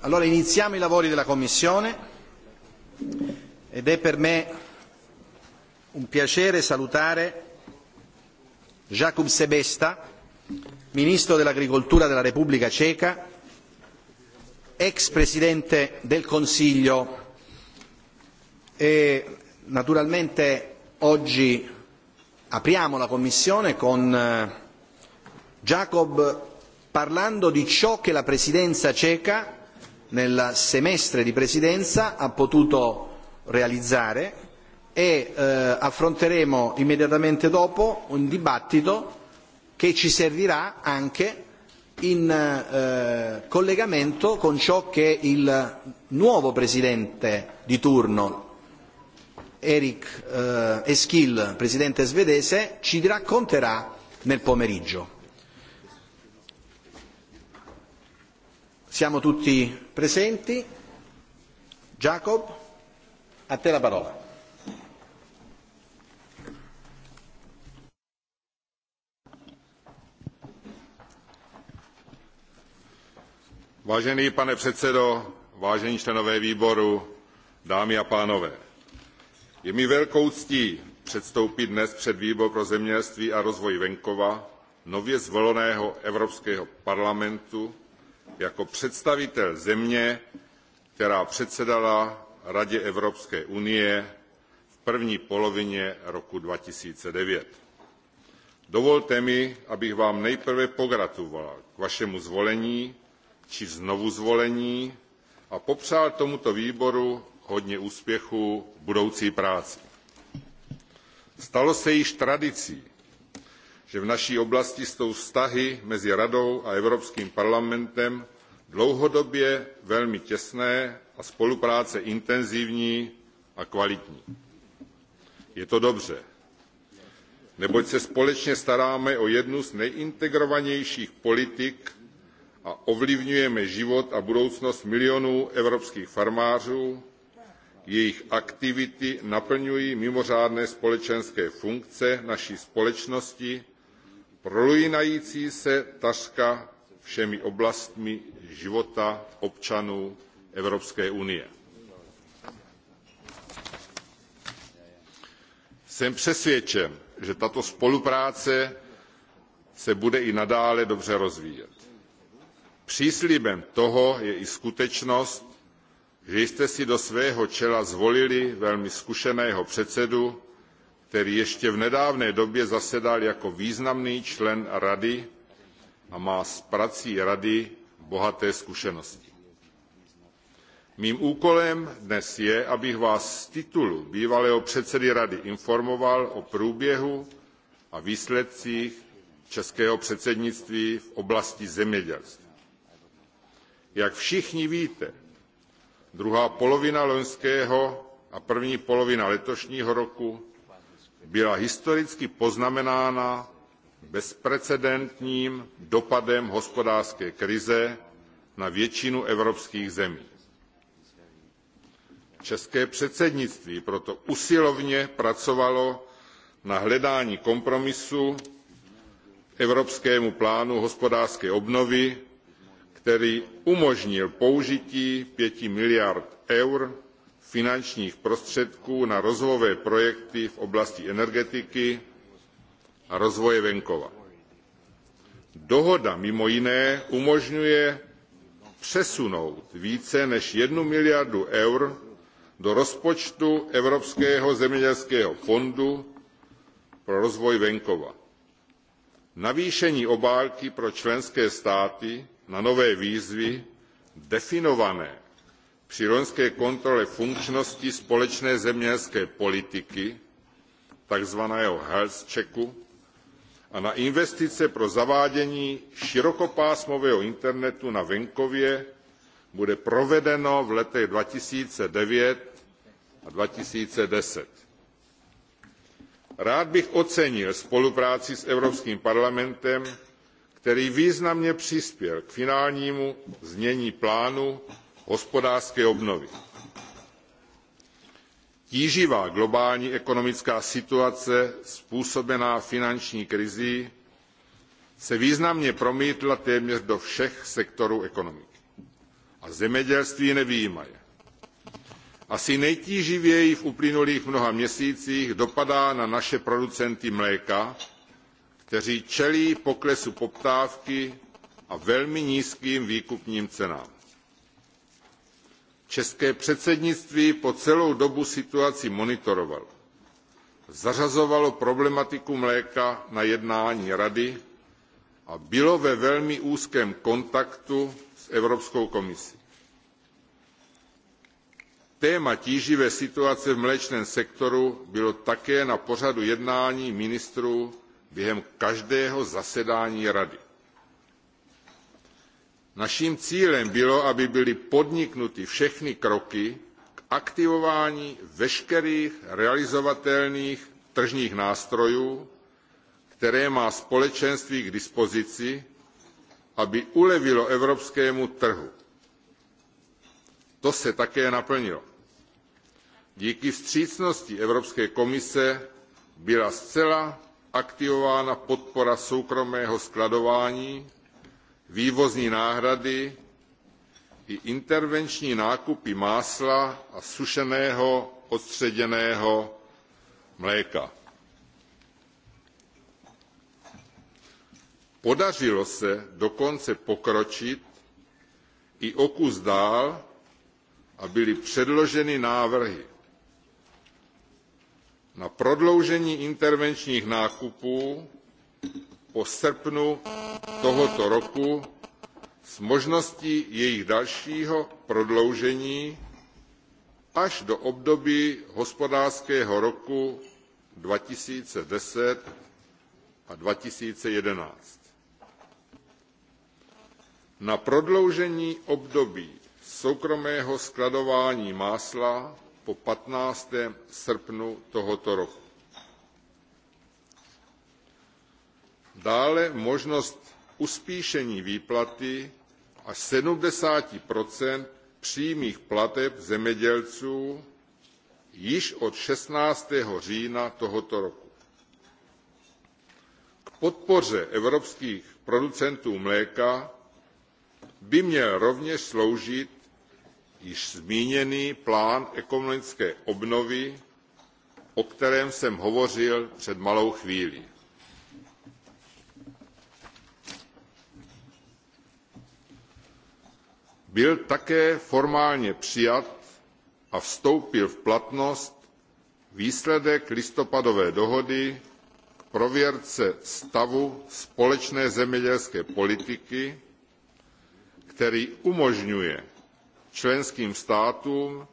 Allora iniziamo i lavori della Commissione ed è per me un piacere salutare Jakub Sebesta, Ministro dell'Agricoltura della Repubblica Ceca, ex Presidente del Consiglio e naturalmente oggi apriamo la Commissione con eh, Jacob parlando di ciò che la Presidenza ceca nel semestre di Presidenza ha potuto realizzare e eh, affronteremo immediatamente dopo un dibattito che ci servirà anche in eh, collegamento con ciò che il nuovo presidente di turno, Erik eh, Eskil, presidente svedese, ci racconterà nel pomeriggio. Siamo tutti presenti. Jacob, a te la parola. Vážený pane předsedo, vážení členové výboru, dámy a pánové, je mi velkou ctí předstoupit dnes před výbor pro zemědělství a rozvoj venkova nově zvoleného Evropského parlamentu jako představitel země, která předsedala Radě Evropské unie v první polovině roku 2009. Dovolte mi, abych vám nejprve pogratuloval k vašemu zvolení či znovuzvolení a popřál tomuto výboru hodně úspěchů v budoucí práci. Stalo se již tradicí, že v naší oblasti jsou vztahy mezi Radou a Evropským parlamentem dlouhodobě velmi těsné a spolupráce intenzivní a kvalitní. Je to dobře, neboť se společně staráme o jednu z nejintegrovanějších politik a ovlivňujeme život a budoucnost milionů evropských farmářů, jejich aktivity naplňují mimořádné společenské funkce naší společnosti, prolínající se takřka všemi oblastmi života občanů Evropské unie. Jsem přesvědčen, že tato spolupráce se bude i nadále dobře rozvíjet. Příslibem toho je i skutečnost, že jste si do svého čela zvolili velmi zkušeného předsedu, který ještě v nedávné době zasedal jako významný člen Rady a má s prací rady bohaté zkušenosti. Mým úkolem dnes je, abych vás z titulu bývalého předsedy rady informoval o průběhu a výsledcích českého předsednictví v oblasti zemědělství. Jak všichni víte, druhá polovina loňského a první polovina letošního roku byla historicky poznamenána bezprecedentním dopadem hospodářské krize na většinu evropských zemí. České předsednictví proto usilovně pracovalo na hledání kompromisu evropskému plánu hospodářské obnovy, který umožnil použití 5 miliard eur finančních prostředků na rozvojové projekty v oblasti energetiky, a rozvoje venkova. Dohoda mimo jiné umožňuje přesunout více než jednu miliardu eur do rozpočtu Evropského zemědělského fondu pro rozvoj venkova. Navýšení obálky pro členské státy na nové výzvy definované při loňské kontrole funkčnosti společné zemědělské politiky, takzvaného health checku, a na investice pro zavádění širokopásmového internetu na venkově bude provedeno v letech 2009 a 2010. Rád bych ocenil spolupráci s Evropským parlamentem, který významně přispěl k finálnímu znění plánu hospodářské obnovy. Tíživá globální ekonomická situace způsobená finanční krizí se významně promítla téměř do všech sektorů ekonomiky. A zemědělství nevýjímaje. Asi nejtíživěji v uplynulých mnoha měsících dopadá na naše producenty mléka, kteří čelí poklesu poptávky a velmi nízkým výkupním cenám. České předsednictví po celou dobu situaci monitorovalo. Zařazovalo problematiku mléka na jednání rady a bylo ve velmi úzkém kontaktu s Evropskou komisí. Téma tíživé situace v mléčném sektoru bylo také na pořadu jednání ministrů během každého zasedání rady. Naším cílem bylo, aby byly podniknuty všechny kroky k aktivování veškerých realizovatelných tržních nástrojů, které má společenství k dispozici, aby ulevilo evropskému trhu. To se také naplnilo. Díky vstřícnosti Evropské komise byla zcela aktivována podpora soukromého skladování vývozní náhrady i intervenční nákupy másla a sušeného odstředěného mléka. Podařilo se dokonce pokročit i o kus dál a byly předloženy návrhy na prodloužení intervenčních nákupů po srpnu tohoto roku s možností jejich dalšího prodloužení až do období hospodářského roku 2010 a 2011. Na prodloužení období soukromého skladování másla po 15. srpnu tohoto roku. dále možnost uspíšení výplaty až 70 přímých plateb zemědělců již od 16. října tohoto roku. K podpoře evropských producentů mléka by měl rovněž sloužit již zmíněný plán ekonomické obnovy, o kterém jsem hovořil před malou chvílí. byl také formálně přijat a vstoupil v platnost výsledek listopadové dohody k prověrce stavu společné zemědělské politiky, který umožňuje členským státům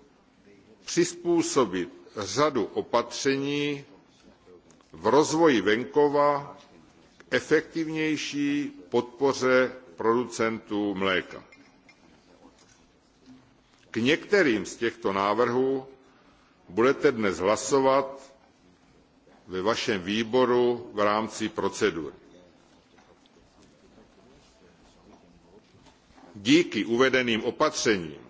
přizpůsobit řadu opatření v rozvoji venkova k efektivnější podpoře producentů mléka. K některým z těchto návrhů budete dnes hlasovat ve vašem výboru v rámci procedur. Díky uvedeným opatřením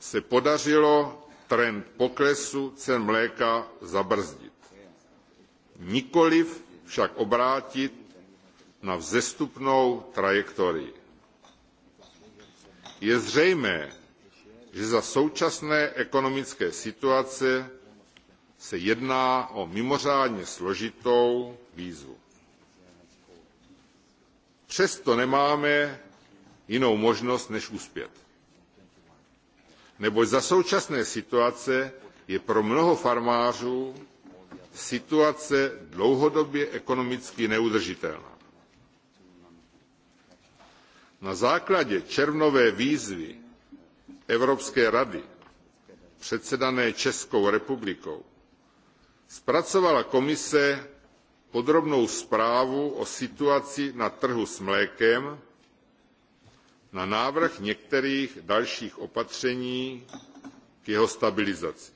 se podařilo trend poklesu cen mléka zabrzdit. Nikoliv však obrátit na vzestupnou trajektorii. Je zřejmé, že za současné ekonomické situace se jedná o mimořádně složitou výzvu. Přesto nemáme jinou možnost, než uspět. Neboť za současné situace je pro mnoho farmářů situace dlouhodobě ekonomicky neudržitelná. Na základě červnové výzvy Evropské rady, předsedané Českou republikou, zpracovala komise podrobnou zprávu o situaci na trhu s mlékem na návrh některých dalších opatření k jeho stabilizaci.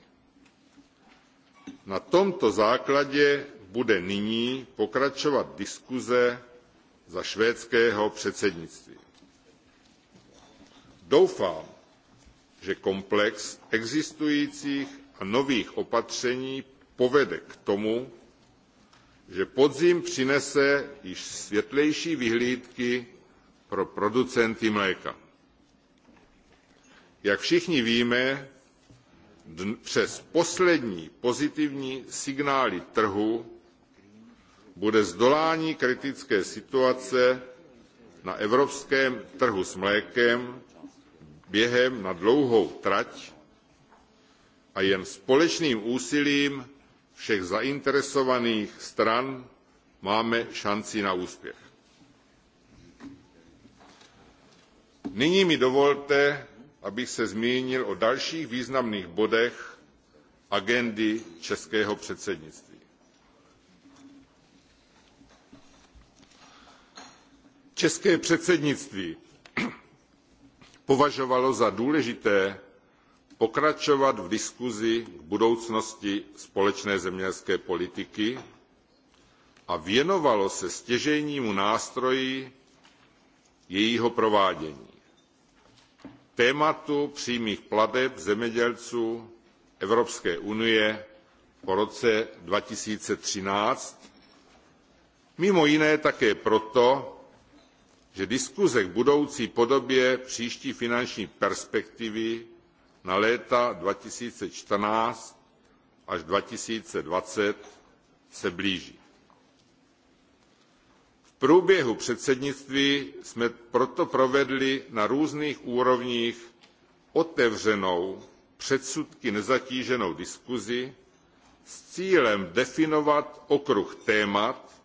Na tomto základě bude nyní pokračovat diskuze za švédského předsednictví. Doufám, že komplex existujících a nových opatření povede k tomu, že podzim přinese již světlejší vyhlídky pro producenty mléka. Jak všichni víme, přes poslední pozitivní signály trhu bude zdolání kritické situace na evropském trhu s mlékem během na dlouhou trať a jen společným úsilím všech zainteresovaných stran máme šanci na úspěch. Nyní mi dovolte, abych se zmínil o dalších významných bodech agendy českého předsednictví. České předsednictví považovalo za důležité pokračovat v diskuzi k budoucnosti společné zemědělské politiky a věnovalo se stěžejnímu nástroji jejího provádění. Tématu přímých plateb zemědělců Evropské unie po roce 2013, mimo jiné také proto, že diskuse k budoucí podobě příští finanční perspektivy na léta 2014 až 2020 se blíží. V průběhu předsednictví jsme proto provedli na různých úrovních otevřenou, předsudky nezatíženou diskuzi s cílem definovat okruh témat,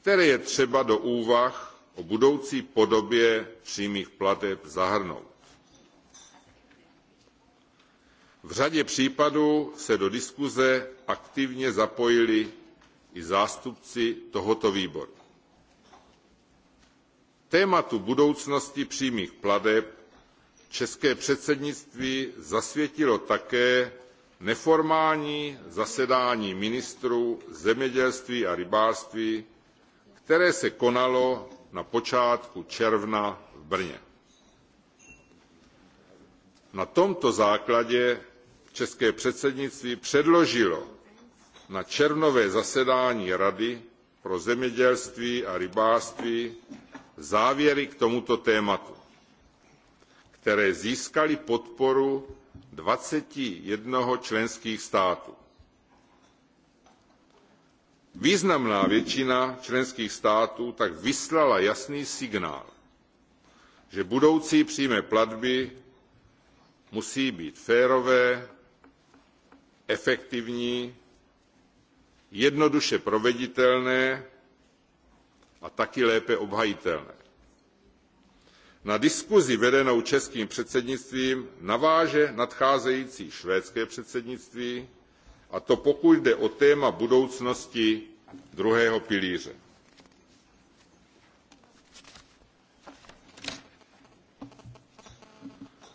které je třeba do úvah o budoucí podobě přímých plateb zahrnout. V řadě případů se do diskuze aktivně zapojili i zástupci tohoto výboru. Tématu budoucnosti přímých plateb české předsednictví zasvětilo také neformální zasedání ministrů zemědělství a rybářství, které se konalo na počátku června v Brně. Na tomto základě české předsednictví předložilo na červnové zasedání Rady pro zemědělství a rybářství závěry k tomuto tématu, které získaly podporu 21 členských států. Významná většina členských států tak vyslala jasný signál, že budoucí přímé platby musí být férové, efektivní, jednoduše proveditelné a taky lépe obhajitelné. Na diskuzi vedenou českým předsednictvím naváže nadcházející švédské předsednictví, a to pokud jde o téma budoucnosti druhého pilíře.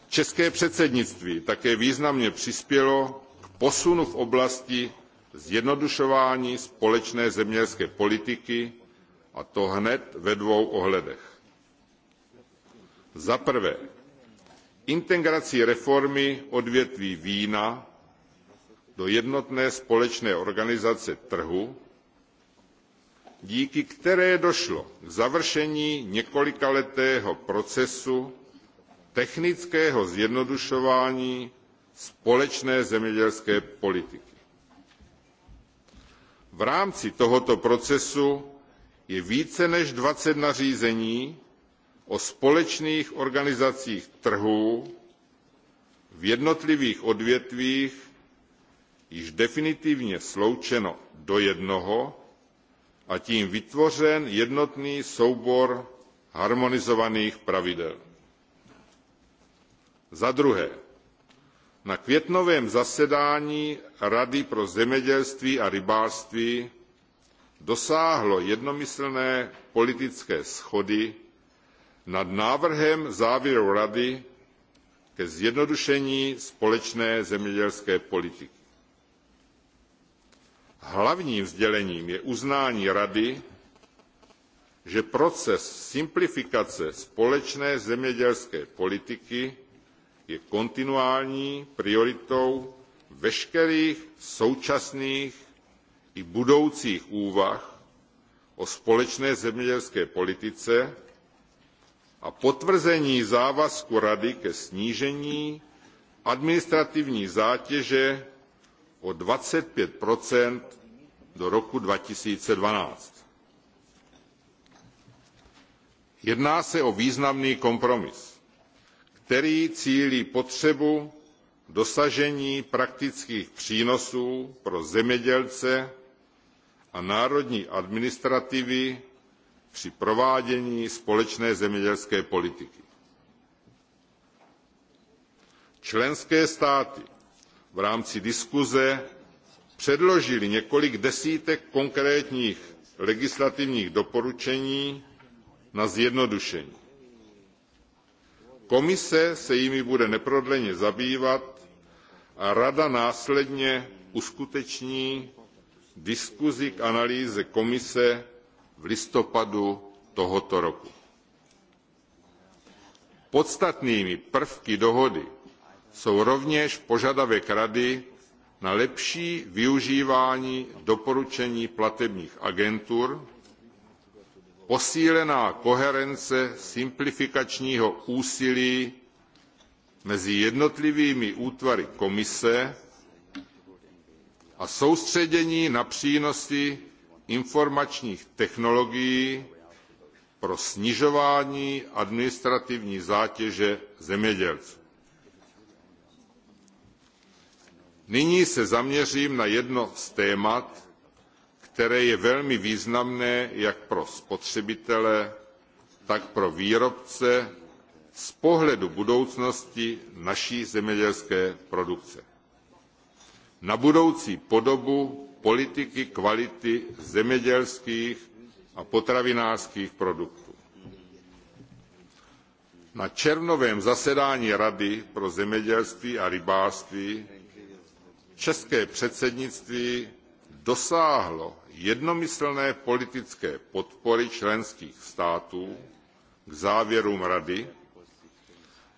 České předsednictví také významně přispělo k posunu v oblasti zjednodušování společné zemědělské politiky, a to hned ve dvou ohledech. Za prvé, integrací reformy odvětví vína do jednotné společné organizace trhu, díky které došlo k završení několikaletého procesu technického zjednodušování společné zemědělské politiky. V rámci tohoto procesu je více než 20 nařízení o společných organizacích trhů v jednotlivých odvětvích již definitivně sloučeno do jednoho a tím vytvořen jednotný soubor harmonizovaných pravidel. Za druhé, na květnovém zasedání Rady pro zemědělství a rybářství dosáhlo jednomyslné politické schody nad návrhem závěru Rady ke zjednodušení společné zemědělské politiky. Hlavním sdělením je uznání Rady, že proces simplifikace společné zemědělské politiky je kontinuální prioritou veškerých současných i budoucích úvah o společné zemědělské politice a potvrzení závazku Rady ke snížení administrativní zátěže o 25 do roku 2012. Jedná se o významný kompromis, který cílí potřebu dosažení praktických přínosů pro zemědělce a národní administrativy při provádění společné zemědělské politiky. Členské státy v rámci diskuze předložili několik desítek konkrétních legislativních doporučení na zjednodušení. Komise se jimi bude neprodleně zabývat a Rada následně uskuteční diskuzi k analýze komise v listopadu tohoto roku. Podstatnými prvky dohody jsou rovněž požadavek Rady na lepší využívání doporučení platebních agentur, posílená koherence simplifikačního úsilí mezi jednotlivými útvary komise a soustředění na přínosy informačních technologií pro snižování administrativní zátěže zemědělců. Nyní se zaměřím na jedno z témat, které je velmi významné jak pro spotřebitele, tak pro výrobce z pohledu budoucnosti naší zemědělské produkce. Na budoucí podobu politiky kvality zemědělských a potravinářských produktů. Na červnovém zasedání Rady pro zemědělství a rybářství české předsednictví dosáhlo jednomyslné politické podpory členských států k závěrům Rady,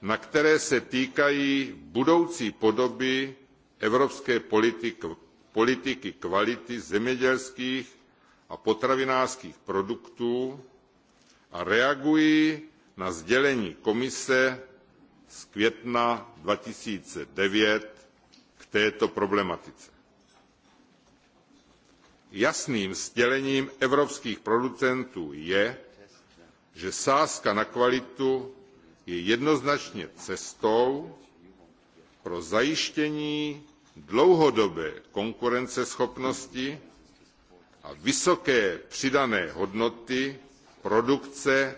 na které se týkají budoucí podoby evropské politik, politiky kvality zemědělských a potravinářských produktů a reagují na sdělení komise z května 2009 k této problematice. Jasným sdělením evropských producentů je, že sázka na kvalitu je jednoznačně cestou pro zajištění dlouhodobé konkurenceschopnosti a vysoké přidané hodnoty produkce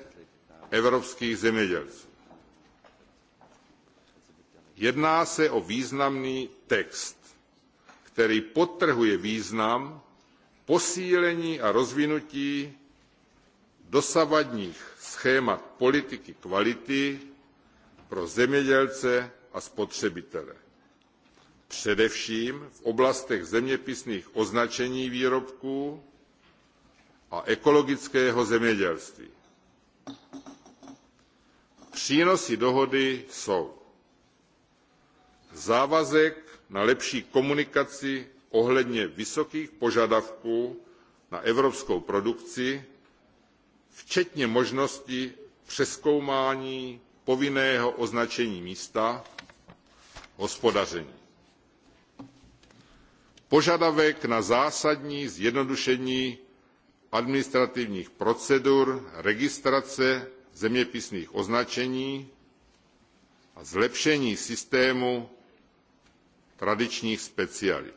evropských zemědělců. Jedná se o významný text, který podtrhuje význam posílení a rozvinutí dosavadních schémat politiky kvality pro zemědělce a spotřebitele. Především v oblastech zeměpisných označení výrobků a ekologického zemědělství. Přínosy dohody jsou závazek na lepší komunikaci ohledně vysokých požadavků na evropskou produkci, včetně možnosti přeskoumání povinného označení místa hospodaření. Požadavek na zásadní zjednodušení administrativních procedur registrace zeměpisných označení a zlepšení systému tradičních specialit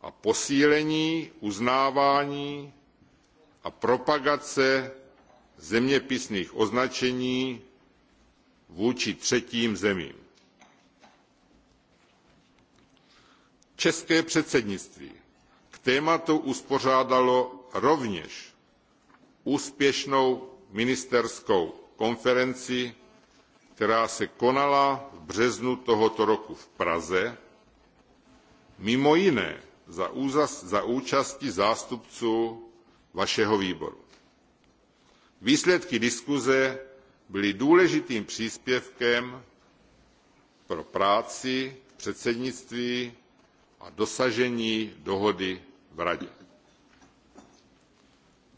a posílení uznávání a propagace zeměpisných označení vůči třetím zemím. České předsednictví k tématu uspořádalo rovněž úspěšnou ministerskou konferenci která se konala v březnu tohoto roku v Praze, mimo jiné za, úzas, za účasti zástupců vašeho výboru. Výsledky diskuze byly důležitým příspěvkem pro práci v předsednictví a dosažení dohody v Radě.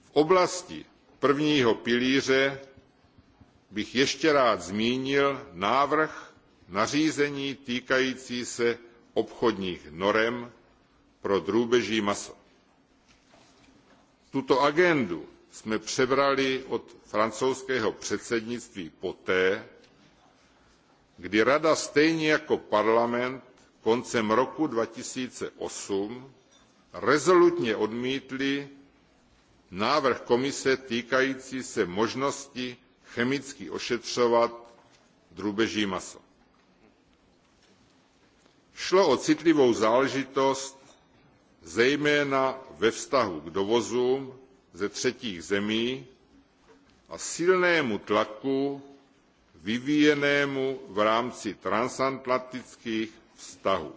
V oblasti prvního pilíře bych ještě rád zmínil návrh nařízení týkající se obchodních norem pro drůbeží maso. Tuto agendu jsme přebrali od francouzského předsednictví poté, kdy Rada stejně jako parlament koncem roku 2008 rezolutně odmítli návrh komise týkající se možnosti chemicky ošetřovat drůbeží maso. Šlo o citlivou záležitost zejména ve vztahu k dovozům ze třetích zemí a silnému tlaku vyvíjenému v rámci transatlantických vztahů.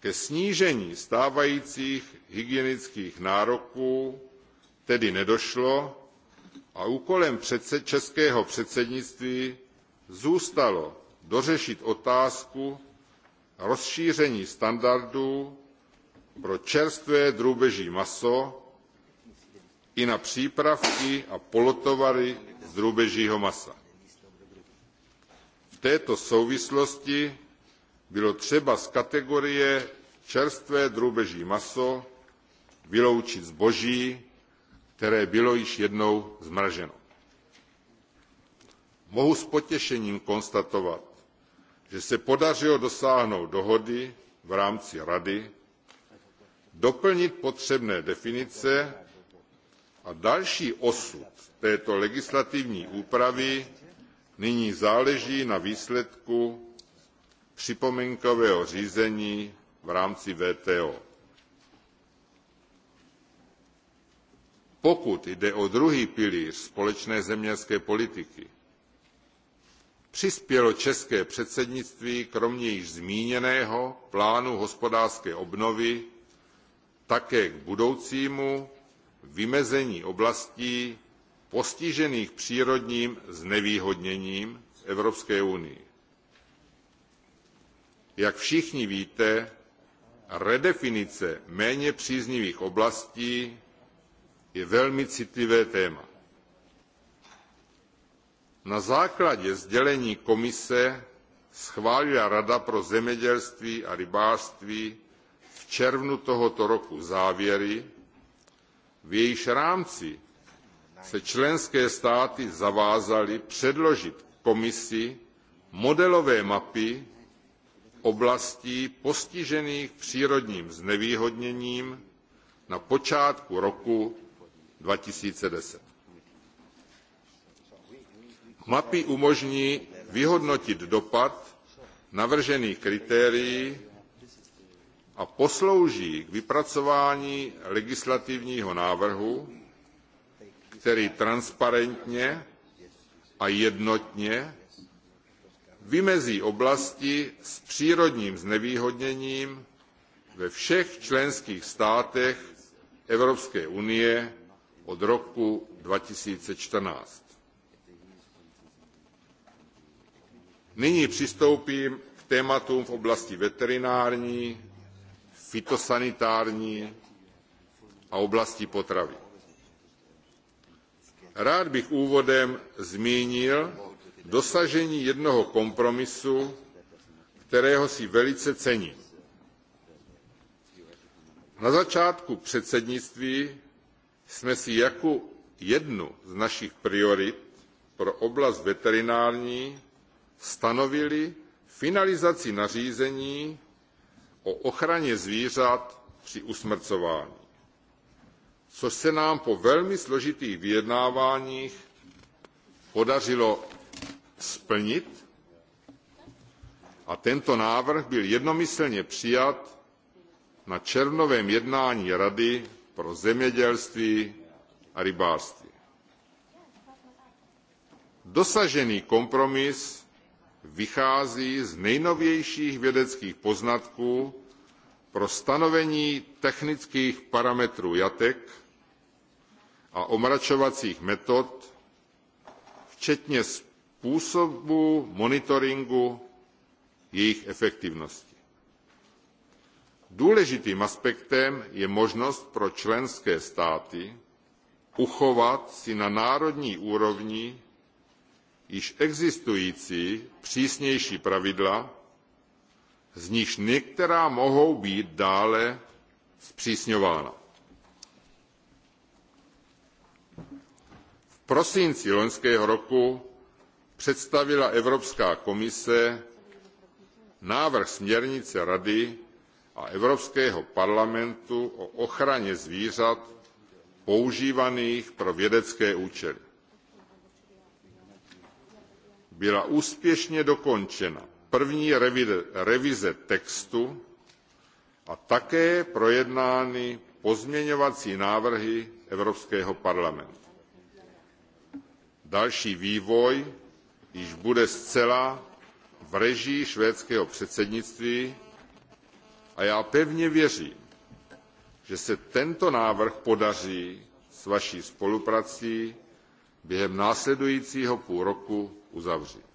Ke snížení stávajících hygienických nároků tedy nedošlo a úkolem předsed českého předsednictví zůstalo dořešit otázku rozšíření standardů pro čerstvé drůbeží maso i na přípravky a polotovary z drůbežího masa. V této souvislosti bylo třeba z kategorie čerstvé drůbeží maso vyloučit zboží, které bylo již jednou zmraženo. Mohu s potěšením konstatovat, že se podařilo dosáhnout dohody v rámci Rady, doplnit potřebné definice a další osud této legislativní úpravy nyní záleží na výsledku připomínkového řízení v rámci VTO. Pokud jde o druhý pilíř společné zemědělské politiky, přispělo české předsednictví kromě již zmíněného plánu hospodářské obnovy také k budoucímu vymezení oblastí postižených přírodním znevýhodněním v Evropské unii. Jak všichni víte, redefinice méně příznivých oblastí je velmi citlivé téma. Na základě sdělení komise schválila Rada pro zemědělství a rybářství v červnu tohoto roku závěry, v jejíž rámci se členské státy zavázaly předložit komisi modelové mapy oblastí postižených přírodním znevýhodněním na počátku roku 2010. Mapy umožní vyhodnotit dopad navržených kritérií a poslouží k vypracování legislativního návrhu, který transparentně a jednotně vymezí oblasti s přírodním znevýhodněním ve všech členských státech Evropské unie od roku 2014. Nyní přistoupím k tématům v oblasti veterinární, fitosanitární a oblasti potravin. Rád bych úvodem zmínil dosažení jednoho kompromisu, kterého si velice cením. Na začátku předsednictví jsme si jako jednu z našich priorit pro oblast veterinární stanovili finalizaci nařízení o ochraně zvířat při usmrcování, což se nám po velmi složitých vyjednáváních podařilo splnit a tento návrh byl jednomyslně přijat na červnovém jednání Rady pro zemědělství a rybářství. Dosažený kompromis vychází z nejnovějších vědeckých poznatků pro stanovení technických parametrů jatek a omračovacích metod, včetně způsobu monitoringu jejich efektivnosti. Důležitým aspektem je možnost pro členské státy uchovat si na národní úrovni již existující přísnější pravidla, z nichž některá mohou být dále zpřísňována. V prosinci loňského roku představila Evropská komise návrh směrnice Rady a Evropského parlamentu o ochraně zvířat používaných pro vědecké účely. Byla úspěšně dokončena první revize textu a také projednány pozměňovací návrhy Evropského parlamentu. Další vývoj již bude zcela v režii švédského předsednictví A já pevně věřím, že se tento návrh podaří s vaší spoluprací během následujícího půl roku uzavřít.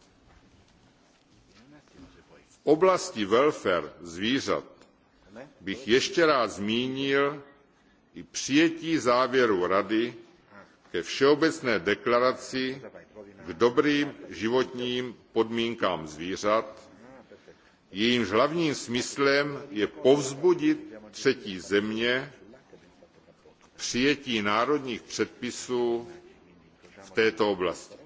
V oblasti welfare zvířat bych ještě rád zmínil i přijetí závěru Rady ke všeobecné deklaraci k dobrým životním podmínkám zvířat, Jejímž hlavním smyslem je povzbudit třetí země k přijetí národních předpisů v této oblasti.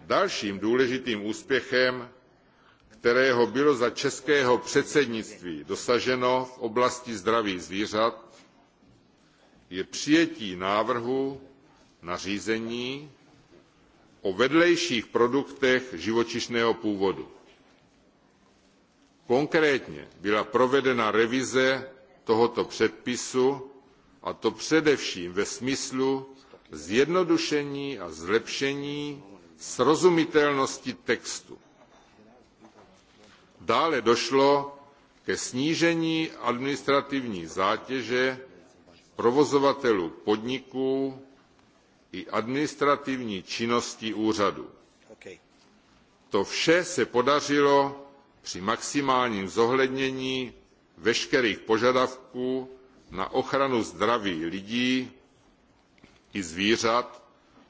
Dalším důležitým úspěchem, kterého bylo za českého předsednictví dosaženo v oblasti zdraví zvířat, je přijetí návrhu nařízení o vedlejších produktech živočišného původu. Konkrétně byla provedena revize tohoto předpisu, a to především ve smyslu zjednodušení a zlepšení srozumitelnosti textu. Dále došlo ke snížení administrativní zátěže provozovatelů podniků i administrativní činnosti úřadu. Okay. To vše se podařilo při maximálním zohlednění veškerých požadavků na ochranu zdraví lidí i zvířat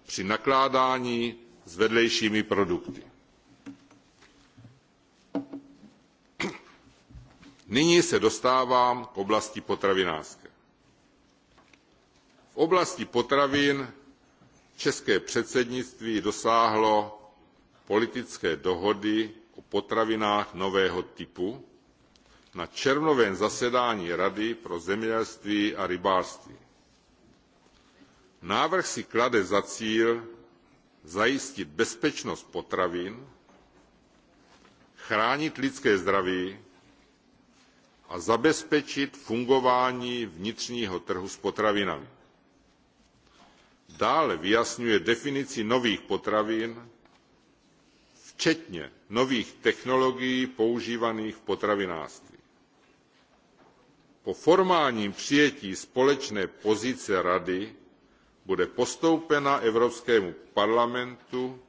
při nakládání s vedlejšími produkty. Nyní se dostávám k oblasti potravinářské. V oblasti potravin České předsednictví dosáhlo politické dohody o potravinách nového typu na červnovém zasedání Rady pro zemědělství a rybářství. Návrh si klade za cíl zajistit bezpečnost potravin, chránit lidské zdraví a zabezpečit fungování vnitřního trhu s potravinami. Dále vyjasňuje definici nových potravin, včetně nových technologií používaných v potravinářství. Po formálním přijetí společné pozice Rady bude postoupena Evropskému parlamentu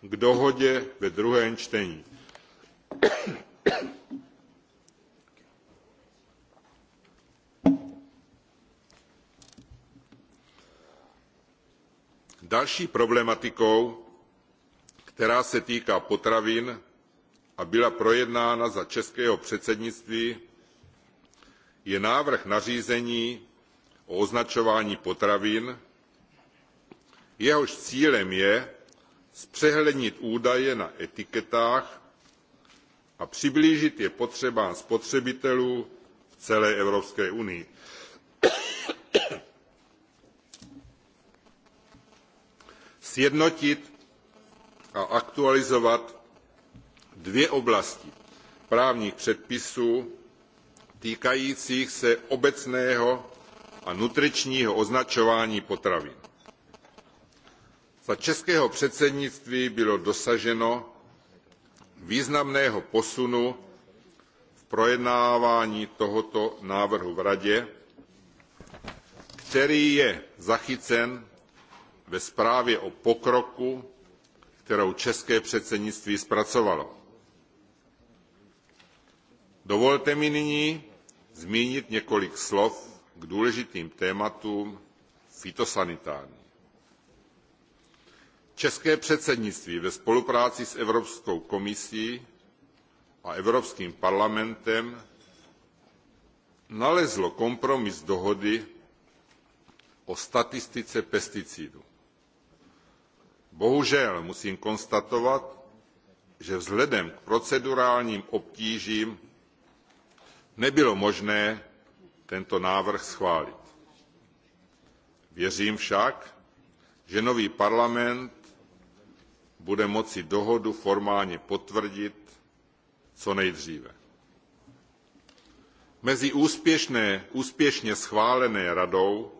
k dohodě ve druhém čtení. Další problematikou, která se týká potravin a byla projednána za českého předsednictví, je návrh nařízení o označování potravin, jehož cílem je zpřehlednit údaje na etiketách a přiblížit je potřebám spotřebitelů v celé Evropské unii. sjednotit a aktualizovat dvě oblasti právních předpisů týkajících se obecného a nutričního označování potravin. Za českého předsednictví bylo dosaženo významného posunu v projednávání tohoto návrhu v Radě, který je zachycen ve zprávě o pokroku, kterou české předsednictví zpracovalo. Dovolte mi nyní zmínit několik slov k důležitým tématům fitosanitární. České předsednictví ve spolupráci s Evropskou komisí a Evropským parlamentem nalezlo kompromis dohody o statistice pesticidů. Bohužel musím konstatovat, že vzhledem k procedurálním obtížím nebylo možné tento návrh schválit. Věřím však, že nový parlament bude moci dohodu formálně potvrdit co nejdříve. Mezi úspěšné, úspěšně schválené radou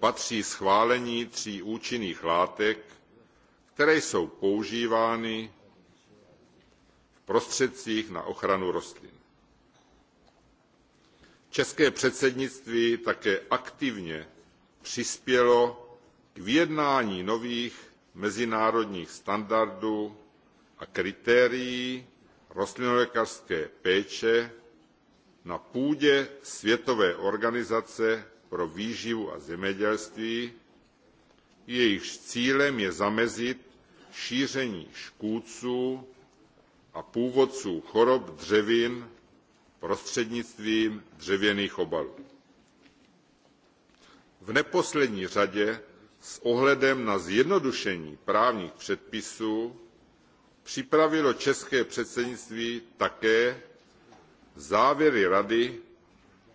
patří schválení tří účinných látek, které jsou používány v prostředcích na ochranu rostlin. České předsednictví také aktivně přispělo k vyjednání nových mezinárodních standardů a kritérií rostlinolékařské péče na půdě Světové organizace pro výživu a zemědělství, jejichž cílem je zamezit šíření škůdců a původců chorob dřevin prostřednictvím dřevěných obalů. V neposlední řadě s ohledem na zjednodušení právních předpisů připravilo české předsednictví také závěry Rady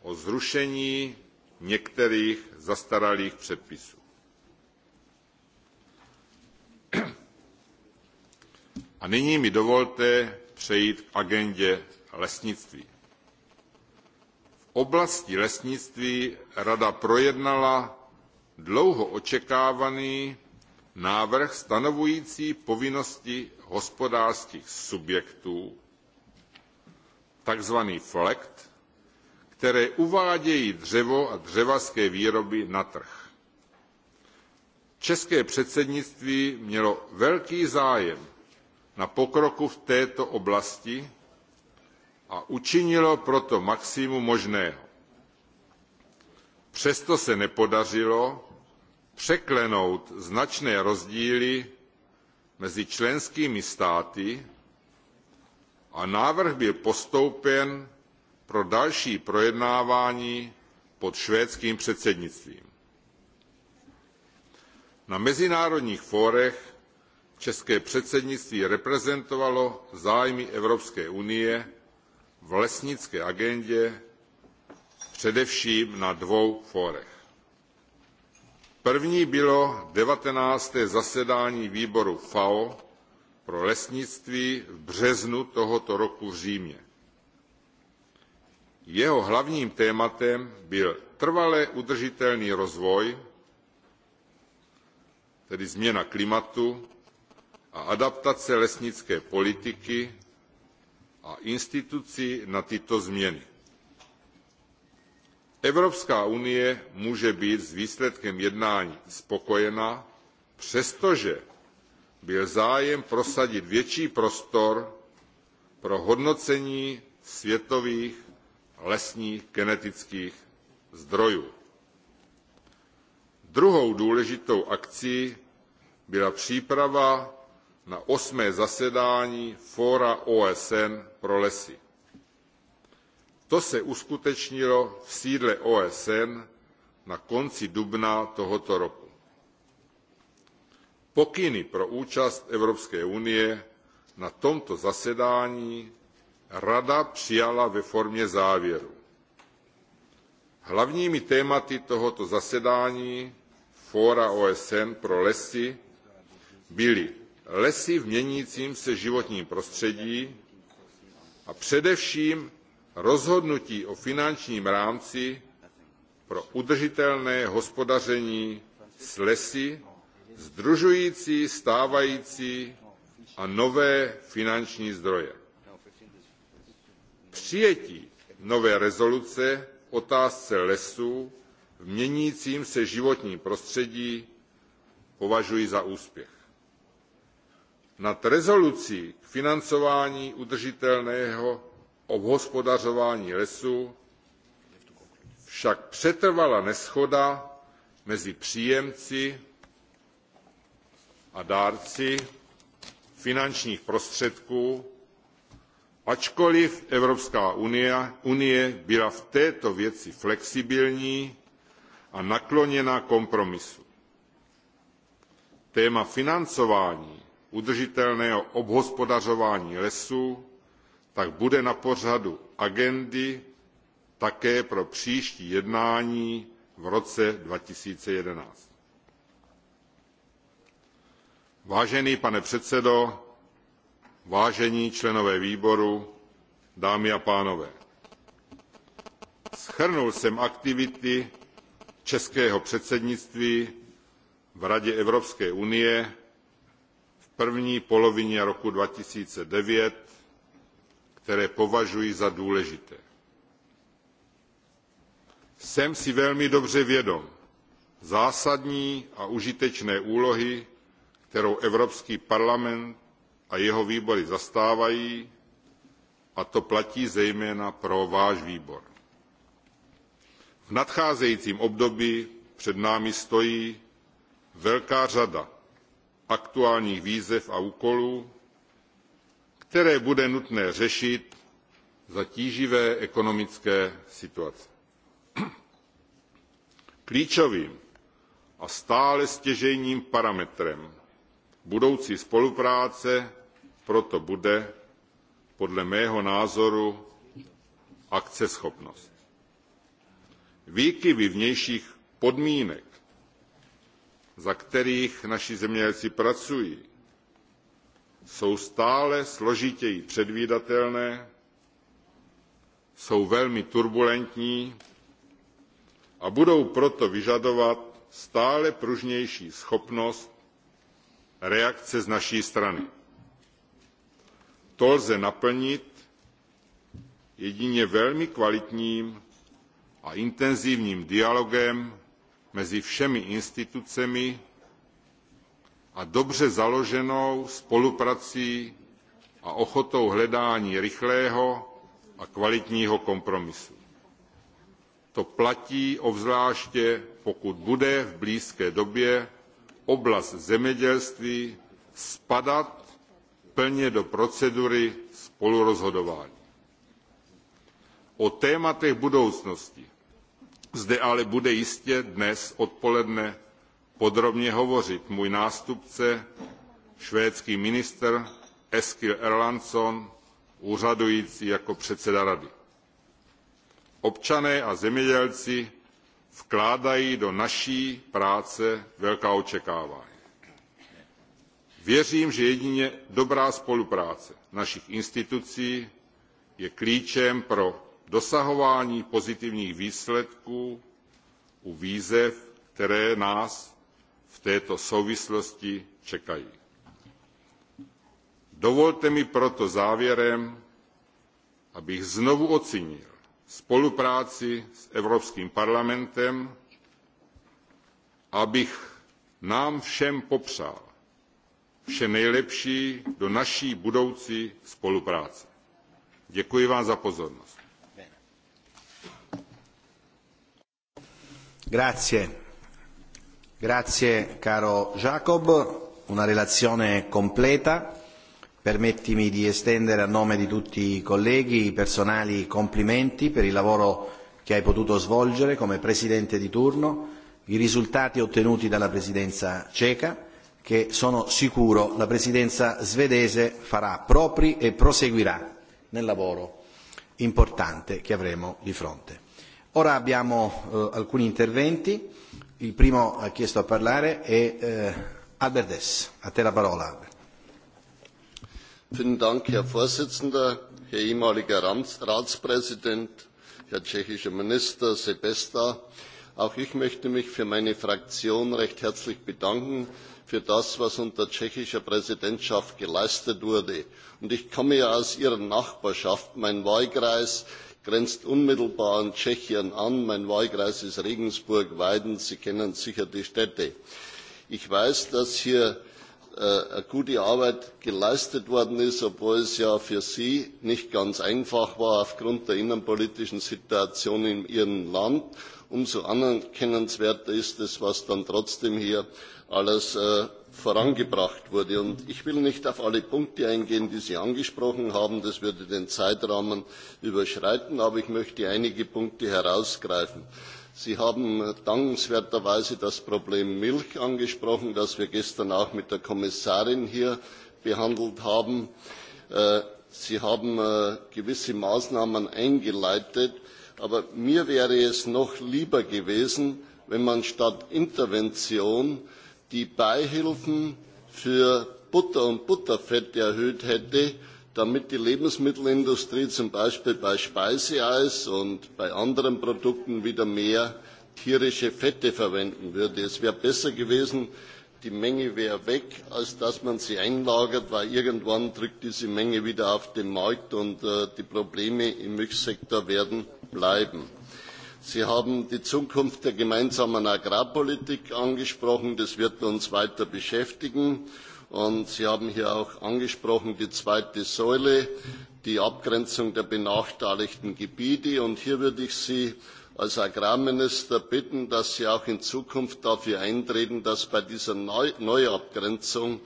o zrušení některých zastaralých předpisů. A nyní mi dovolte přejít k agendě lesnictví. V oblasti lesnictví Rada projednala dlouho očekávaný návrh stanovující povinnosti hospodářských subjektů, takzvaný FLECT, které uvádějí dřevo a dřevařské výroby na trh. České předsednictví mělo velký zájem na pokroku v této oblasti a učinilo proto maximum možného. Přesto se nepodařilo překlenout značné rozdíly mezi členskými státy a návrh byl postoupen pro další projednávání pod švédským předsednictvím. Na mezinárodních fórech České předsednictví reprezentovalo zájmy Evropské unie v lesnické agendě především na dvou fórech. První bylo 19. zasedání výboru FAO pro lesnictví v březnu tohoto roku v Římě. Jeho hlavním tématem byl trvale udržitelný rozvoj, tedy změna klimatu, a adaptace lesnické politiky a institucí na tyto změny. Evropská unie může být s výsledkem jednání spokojena, přestože byl zájem prosadit větší prostor pro hodnocení světových lesních genetických zdrojů. Druhou důležitou akcí byla příprava na osmé zasedání Fóra OSN pro lesy. To se uskutečnilo v sídle OSN na konci dubna tohoto roku. Pokyny pro účast Evropské unie na tomto zasedání Rada přijala ve formě závěru. Hlavními tématy tohoto zasedání Fóra OSN pro lesy byly lesy v měnícím se životním prostředí a především rozhodnutí o finančním rámci pro udržitelné hospodaření s lesy, združující stávající a nové finanční zdroje. Přijetí nové rezoluce otázce lesů v měnícím se životním prostředí považuji za úspěch nad rezolucí k financování udržitelného obhospodařování lesů však přetrvala neshoda mezi příjemci a dárci finančních prostředků, ačkoliv Evropská unie, unie byla v této věci flexibilní a nakloněna kompromisu. Téma financování udržitelného obhospodařování lesů, tak bude na pořadu agendy také pro příští jednání v roce 2011. Vážený pane předsedo, vážení členové výboru, dámy a pánové. Schrnul jsem aktivity českého předsednictví v Radě Evropské unie první polovině roku 2009, které považuji za důležité. Jsem si velmi dobře vědom zásadní a užitečné úlohy, kterou Evropský parlament a jeho výbory zastávají, a to platí zejména pro váš výbor. V nadcházejícím období před námi stojí velká řada aktuálních výzev a úkolů, které bude nutné řešit za tíživé ekonomické situace. Klíčovým a stále stěžejním parametrem budoucí spolupráce proto bude podle mého názoru akceschopnost. Výkyvy vnějších podmínek za kterých naši zemědělci pracují, jsou stále složitěji předvídatelné, jsou velmi turbulentní a budou proto vyžadovat stále pružnější schopnost reakce z naší strany. To lze naplnit jedině velmi kvalitním a intenzivním dialogem mezi všemi institucemi a dobře založenou spoluprací a ochotou hledání rychlého a kvalitního kompromisu. To platí obzvláště, pokud bude v blízké době oblast zemědělství spadat plně do procedury spolurozhodování. O tématech budoucnosti Zde ale bude jistě dnes odpoledne podrobně hovořit můj nástupce, švédský minister Eskil Erlandsson, úřadující jako předseda rady. Občané a zemědělci vkládají do naší práce velká očekávání. Věřím, že jedině dobrá spolupráce našich institucí je klíčem pro dosahování pozitivních výsledků u výzev, které nás v této souvislosti čekají. Dovolte mi proto závěrem, abych znovu ocenil spolupráci s Evropským parlamentem, abych nám všem popřál vše nejlepší do naší budoucí spolupráce. Děkuji vám za pozornost. Grazie. Grazie caro Jacob, una relazione completa. Permettimi di estendere a nome di tutti i colleghi i personali complimenti per il lavoro che hai potuto svolgere come Presidente di turno, i risultati ottenuti dalla Presidenza ceca, che sono sicuro la Presidenza svedese farà propri e proseguirà nel lavoro importante che avremo di fronte. Ora abbiamo eh, alcuni interventi. Il primo ha chiesto a parlare è eh, Albert Dess. A te la parola, Albert. Vielen Dank, Herr Vorsitzender, Herr ehemaliger Ratspräsident, Herr tschechischer Minister Sebesta. Auch ich möchte mich für meine Fraktion recht herzlich bedanken für das, was unter tschechischer Präsidentschaft geleistet wurde. Und ich komme ja aus Ihrer Nachbarschaft. Mein Wahlkreis grenzt unmittelbar an Tschechien an. Mein Wahlkreis ist Regensburg-Weiden. Sie kennen sicher die Städte. Ich weiß, dass hier äh, eine gute Arbeit geleistet worden ist, obwohl es ja für Sie nicht ganz einfach war aufgrund der innenpolitischen Situation in Ihrem Land umso anerkennenswerter ist es, was dann trotzdem hier alles äh, vorangebracht wurde. Und ich will nicht auf alle Punkte eingehen, die Sie angesprochen haben, das würde den Zeitrahmen überschreiten, aber ich möchte einige Punkte herausgreifen. Sie haben äh, dankenswerterweise das Problem Milch angesprochen, das wir gestern auch mit der Kommissarin hier behandelt haben. Äh, Sie haben äh, gewisse Maßnahmen eingeleitet, Aber mir wäre es noch lieber gewesen, wenn man statt Intervention die Beihilfen für Butter und Butterfett erhöht hätte, damit die Lebensmittelindustrie zum Beispiel bei Speiseeis und bei anderen Produkten wieder mehr tierische Fette verwenden würde. Es wäre besser gewesen, die Menge wäre weg, als dass man sie einlagert, weil irgendwann drückt diese Menge wieder auf den Markt und äh, die Probleme im Milchsektor werden bleiben. Sie haben die Zukunft der gemeinsamen Agrarpolitik angesprochen. Das wird uns weiter beschäftigen. Und Sie haben hier auch angesprochen die zweite Säule, die Abgrenzung der benachteiligten Gebiete. Und hier würde ich Sie als Agrarminister bitten, dass Sie auch in Zukunft dafür eintreten, dass bei dieser Neuabgrenzung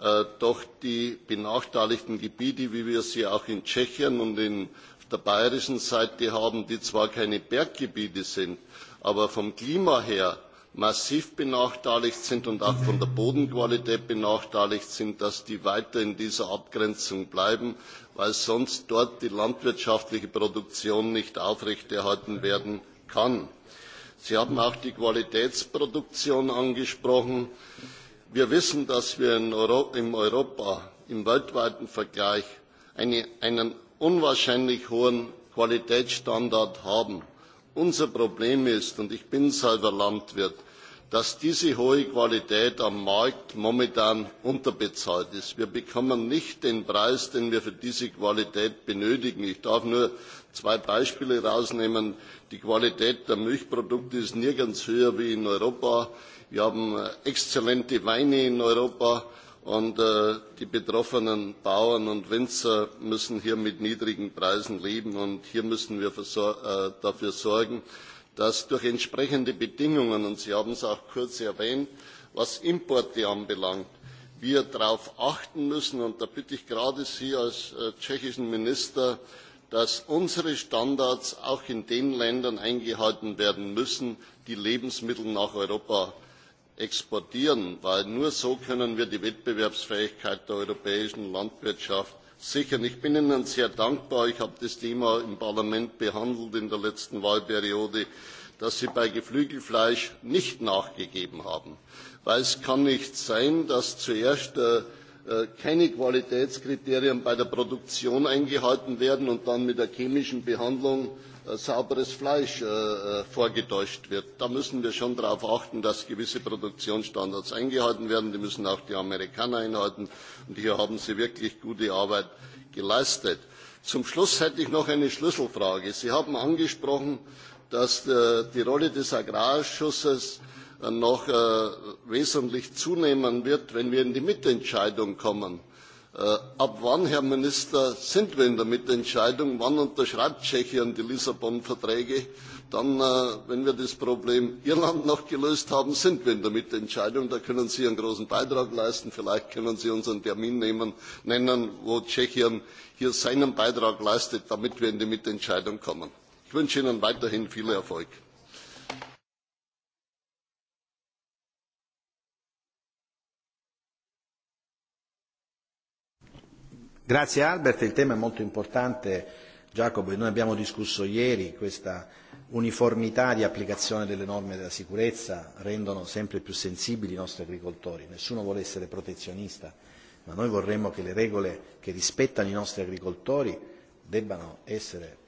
äh, doch die benachteiligten Gebiete, wie wir sie auch in Tschechien und in der bayerischen Seite haben, die zwar keine Berggebiete sind, aber vom Klima her massiv benachteiligt sind und auch von der Bodenqualität benachteiligt sind, dass die weiter in dieser Abgrenzung bleiben, weil sonst dort die landwirtschaftliche Produktion nicht aufrechterhalten werden kann. Sie haben auch die Qualitätsproduktion angesprochen. Wir wissen, dass wir in Europa im weltweiten Vergleich eine, einen unwahrscheinlich hohen Qualitätsstandard haben. Unser Problem ist, und ich bin selber Landwirt, dass diese hohe Qualität am Markt momentan unterbezahlt ist. Wir bekommen nicht den Preis, den wir für diese Qualität benötigen. Ich darf nur zwei Beispiele herausnehmen. Die Qualität der Milchprodukte ist nirgends höher wie in Europa. Wir haben äh, exzellente Weine in Europa. Und äh, die betroffenen Bauern und Winzer müssen hier mit niedrigen Preisen leben. Und hier müssen wir äh, dafür sorgen, dass durch entsprechende Bedingungen, und Sie haben es auch kurz erwähnt, was Importe anbelangt, wir darauf achten müssen. Und da bitte ich gerade Sie als äh, tschechischen Minister, dass unsere Standards auch in den Ländern eingehalten werden müssen, die Lebensmittel nach Europa exportieren, denn nur so können wir die Wettbewerbsfähigkeit der europäischen Landwirtschaft sichern. Ich bin Ihnen sehr dankbar. Ich habe das Thema im Parlament behandelt in der letzten Wahlperiode, dass Sie bei Geflügelfleisch nicht nachgegeben haben. Weil es kann nicht sein, dass zuerst äh, äh keine Qualitätskriterien bei der Produktion eingehalten werden und dann mit der chemischen Behandlung Äh, sauberes Fleisch äh, äh, vorgetäuscht wird. Da müssen wir schon darauf achten, dass gewisse Produktionsstandards eingehalten werden. Die müssen auch die Amerikaner einhalten. Und hier haben sie wirklich gute Arbeit geleistet. Zum Schluss hätte ich noch eine Schlüsselfrage. Sie haben angesprochen, dass äh, die Rolle des Agrarausschusses noch wesentlich zunehmen wird, wenn wir in die Mitentscheidung kommen. Äh, ab wann, Herr Minister, sind wir in der Mitentscheidung? Wann unterschreibt Tschechien die Lissabon-Verträge? Dann, äh, wenn wir das Problem Irland noch gelöst haben, sind wir in der Mitentscheidung. Da können Sie einen großen Beitrag leisten. Vielleicht können Sie uns einen Termin nehmen, nennen, wo Tschechien hier seinen Beitrag leistet, damit wir in die Mitentscheidung kommen. Ich wünsche Ihnen weiterhin viel Erfolg. Grazie Albert, il tema è molto importante, Giacomo, e noi abbiamo discusso ieri questa uniformità di applicazione delle norme della sicurezza rendono sempre più sensibili i nostri agricoltori, nessuno vuole essere protezionista, ma noi vorremmo che le regole che rispettano i nostri agricoltori debbano essere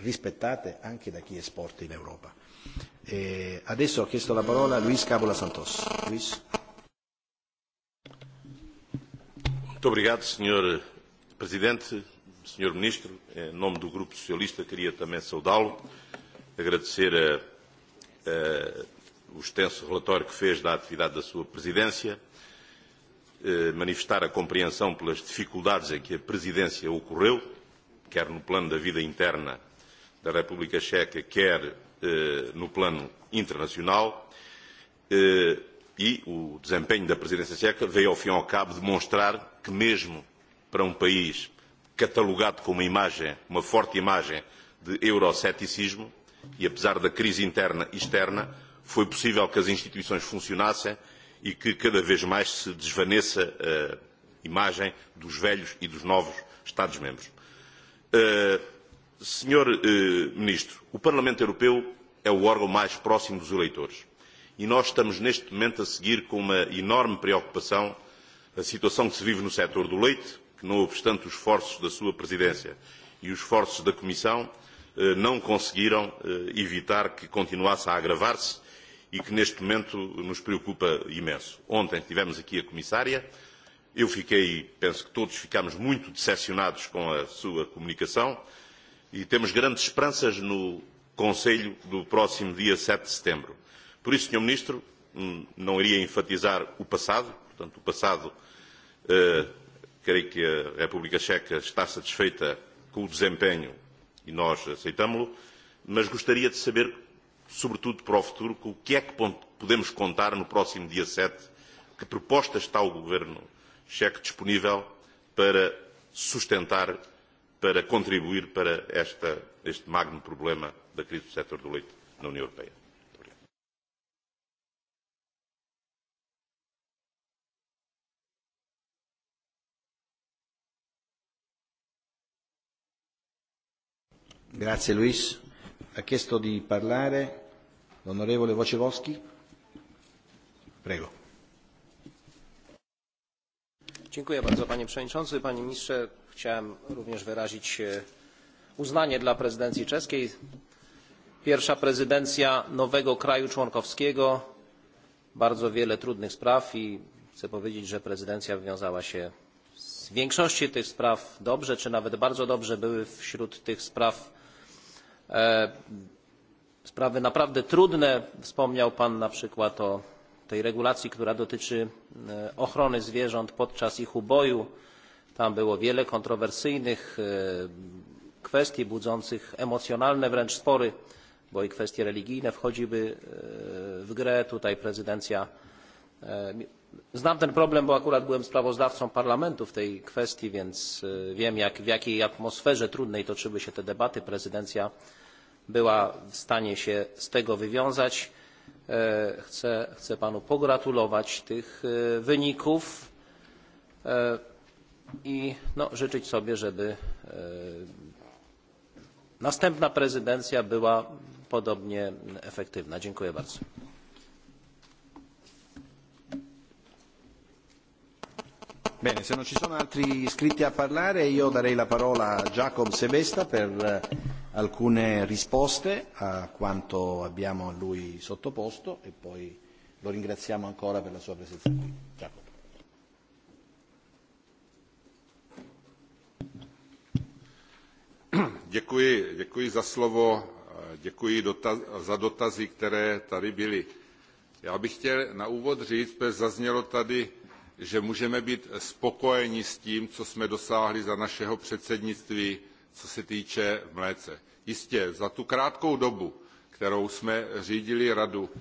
rispettate anche da chi esporta in Europa. E adesso ho chiesto la parola a Luis Cabola Santos. Luis. Muito obrigado, Sr. Presidente, Sr. Ministro. Em nome do Grupo Socialista, queria também saudá-lo, agradecer a, a, o extenso relatório que fez da atividade da sua Presidência, a, eh, manifestar a compreensão pelas dificuldades em que a Presidência ocorreu, quer no plano da vida interna da República Checa, quer a, eh, no plano internacional. Eh, E o desempenho da presidência checa veio ao fim e ao cabo demonstrar que mesmo para um país catalogado com uma imagem, uma forte imagem de euroceticismo, e apesar da crise interna e externa, foi possível que as instituições funcionassem e que cada vez mais se desvaneça a imagem dos velhos e dos novos Estados-membros. Uh, Senhor uh, Ministro, o Parlamento Europeu é o órgão mais próximo dos eleitores e nós estamos neste momento a seguir com uma enorme preocupação a situação que se vive no setor do leite, que não obstante os esforços da sua presidência e os esforços da Comissão, eh, não conseguiram eh, evitar que continuasse a agravar-se e que neste momento nos preocupa imenso. Ontem tivemos aqui a Comissária, eu fiquei, penso que todos ficámos muito decepcionados com a sua comunicação e temos grandes esperanças no Conselho do próximo dia 7 de setembro. Por isso, Sr. Ministro, não iria enfatizar o passado, portanto, o passado, eh, creio que a República Checa está satisfeita com o desempenho e nós aceitámo-lo, mas gostaria de saber, sobretudo para o futuro, com o que é que podemos contar no próximo dia 7, que proposta está o Governo Checo disponível para sustentar, para contribuir para esta, este magno problema da crise do setor do leite na União Europeia. Grazie Luis. Ha chiesto di parlare l'onorevole Wojciechowski. Prego. Dziękuję bardzo panie przewodniczący. Panie ministrze, chciałem również wyrazić e, uznanie dla prezydencji czeskiej. Pierwsza prezydencja nowego kraju członkowskiego, bardzo wiele trudnych spraw i chcę powiedzieć, że prezydencja wywiązała się z większości tych spraw dobrze, czy nawet bardzo dobrze były wśród tych spraw E, sprawy naprawdę trudne. Wspomniał Pan na przykład o tej regulacji, która dotyczy e, ochrony zwierząt podczas ich uboju. Tam było wiele kontrowersyjnych e, kwestii budzących emocjonalne wręcz spory, bo i kwestie religijne wchodziły w grę. Tutaj prezydencja Znam ten problem, bo akurat byłem sprawozdawcą parlamentu w tej kwestii, więc wiem, jak, w jakiej atmosferze trudnej toczyły się te debaty. Prezydencja była w stanie się z tego wywiązać. E, chcę, chcę panu pogratulować tych e, wyników e, i no, życzyć sobie, żeby następna prezydencja była podobnie efektywna. Dziękuję bardzo. Bene, se non ci sono altri iscritti a parlare io darei la parola a Jacob Sebesta per alcune risposte a quanto abbiamo a lui sottoposto e poi lo ringraziamo ancora per la sua presenza qui. Giacomo. Děkuji, děkuji za slovo, děkuji dotaz, za dotazy, které tady byly. Já bych chtěl na úvod říct, protože zaznělo tady, že můžeme být spokojeni s tím, co jsme dosáhli za našeho předsednictví co se týče mléka. Jistě za tu krátkou dobu, kterou jsme řídili radu, eh,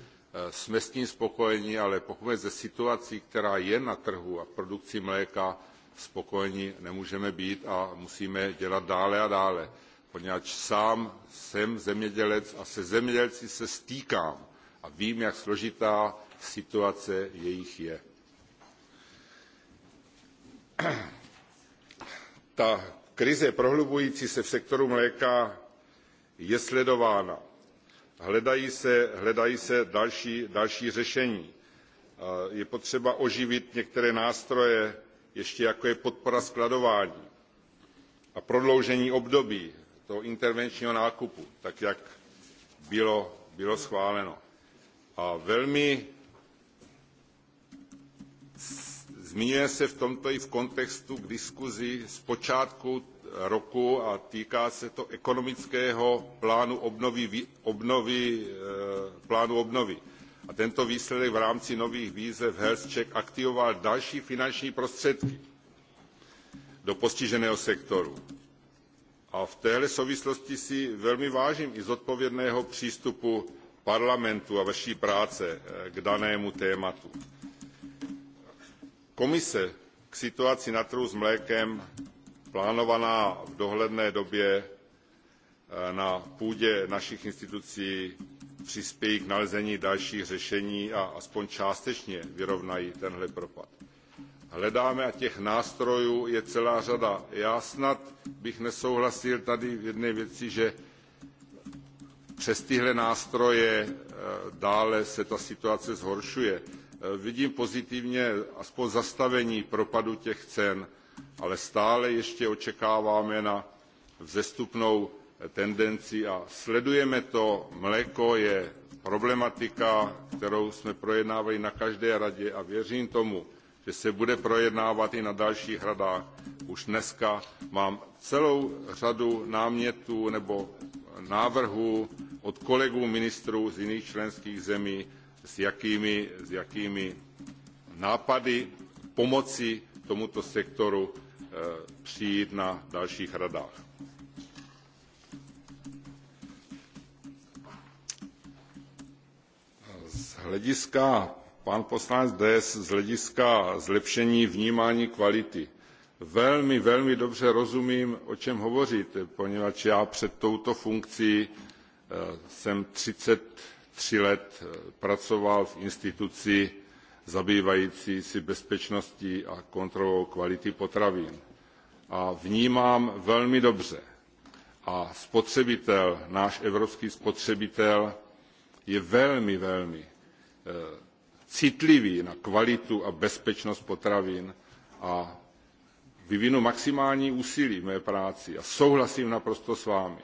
jsme s tím spokojeni, ale pokud ze situací, která je na trhu a produkci mléka, spokojeni nemůžeme být a musíme dělat dále a dále. Poněvadž sám jsem zemědělec a se zemědělci se stýkám a vím, jak složitá situace jejich je. Ta Krize prohlubující se v sektoru mléka je sledována. Hledají se, hledají se další, další řešení. Je potřeba oživit některé nástroje, ještě jako je podpora skladování a prodloužení období toho intervenčního nákupu, tak jak bylo, bylo schváleno. A velmi Zmiňuje se v tomto i v kontextu k diskuzi z počátku roku a týká se to ekonomického plánu obnovy, obnovy, eh, plánu obnovy. A tento výsledek v rámci nových výzev Health Check aktivoval další finanční prostředky do postiženého sektoru. A v téhle souvislosti si velmi vážím i zodpovědného přístupu parlamentu a vaší práce eh, k danému tématu. Komise k situaci na trhu s mlékem plánovaná v dohledné době eh, na půdě našich institucí přispějí k nalezení dalších řešení a aspoň částečně vyrovnají tenhle propad. Hledáme a těch nástrojů je celá řada. Já snad bych nesouhlasil tady v jedné věci, že přes tyhle nástroje eh, dále se ta situace zhoršuje. Eh, vidím pozitivně aspoň zastavení propadu těch cen, ale stále ještě očekáváme na vzestupnou tendenci a sledujeme to. Mléko je problematika, kterou jsme projednávali na každé radě a věřím tomu, že se bude projednávat i na dalších radách. Už dneska mám celou řadu námětů nebo návrhů od kolegů ministrů z jiných členských zemí, s jakými, nápady pomoci tomuto sektoru eh, přijít na dalších radách. Z hlediska, pan poslanec DS, z hlediska zlepšení vnímání kvality. Velmi, velmi dobře rozumím, o čem hovoříte, poněvadž já před touto funkcí eh, jsem 30 tři let eh, pracoval v instituci zabývající se bezpečností a kontrolou kvality potravin. A vnímám velmi dobře. A spotřebitel, náš evropský spotřebitel, je velmi, velmi eh, citlivý na kvalitu a bezpečnost potravin a vyvinu maximální úsilí v mé práci a souhlasím naprosto s vámi,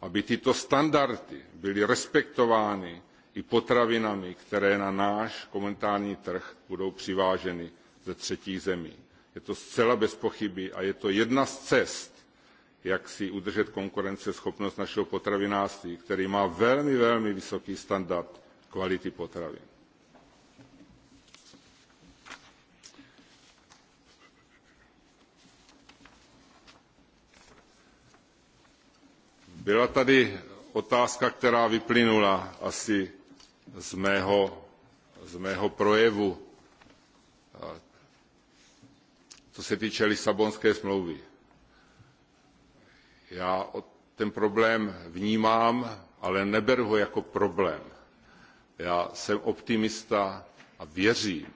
aby tyto standardy byly respektovány i potravinami, které na náš komentární trh budou přiváženy ze třetí zemí. Je to zcela bez pochyby a je to jedna z cest, jak si udržet konkurenceschopnost našeho potravinářství, který má velmi, velmi vysoký standard kvality potravin. Byla tady otázka, která vyplynula asi z mého, z mého projevu, co se týče Lisabonské smlouvy. Já ten problém vnímám, ale neberu ho jako problém. Já jsem optimista a věřím,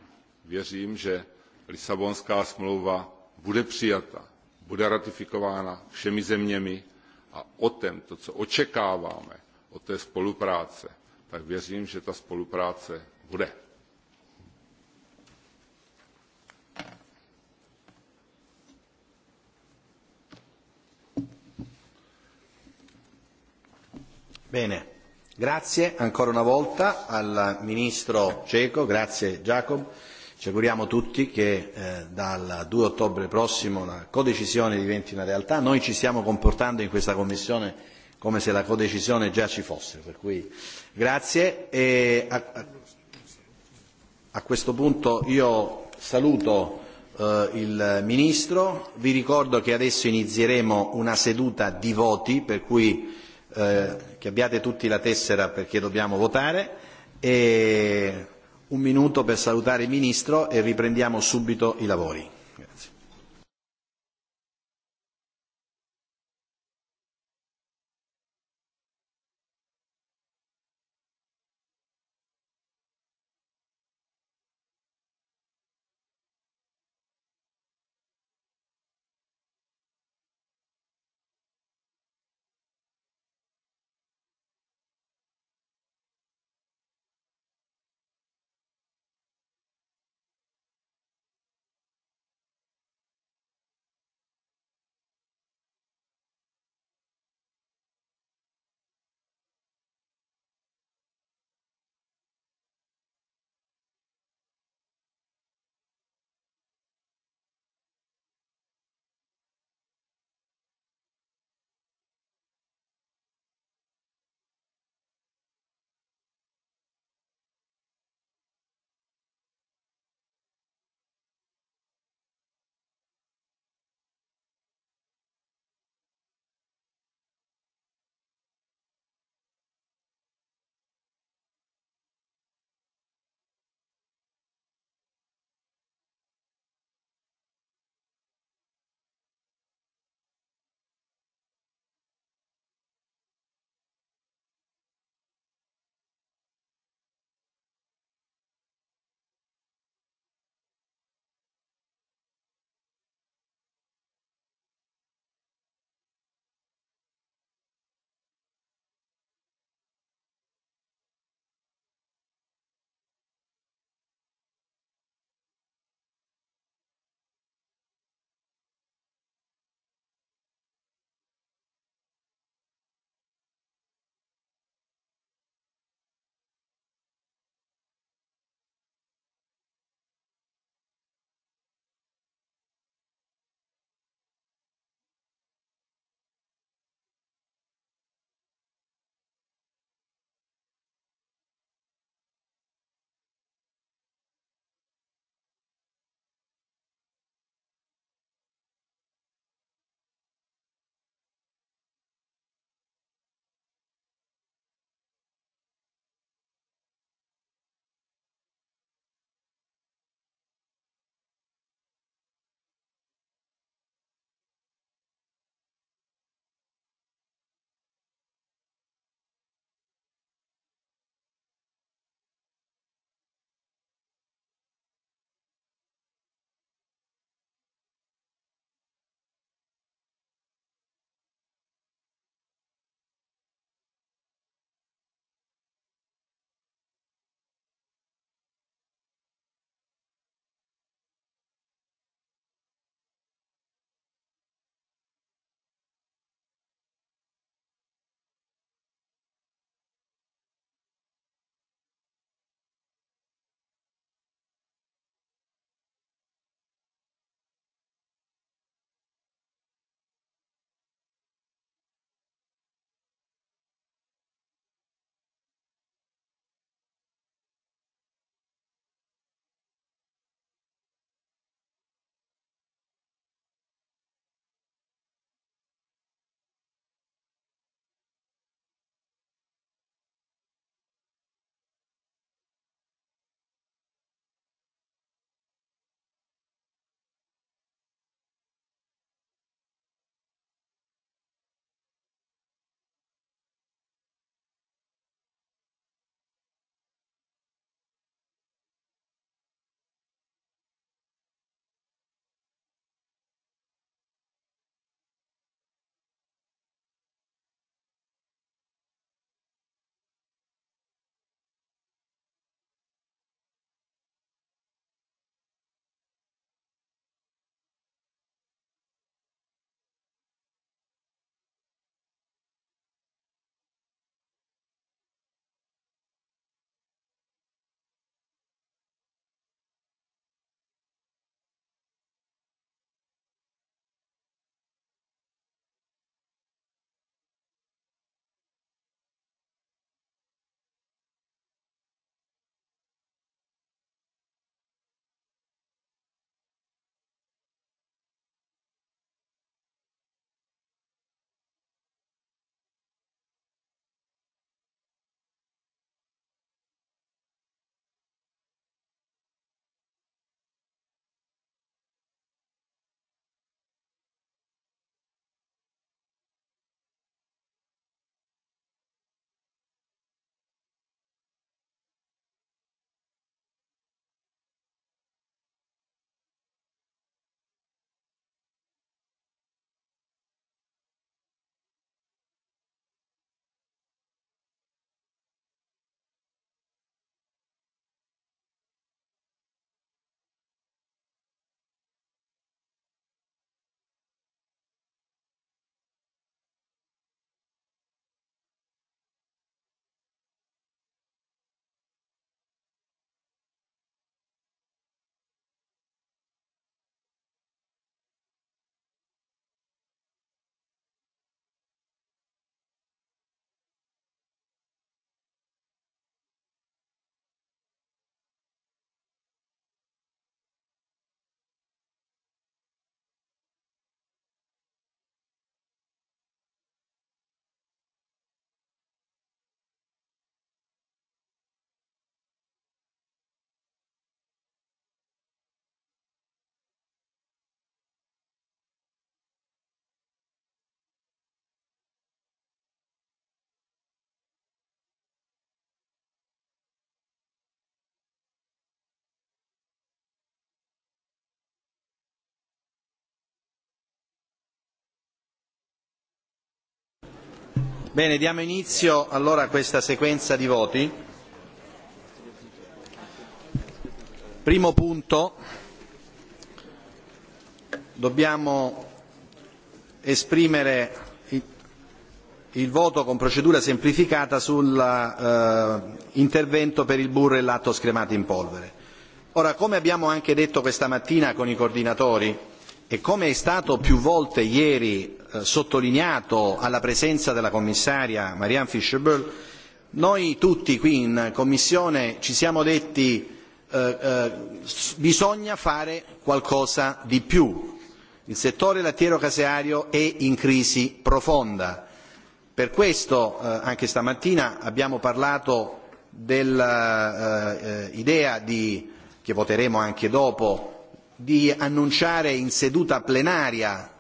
věřím, že Lisabonská smlouva bude přijata, bude ratifikována všemi zeměmi a o tom, to, co očekáváme od té spolupráce, tak věřím, že ta spolupráce bude. Bene, grazie ancora una volta al Ministro Ceco, grazie Jacob. Ci auguriamo tutti che eh, dal 2 ottobre prossimo la codecisione diventi una realtà. Noi ci stiamo comportando in questa Commissione come se la codecisione già ci fosse. Per cui grazie e a, a questo punto io saluto eh, il Ministro, vi ricordo che adesso inizieremo una seduta di voti, per cui eh, che abbiate tutti la tessera perché dobbiamo votare e un minuto per salutare il Ministro e riprendiamo subito i lavori. Grazie. Bene, diamo inizio allora a questa sequenza di voti. Primo punto, dobbiamo esprimere il voto con procedura semplificata sull'intervento eh, per il burro e il lato scremato in polvere. Ora, come abbiamo anche detto questa mattina con i coordinatori e come è stato più volte ieri Eh, sottolineato alla presenza della commissaria Marianne Fischer-Böll, noi tutti qui in Commissione ci siamo detti eh, eh, bisogna fare qualcosa di più. Il settore lattiero caseario è in crisi profonda. Per questo eh, anche stamattina abbiamo parlato dell'idea eh, eh, di, che voteremo anche dopo, di annunciare in seduta plenaria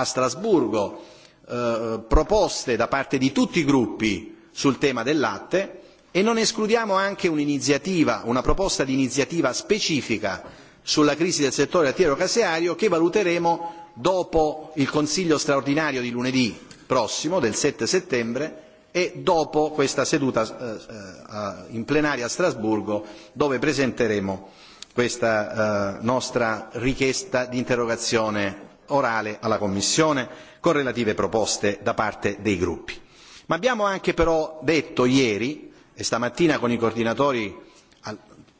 a Strasburgo eh, proposte da parte di tutti i gruppi sul tema del latte e non escludiamo anche un'iniziativa, una proposta di iniziativa specifica sulla crisi del settore lattiero caseario che valuteremo dopo il Consiglio straordinario di lunedì prossimo, del 7 settembre, e dopo questa seduta eh, eh in plenaria a Strasburgo dove presenteremo questa eh, nostra richiesta di interrogazione orale alla Commissione con relative proposte da parte dei gruppi. Ma abbiamo anche però detto ieri e stamattina con i coordinatori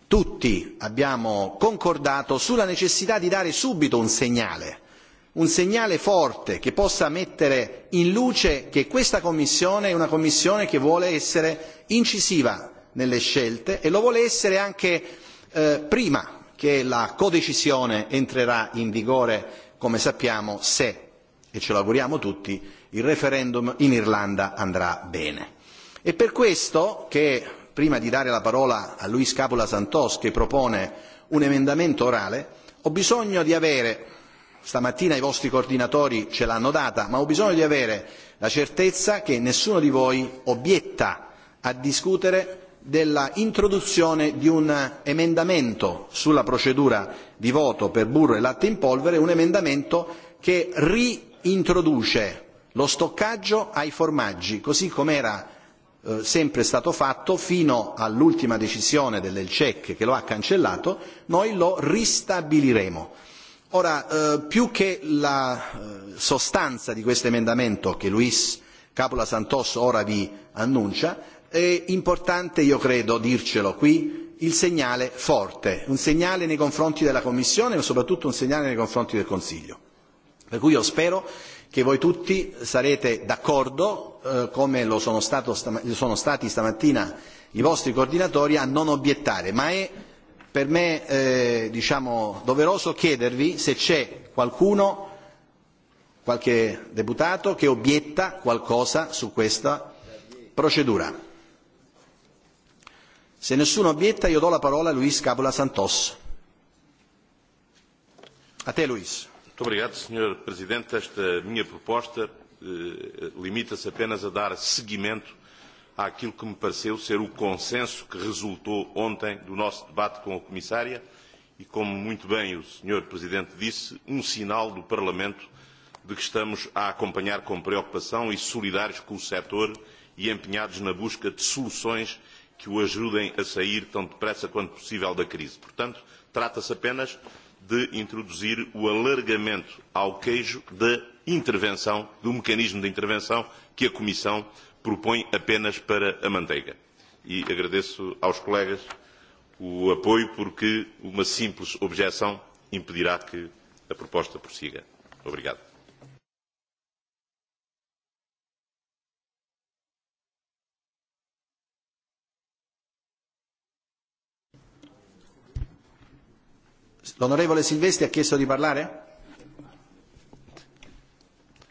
tutti abbiamo concordato sulla necessità di dare subito un segnale, un segnale forte che possa mettere in luce che questa Commissione è una Commissione che vuole essere incisiva nelle scelte e lo vuole essere anche eh, prima che la codecisione entrerà in vigore come sappiamo se, e ce lo auguriamo tutti, il referendum in Irlanda andrà bene. E per questo che, prima di dare la parola a Luis Capula Santos che propone un emendamento orale, ho bisogno di avere stamattina i vostri coordinatori ce l'hanno data, ma ho bisogno di avere la certezza che nessuno di voi obietta a discutere della introduzione di un emendamento sulla procedura di voto per burro e latte in polvere, un emendamento che riintroduce lo stoccaggio ai formaggi, così come era eh, sempre stato fatto fino all'ultima decisione dell'ELCEC che lo ha cancellato, noi lo ristabiliremo. Ora, eh, più che la eh, sostanza di questo emendamento che Luis Capola Santos ora vi annuncia, è importante, io credo, dircelo qui, il segnale forte, un segnale nei confronti della Commissione ma soprattutto un segnale nei confronti del Consiglio. Per cui io spero che voi tutti sarete d'accordo, eh, come lo sono, stato stama- sono stati stamattina i vostri coordinatori, a non obiettare, ma è per me eh, diciamo, doveroso chiedervi se c'è qualcuno, qualche deputato, che obietta qualcosa su questa procedura. Se nessuno obietta io do la parola a Luis Capola Santos. A te Luis. Muito obrigado, Sr. Presidente. Esta minha proposta eh, limita-se apenas a dar seguimento àquilo que me pareceu ser o consenso que resultou ontem do nosso debate com a Comissária e, como muito bem o Sr. Presidente disse, um sinal do Parlamento de que estamos a acompanhar com preocupação e solidários com o setor e empenhados na busca de soluções que o ajudem a sair tão depressa quanto possível da crise. Portanto, trata-se apenas de introduzir o alargamento ao queijo da intervenção, do mecanismo de intervenção que a Comissão propõe apenas para a manteiga. E agradeço aos colegas o apoio, porque uma simples objeção impedirá que a proposta prossiga. Obrigado. L'onorevole Silvestri ha chiesto di parlare?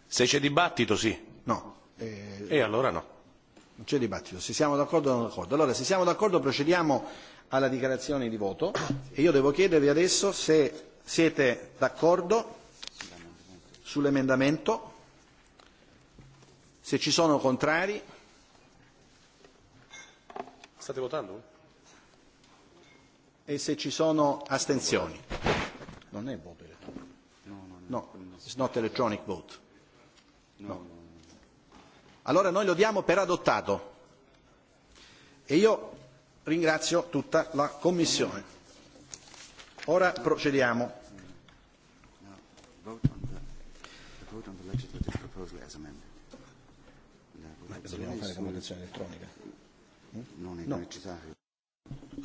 Se c'è dibattito sì. No. Eh, e allora no. Non c'è dibattito, se siamo d'accordo o non d'accordo. Allora, se siamo d'accordo procediamo alla dichiarazione di voto e io devo chiedervi adesso se siete d'accordo sull'emendamento, se ci sono contrari. State votando? e se ci sono astensioni. Non è voto elettronico. No, it's not electronic vote. No. Allora noi lo diamo per adottato. E io ringrazio tutta la Commissione. Ora procediamo. Dobbiamo fare comunicazione elettronica? Non è necessario.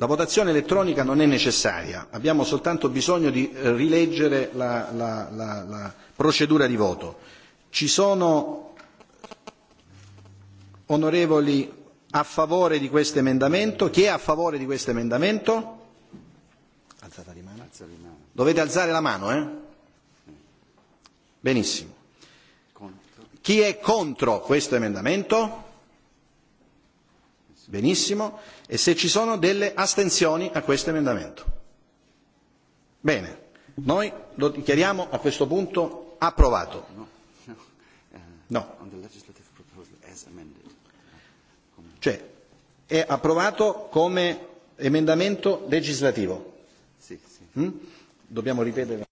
La votazione elettronica non è necessaria, abbiamo soltanto bisogno di eh, rileggere la, la, la, la procedura di voto. Ci sono onorevoli a favore di questo emendamento? Chi è a favore di questo emendamento? Dovete alzare la mano, eh? Benissimo. Chi è contro questo emendamento? Benissimo. E se ci sono delle astensioni a questo emendamento? Bene. Noi lo dichiariamo a questo punto approvato. No. Cioè, è approvato come emendamento legislativo. Sì, sì. Mm? Dobbiamo ripetere.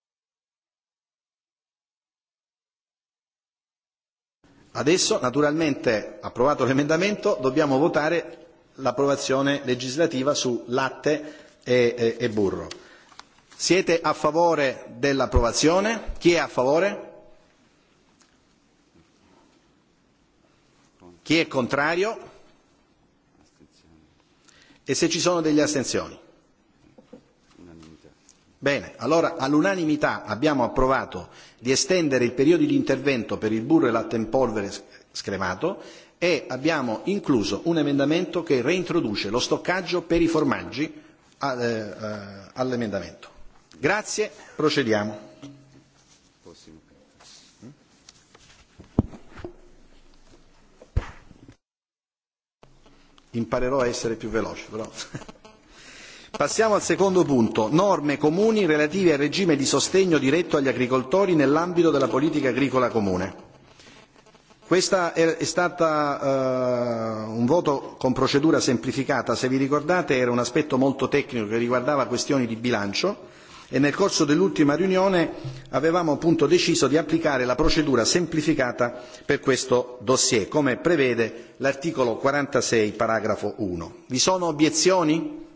Adesso, naturalmente, approvato l'emendamento, dobbiamo votare l'approvazione legislativa su latte e, e, e burro. Siete a favore dell'approvazione? Chi è a favore? Chi è contrario? E se ci sono delle astensioni? Bene, allora all'unanimità abbiamo approvato di estendere il periodo di intervento per il burro e latte in polvere scremato e abbiamo incluso un emendamento che reintroduce lo stoccaggio per i formaggi eh, eh, all'emendamento. Grazie, procediamo. Imparerò a essere più veloce, però. Passiamo al secondo punto, norme comuni relative al regime di sostegno diretto agli agricoltori nell'ambito della politica agricola comune. Questo è stato eh, un voto con procedura semplificata, se vi ricordate era un aspetto molto tecnico che riguardava questioni di bilancio e nel corso dell'ultima riunione avevamo appunto deciso di applicare la procedura semplificata per questo dossier, come prevede l'articolo 46 paragrafo 1. Vi sono obiezioni?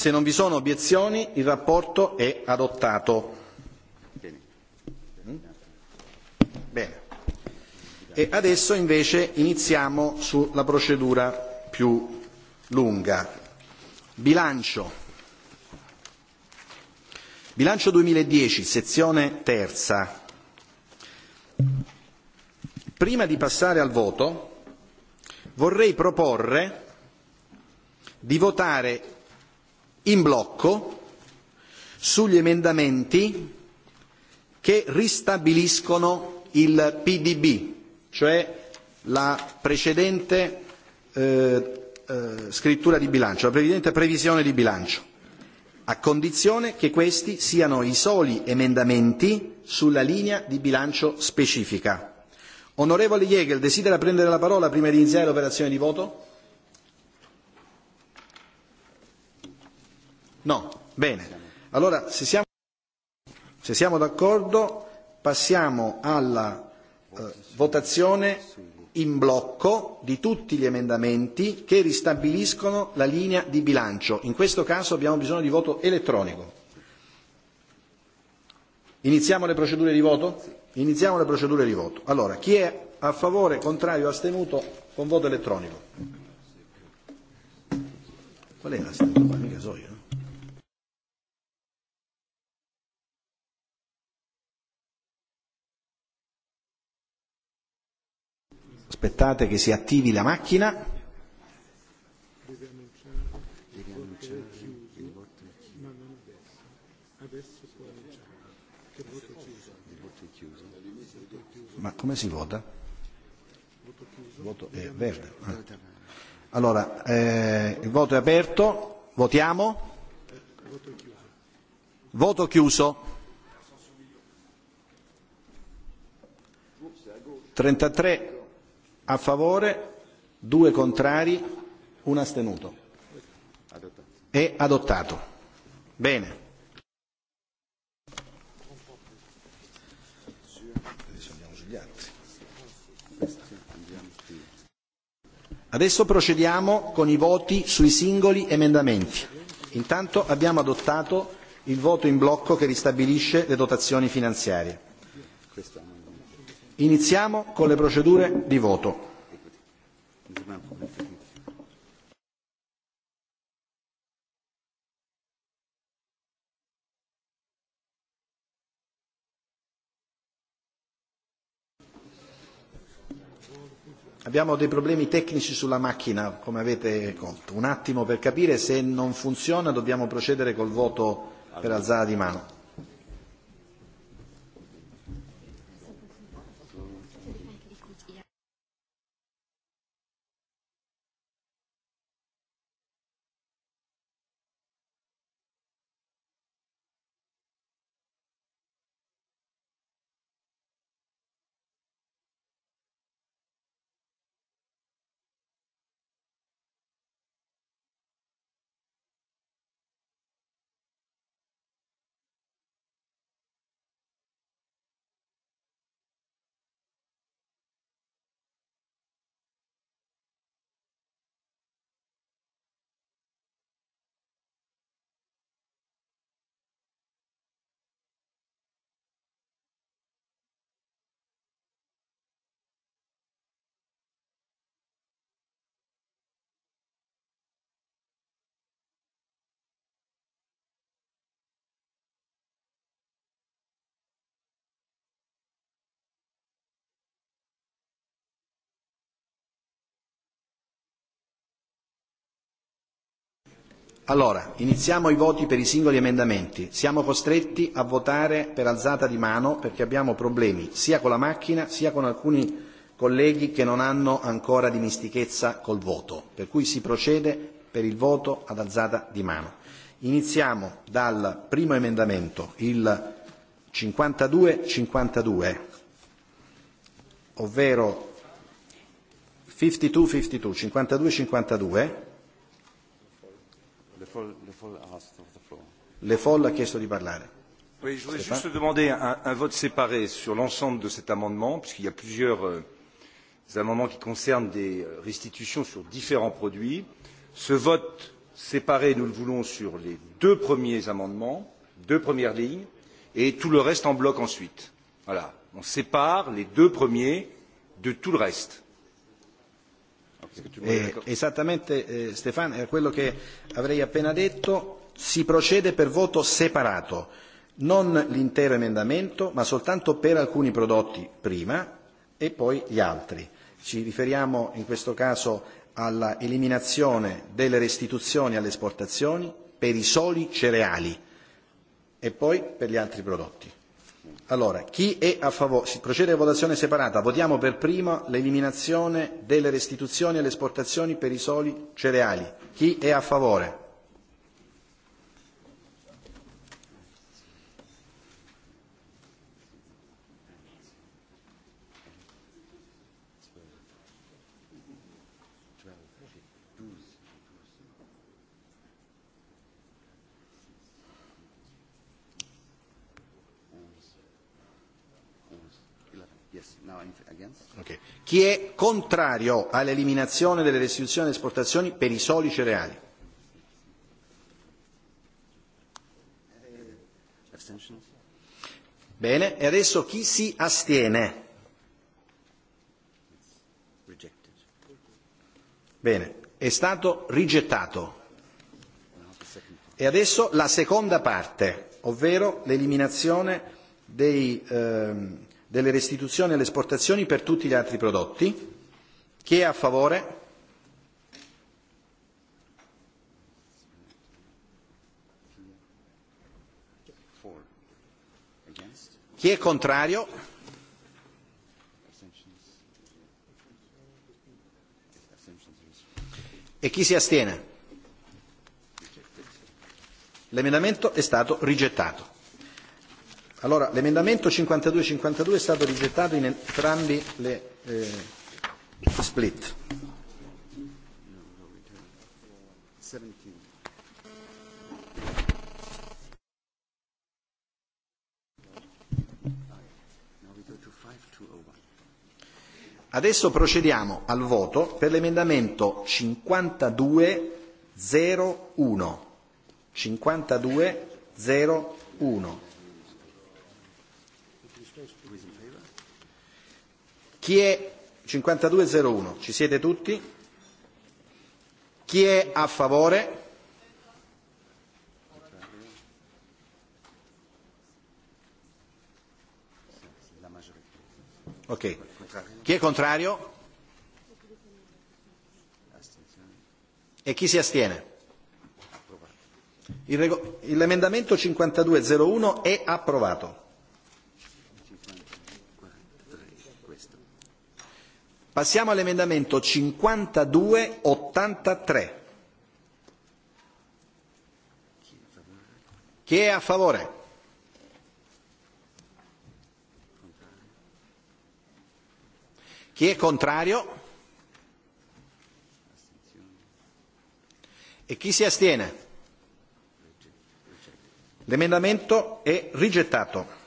Se non vi sono obiezioni, il rapporto è adottato. Mm? Bene. E adesso invece iniziamo sulla procedura più lunga. Bilancio. Bilancio 2010, sezione terza. Prima di passare al voto vorrei proporre di votare in blocco sugli emendamenti che ristabiliscono il PDB, cioè la precedente eh, eh, scrittura di bilancio, la precedente previsione di bilancio, a condizione che questi siano i soli emendamenti sulla linea di bilancio specifica. Onorevole Jägel, desidera prendere la parola prima di iniziare l'operazione di voto? No, bene. Allora, se siamo, se siamo d'accordo, passiamo alla eh, votazione in blocco di tutti gli emendamenti che ristabiliscono la linea di bilancio. In questo caso abbiamo bisogno di voto elettronico. Iniziamo le procedure di voto? Iniziamo le procedure di voto. Allora, chi è a favore, contrario, astenuto con voto elettronico? Qual è l'astenuto? Mica so io. Aspettate che si attivi la macchina. Ma come si vota? Voto eh, verde. Allora, eh, il voto è aperto, votiamo. Voto chiuso. 33 a favore, due contrari, un astenuto. È adottato. Bene. Adesso procediamo con i voti sui singoli emendamenti. Intanto abbiamo adottato il voto in blocco che ristabilisce le dotazioni finanziarie. Iniziamo con le procedure di voto. Abbiamo dei problemi tecnici sulla macchina, come avete conto. Un attimo per capire se non funziona dobbiamo procedere col voto per alzata di mano. Allora, iniziamo i voti per i singoli emendamenti. Siamo costretti a votare per alzata di mano perché abbiamo problemi sia con la macchina sia con alcuni colleghi che non hanno ancora dimistichezza col voto. Per cui si procede per il voto ad alzata di mano. Iniziamo dal primo emendamento, il 52-52, ovvero 52-52, 52-52 Le Foll, ah, ha chiesto di parlare. Oui, je voudrais juste demander un, un vote séparé sur l'ensemble de cet amendement, puisqu'il y a plusieurs euh, amendements qui concernent des euh, restitutions sur différents produits. Ce vote séparé, nous le voulons sur les deux premiers amendements, deux premières lignes, et tout le reste en bloc ensuite. Voilà. On sépare les deux premiers de tout le reste. Eh, esattamente eh, Stefano, è quello che avrei appena detto, si procede per voto separato, non l'intero emendamento, ma soltanto per alcuni prodotti prima e poi gli altri. Ci riferiamo in questo caso alla eliminazione delle restituzioni alle esportazioni per i soli cereali e poi per gli altri prodotti. Allora, chi è a favore? Si procede a votazione separata. Votiamo per prima l'eliminazione delle restituzioni alle esportazioni per i soli cereali. Chi è a favore? Chi è contrario all'eliminazione delle restituzioni e esportazioni per i soli cereali? Bene, e adesso chi si astiene? Bene, è stato rigettato. E adesso la seconda parte, ovvero l'eliminazione dei, ehm, delle restituzioni alle esportazioni per tutti gli altri prodotti. Chi è a favore? Chi è contrario? E chi si astiene? L'emendamento è stato rigettato. Allora, l'emendamento 52-52 è stato rigettato in entrambi le eh, split. Adesso procediamo al voto per l'emendamento 5201. 5201. Chi è 5201? Ci siete tutti? Chi è a favore? Ok. Chi è contrario? E chi si astiene? L'emendamento 5201 è approvato. Passiamo all'emendamento 5283. Chi è a favore? Chi è contrario? E chi si astiene? L'emendamento è rigettato.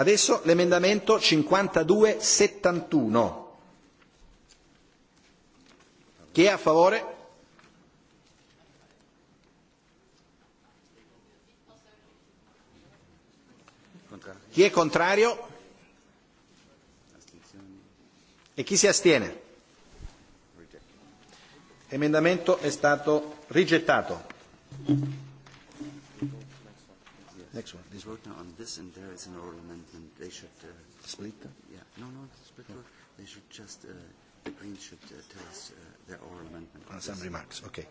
Adesso l'emendamento 5271. Chi è a favore? Chi è contrario? E chi si astiene? Emendamento è stato rigettato. Next one. This vote now on this and there is an oral amendment. They should... Uh, split them? Yeah. No, no, split yeah. They should just... Uh, the Greens should uh, tell us uh, their oral amendment. Uh, some remarks, okay.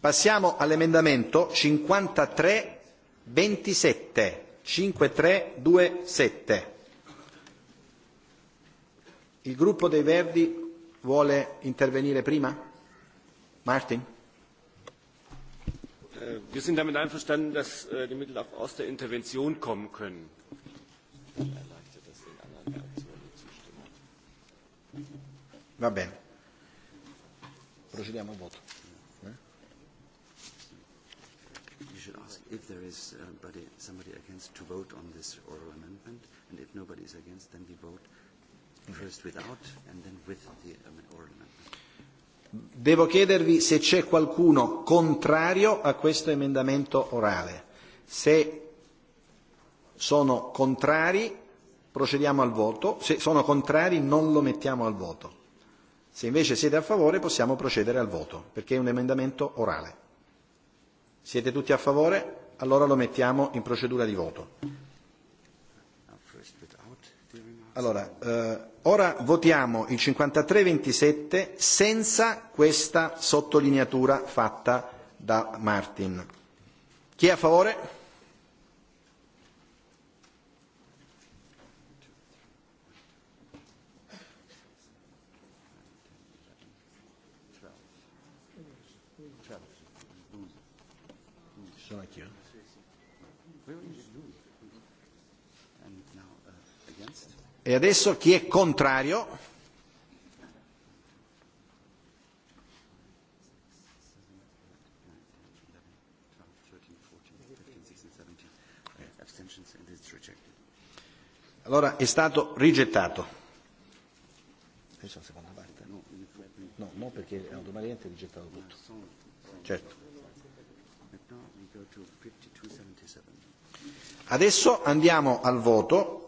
Passiamo all'emendamento 5327. 5327. Il gruppo dei Verdi vuole intervenire prima? Martin? Äh, wir sind damit einverstanden, dass äh, die Mittel auch aus der Intervention kommen können. Va bene. Procediamo al voto. Eh? You should ask if there is somebody, uh, somebody against to vote on this oral amendment, and if nobody is against, then we vote first without and then with the um, oral amendment. Devo chiedervi se c'è qualcuno contrario a questo emendamento orale. Se sono contrari procediamo al voto, se sono contrari non lo mettiamo al voto. Se invece siete a favore possiamo procedere al voto, perché è un emendamento orale. Siete tutti a favore? Allora lo mettiamo in procedura di voto. Allora, eh, ora votiamo il 5327 senza questa sottolineatura fatta da Martin. Chi è a favore? E adesso chi è contrario? Allora è stato rigettato. No, no perché automaticamente è rigettato tutto. Certo. Adesso andiamo al voto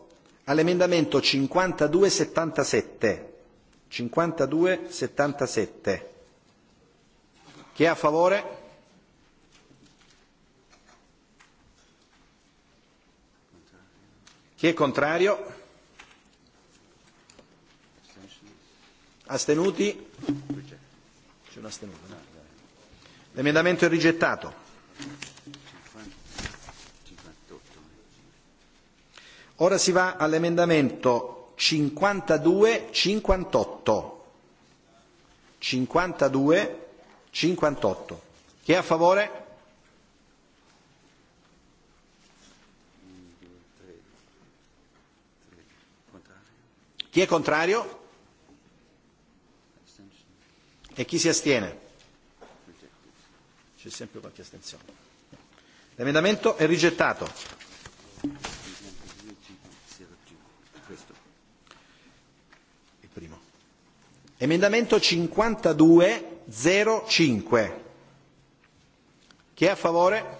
all'emendamento 5277. 5277. Chi è a favore? Chi è contrario? Astenuti? C'è un astenuto. L'emendamento è rigettato. Ora si va all'emendamento 52-58. 52-58. Chi è a favore? Chi è contrario? E chi si astiene? C'è sempre qualche astensione. L'emendamento è rigettato. Emendamento 5205. Chi è a favore?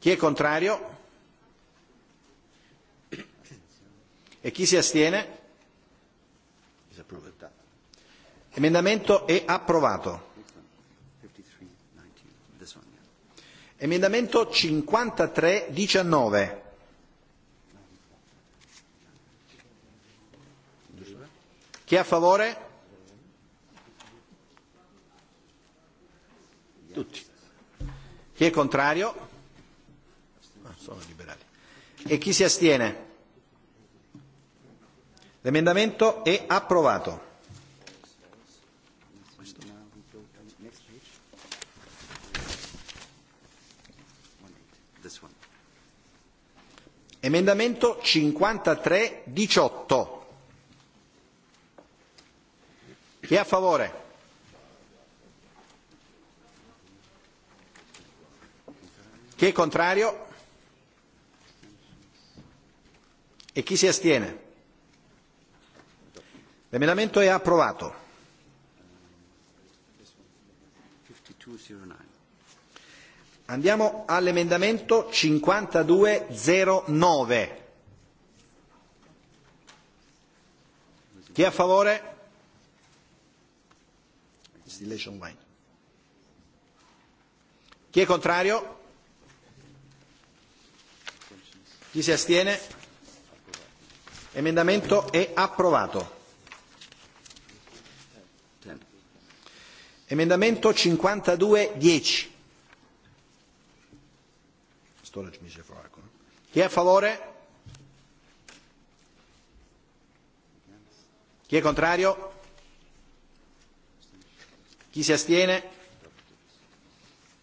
Chi è contrario? E chi si astiene? Emendamento è approvato. Emendamento 5319. Chi è a favore? Tutti. Chi è contrario? Ah, sono liberali. E chi si astiene? L'emendamento è approvato. Emendamento 53-18. Chi è a favore? Chi è contrario? E chi si astiene? L'emendamento è approvato. Andiamo all'emendamento 5209. Chi è a favore? distillation wine. Chi è contrario? Chi si astiene? Emendamento è approvato. Emendamento 52.10. Chi è a favore? Chi è contrario? Chi si astiene?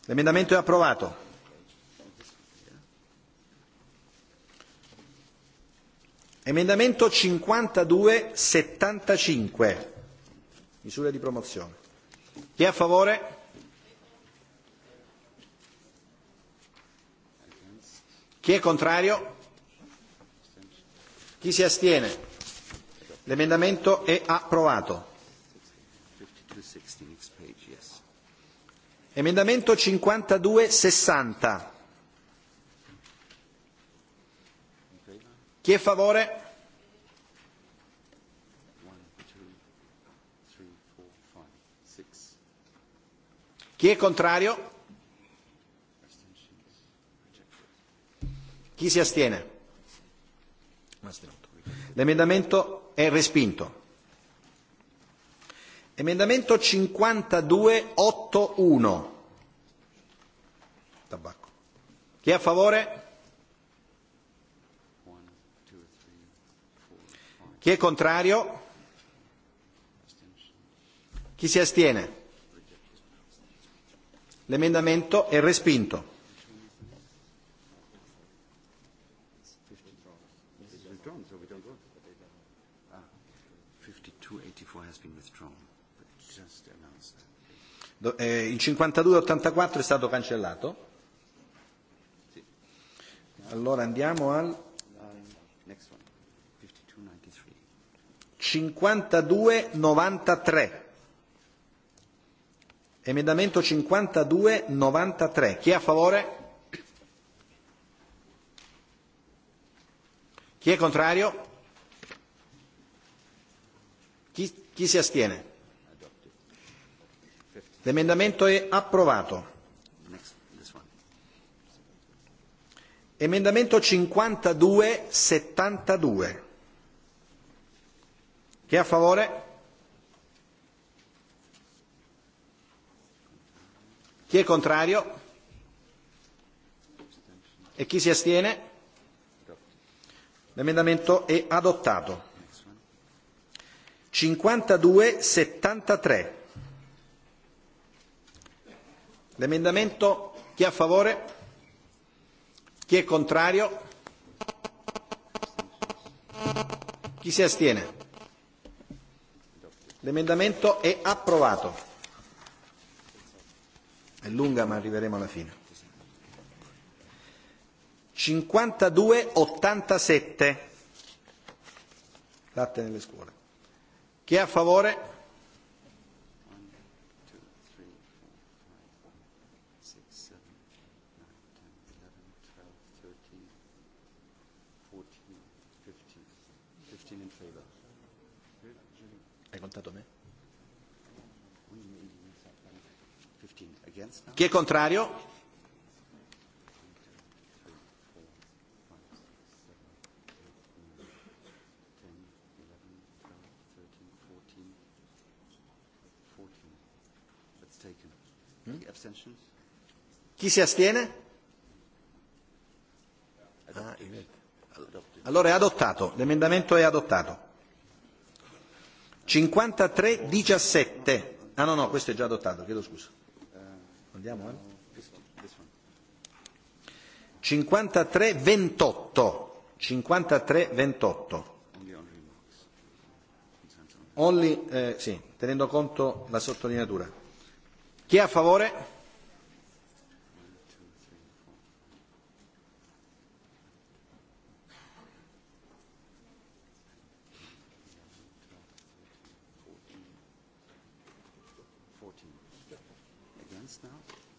L'emendamento è approvato. Emendamento 5275, misure di promozione. Chi è a favore? Chi è contrario? Chi si astiene? L'emendamento è approvato the 16th page, yes. Emendamento 5260. Chi è a favore? Chi è contrario? Chi si astiene? L'emendamento è respinto. Emendamento 5281. Tabacco. Chi è a favore? Chi è contrario? Chi si astiene? L'emendamento è respinto. Eh, il 52-84 è stato cancellato. Allora andiamo al 52-93. Emendamento 52-93. Chi è a favore? Chi è contrario? Chi, chi si astiene? L'emendamento è approvato. Emendamento 52-72. Chi è a favore? Chi è contrario? E chi si astiene? L'emendamento è adottato. 52-73. L'emendamento chi è a favore? Chi è contrario? Chi si astiene? L'emendamento è approvato. È lunga ma arriveremo alla fine. 52-87. Latte nelle scuole. Chi è a favore? Chi è contrario? Hmm? Chi si astiene? Ah, allora è adottato, l'emendamento è adottato. 53-17. Ah no, no, questo è già adottato, chiedo scusa. Andiamo, eh? 53-28. 53-28. Only, eh, sì, tenendo conto la sottolineatura. Chi è a favore?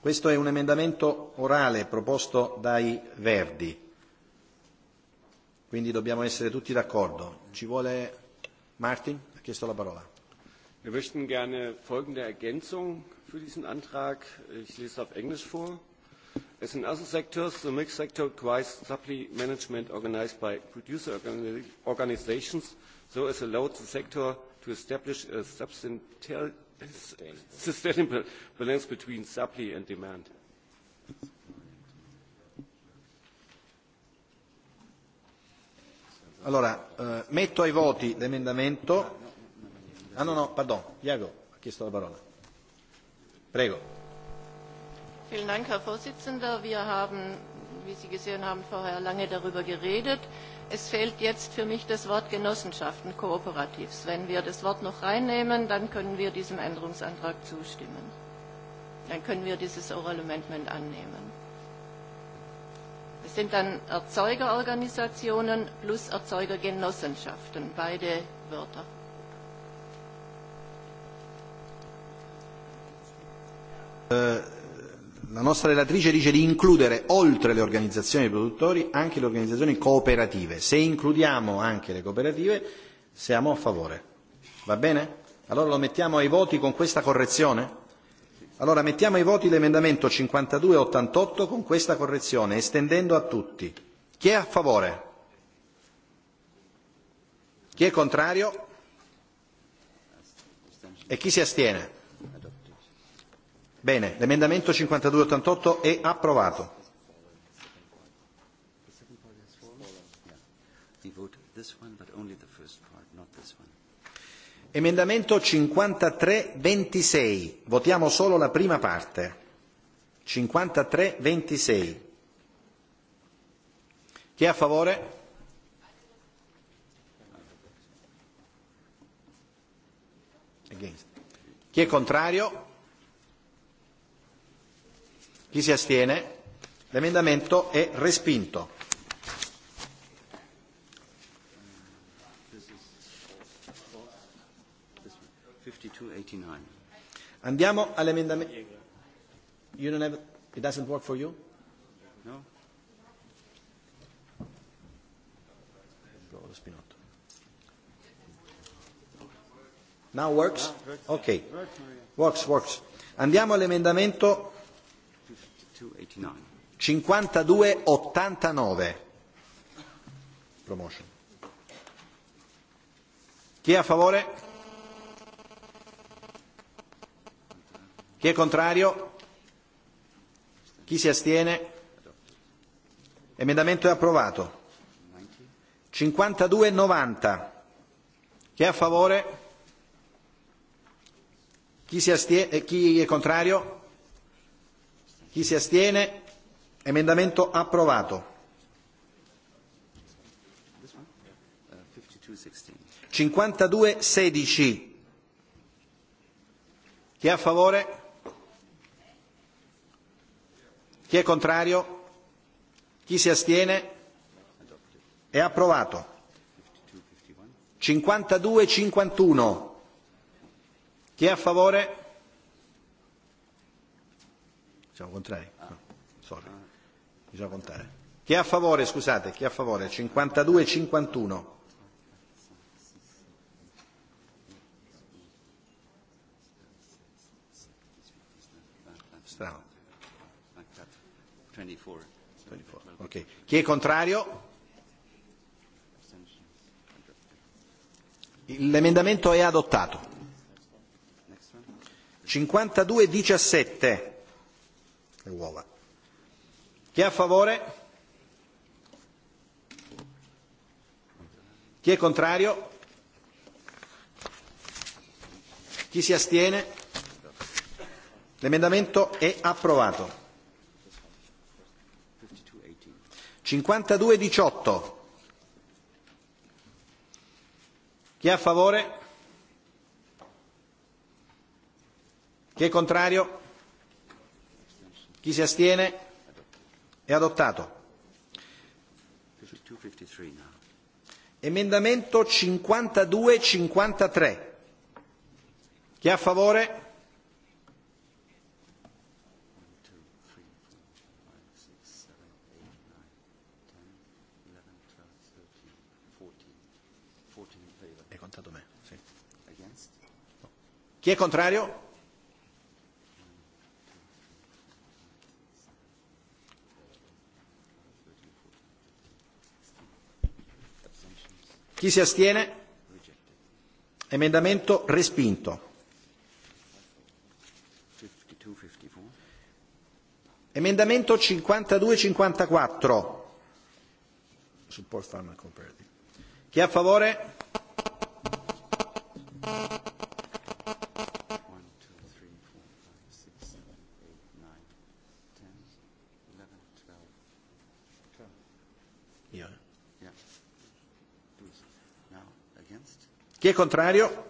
Questo è un emendamento orale proposto dai Verdi, quindi dobbiamo essere tutti d'accordo. Ci vuole Martin? Ha chiesto la parola. Wir möchten gerne folgende Ergänzung für diesen Antrag. Ich lese auf Englisch vor. As in other sectors, the milk sector requires supply management organized by producer organizations so as allowed the sector to establish a substantial sustainable balance between supply and demand. Allora, eh, metto ai voti l'emendamento. Ah no, no, pardon, Iago ha chiesto la parola. Prego. Vielen Dank, Herr Vorsitzender. Wir haben, wie Sie gesehen haben, vorher lange darüber geredet. Es fehlt jetzt für mich das Wort Genossenschaften kooperativs. Wenn wir das Wort noch reinnehmen, dann können wir diesem Änderungsantrag zustimmen. Dann können wir dieses Oral Amendment annehmen. Es sind dann Erzeugerorganisationen plus Erzeugergenossenschaften, beide Wörter. Äh la nostra relatrice dice di includere oltre le organizzazioni dei produttori anche le organizzazioni cooperative. Se includiamo anche le cooperative siamo a favore. Va bene? Allora lo mettiamo ai voti con questa correzione? Allora mettiamo ai voti l'emendamento 5288 e con questa correzione, estendendo a tutti. Chi è a favore? Chi è contrario? E chi si astiene? Bene, l'emendamento 5288 è approvato. Emendamento 5326, votiamo solo la prima parte. 5326. Chi è a favore? Against. Chi è contrario? Chi si astiene? L'emendamento è respinto. Andiamo all'emendamento. have it doesn't work for you? No. Now works? Okay. Works, works. Andiamo all'emendamento 52-89. Promotion. Chi è a favore? Chi è contrario? Chi si astiene? Emendamento è approvato. 52-90. Chi è a favore? Chi, si astie- eh, chi è contrario? Chi si astiene? Emendamento approvato. 52-16. Chi è a favore? Chi è contrario? Chi si astiene? È approvato. 52-51. Chi è a favore? Siamo contrari? Ah. No. Sorry. Bisogna ah. contare. Ah. Chi è a favore, scusate, chi è a favore? 52 51. E Strano. 24. 24. Okay. Chi è contrario? L'emendamento è adottato. 52-17 le uova. Chi è a favore? Chi è contrario? Chi si astiene? L'emendamento è approvato. 52-18. Chi è a favore? Chi è contrario? Chi si astiene? È adottato. Emendamento 52-53. Chi è a favore? Chi è contrario? Chi si astiene? Emendamento respinto. Emendamento 52-54. Support Pharma Chi è a favore? contrario?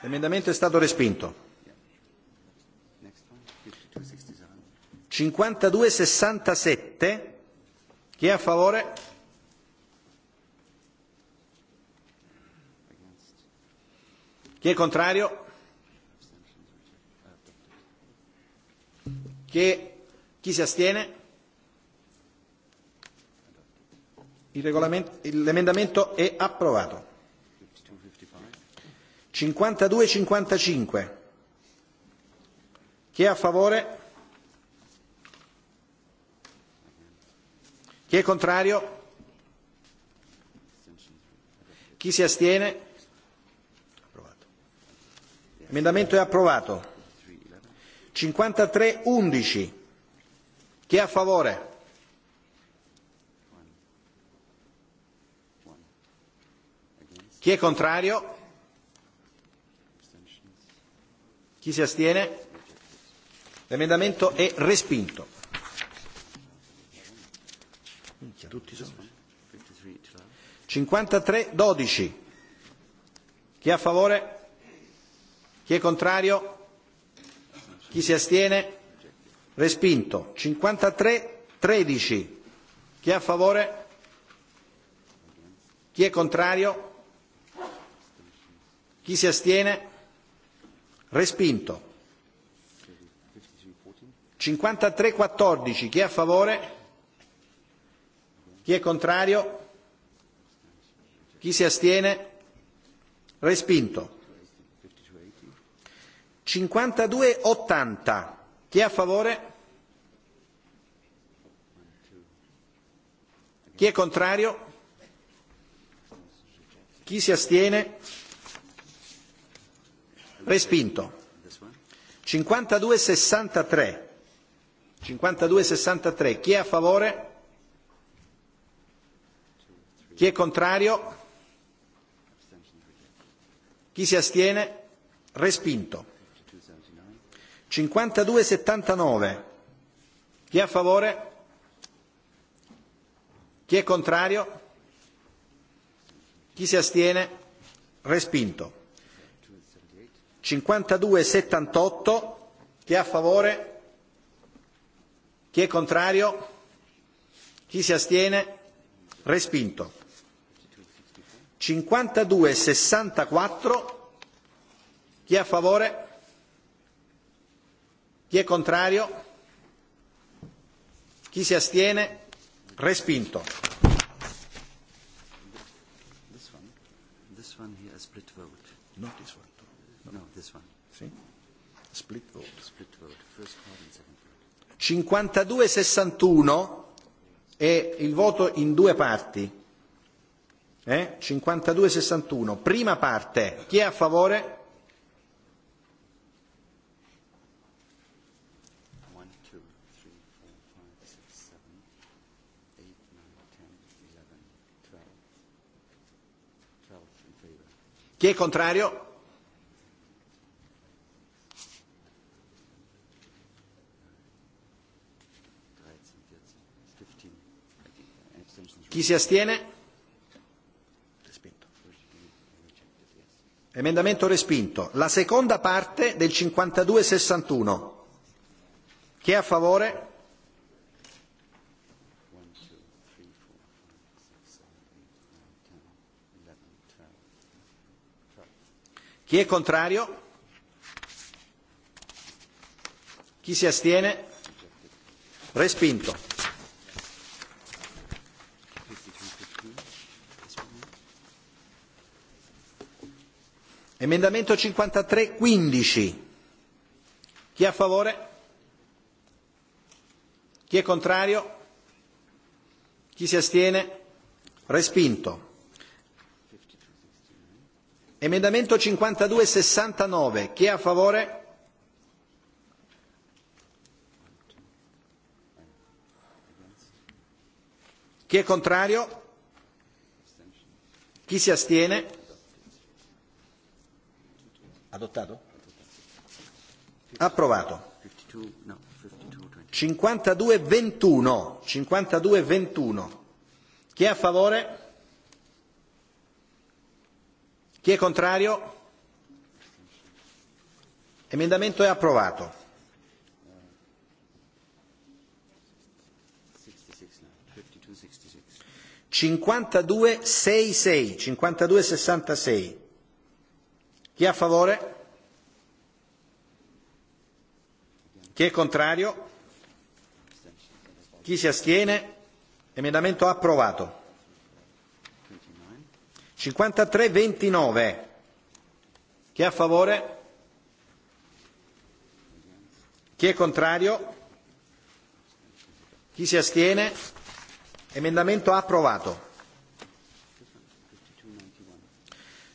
L'emendamento è stato respinto. 5267. chi è a favore? Chi è contrario? Che chi si astiene? L'emendamento è approvato. 52-55. E chi è a favore? Chi è contrario? Chi si astiene? Approvato. L'emendamento è approvato. 53 11 chi è a favore? Chi è contrario? Chi si astiene? L'emendamento è respinto. tutti sono. 53-12. Chi è a favore? Chi è contrario? Chi si astiene? Respinto. 53, 13. Chi è a favore? Chi è contrario? Chi si astiene? Respinto. 53, 14. Chi è a favore? Chi è contrario? Chi si astiene? Respinto. 52-80. Chi è a favore? Chi è contrario? Chi si astiene? Respinto. 52-63. 52-63. Chi è a favore? Chi è contrario? Chi si astiene? Respinto. 5279. Chi è a favore? Chi è contrario? Chi si astiene? Respinto. 52-78. Chi è a favore? Chi è contrario? Chi si astiene? Respinto. 52-64. Chi è a favore? Chi è contrario? Chi è contrario? Chi si astiene? Respinto. split vote. No, this one. Split vote. First part and second part. 52-61 è il voto in due parti. Eh? 52-61. Prima parte. Chi è a favore? Chi è contrario? Chi si astiene? Emendamento respinto. La seconda parte del 52-61. Chi è a favore? Chi è contrario? Chi si astiene? Respinto. Emendamento 53.15. Chi è a favore? Chi è contrario? Chi si astiene? Respinto. Emendamento 5269, chi è a favore? Chi è contrario? Chi si astiene? Adottato? Approvato. 52-21. 52-21. Chi è a favore? Chi è contrario? Emendamento è approvato. Cinquantadue sei sei, cinquantadue sessantasei. Chi è a favore? Chi è contrario? Chi si astiene? Emendamento approvato. 53-29. Chi è a favore? Chi è contrario? Chi si astiene? Emendamento approvato.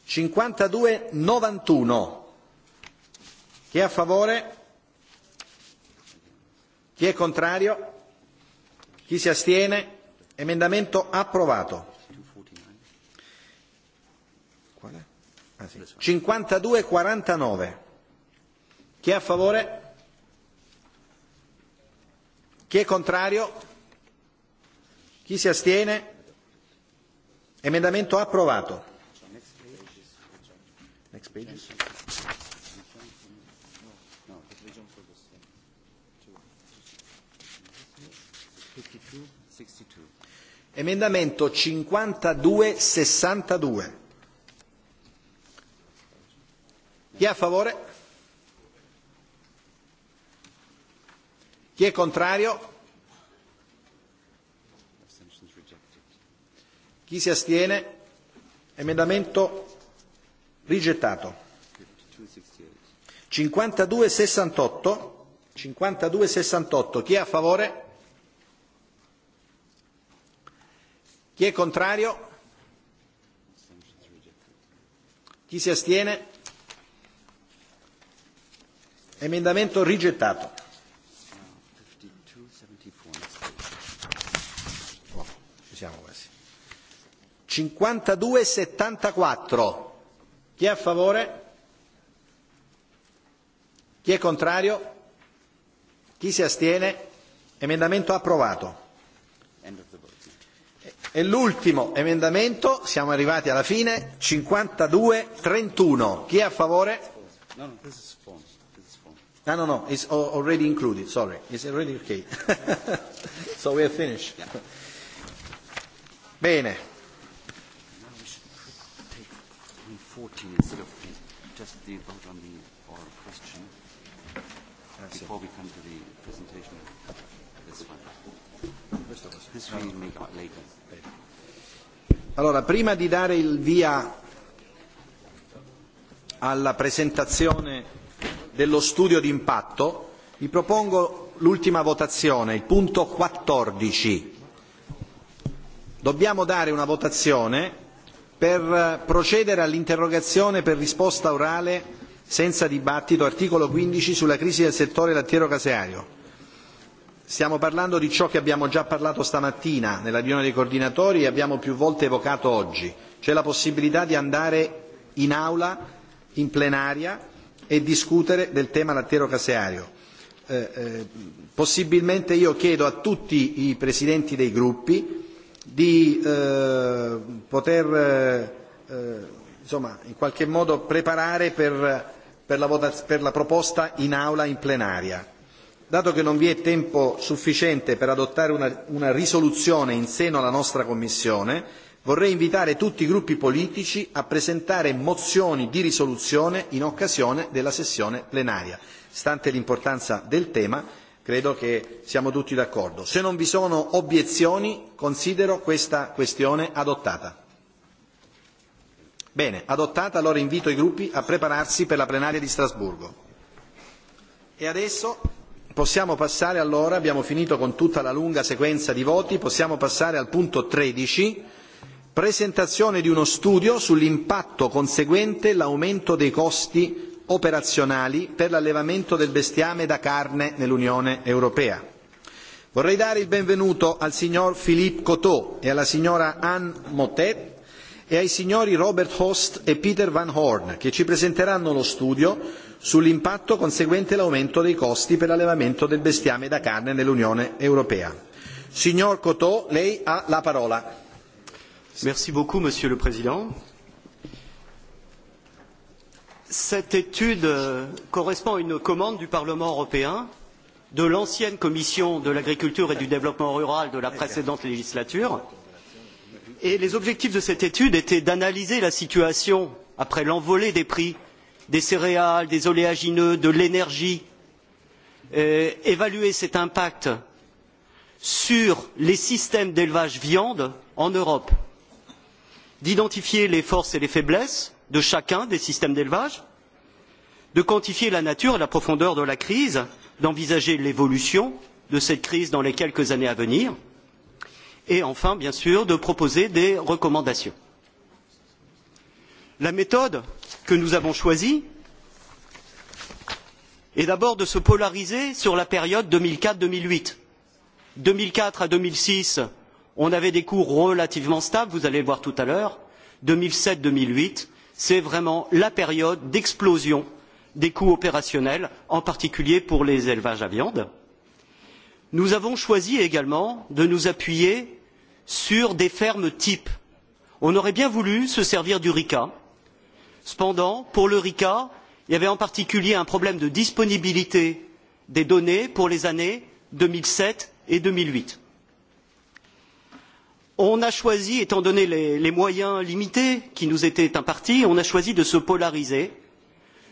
52-91. Chi è a favore? Chi è contrario? Chi si astiene? Emendamento approvato. 52-49. Ah, Chi è a favore? Chi è contrario? Chi si astiene? Emendamento approvato. Next pages. Emendamento 52-62. Chi è a favore? Chi è contrario? Chi si astiene? Emendamento rigettato. 5268. 5268. Chi è a favore? Chi è contrario? Chi si astiene? Emendamento rigettato. Oh, ci siamo quasi. 52-74. Chi è a favore? Chi è contrario? Chi si astiene? Emendamento approvato. E l'ultimo emendamento, siamo arrivati alla fine, 52-31. Chi è a favore? No, no, No, no, no, it's already included, sorry. It's already okay. so we have finished. Yeah. Bene. Now we should take 14 instead of Just the vote on the oral question That's before it. we come to the presentation. This one. This we make later. Allora, prima di dare il via alla presentazione dello studio di impatto, vi propongo l'ultima votazione, il punto 14. Dobbiamo dare una votazione per procedere all'interrogazione per risposta orale senza dibattito, articolo 15 sulla crisi del settore lattiero caseario. Stiamo parlando di ciò che abbiamo già parlato stamattina nella riunione dei coordinatori e abbiamo più volte evocato oggi. C'è la possibilità di andare in aula, in plenaria, e discutere del tema lattiero-caseario. Eh, eh, possibilmente io chiedo a tutti i presidenti dei gruppi di eh, poter eh, eh, insomma, in qualche modo preparare per, per, la vota, per la proposta in aula in plenaria. Dato che non vi è tempo sufficiente per adottare una, una risoluzione in seno alla nostra Commissione, vorrei invitare tutti i gruppi politici a presentare mozioni di risoluzione in occasione della sessione plenaria. Stante l'importanza del tema, credo che siamo tutti d'accordo. Se non vi sono obiezioni, considero questa questione adottata. Bene, adottata allora invito i gruppi a prepararsi per la plenaria di Strasburgo. E adesso possiamo passare allora, abbiamo finito con tutta la lunga sequenza di voti, possiamo passare al punto 13 presentazione di uno studio sull'impatto conseguente l'aumento dei costi operazionali per l'allevamento del bestiame da carne nell'Unione Europea. Vorrei dare il benvenuto al signor Philippe Coteau e alla signora Anne Motet e ai signori Robert Host e Peter Van Horn che ci presenteranno lo studio sull'impatto conseguente l'aumento dei costi per l'allevamento del bestiame da carne nell'Unione Europea. Signor Coteau, lei ha la parola. Merci beaucoup, Monsieur le Président. Cette étude correspond à une commande du Parlement européen de l'ancienne commission de l'agriculture et du développement rural de la précédente législature. Et les objectifs de cette étude étaient d'analyser la situation après l'envolée des prix des céréales, des oléagineux, de l'énergie, euh, évaluer cet impact sur les systèmes d'élevage viande en Europe d'identifier les forces et les faiblesses de chacun des systèmes d'élevage, de quantifier la nature et la profondeur de la crise, d'envisager l'évolution de cette crise dans les quelques années à venir, et enfin, bien sûr, de proposer des recommandations. La méthode que nous avons choisie est d'abord de se polariser sur la période deux mille quatre deux mille huit. Deux mille quatre à deux mille six On avait des cours relativement stables, vous allez le voir tout à l'heure. deux mille sept deux mille huit, c'est vraiment la période d'explosion des coûts opérationnels, en particulier pour les élevages à viande. Nous avons choisi également de nous appuyer sur des fermes types. On aurait bien voulu se servir du RICA. Cependant, pour le RICA, il y avait en particulier un problème de disponibilité des données pour les années deux mille sept et deux mille huit. On a choisi, étant donné les, les moyens limités qui nous étaient impartis, on a choisi de se polariser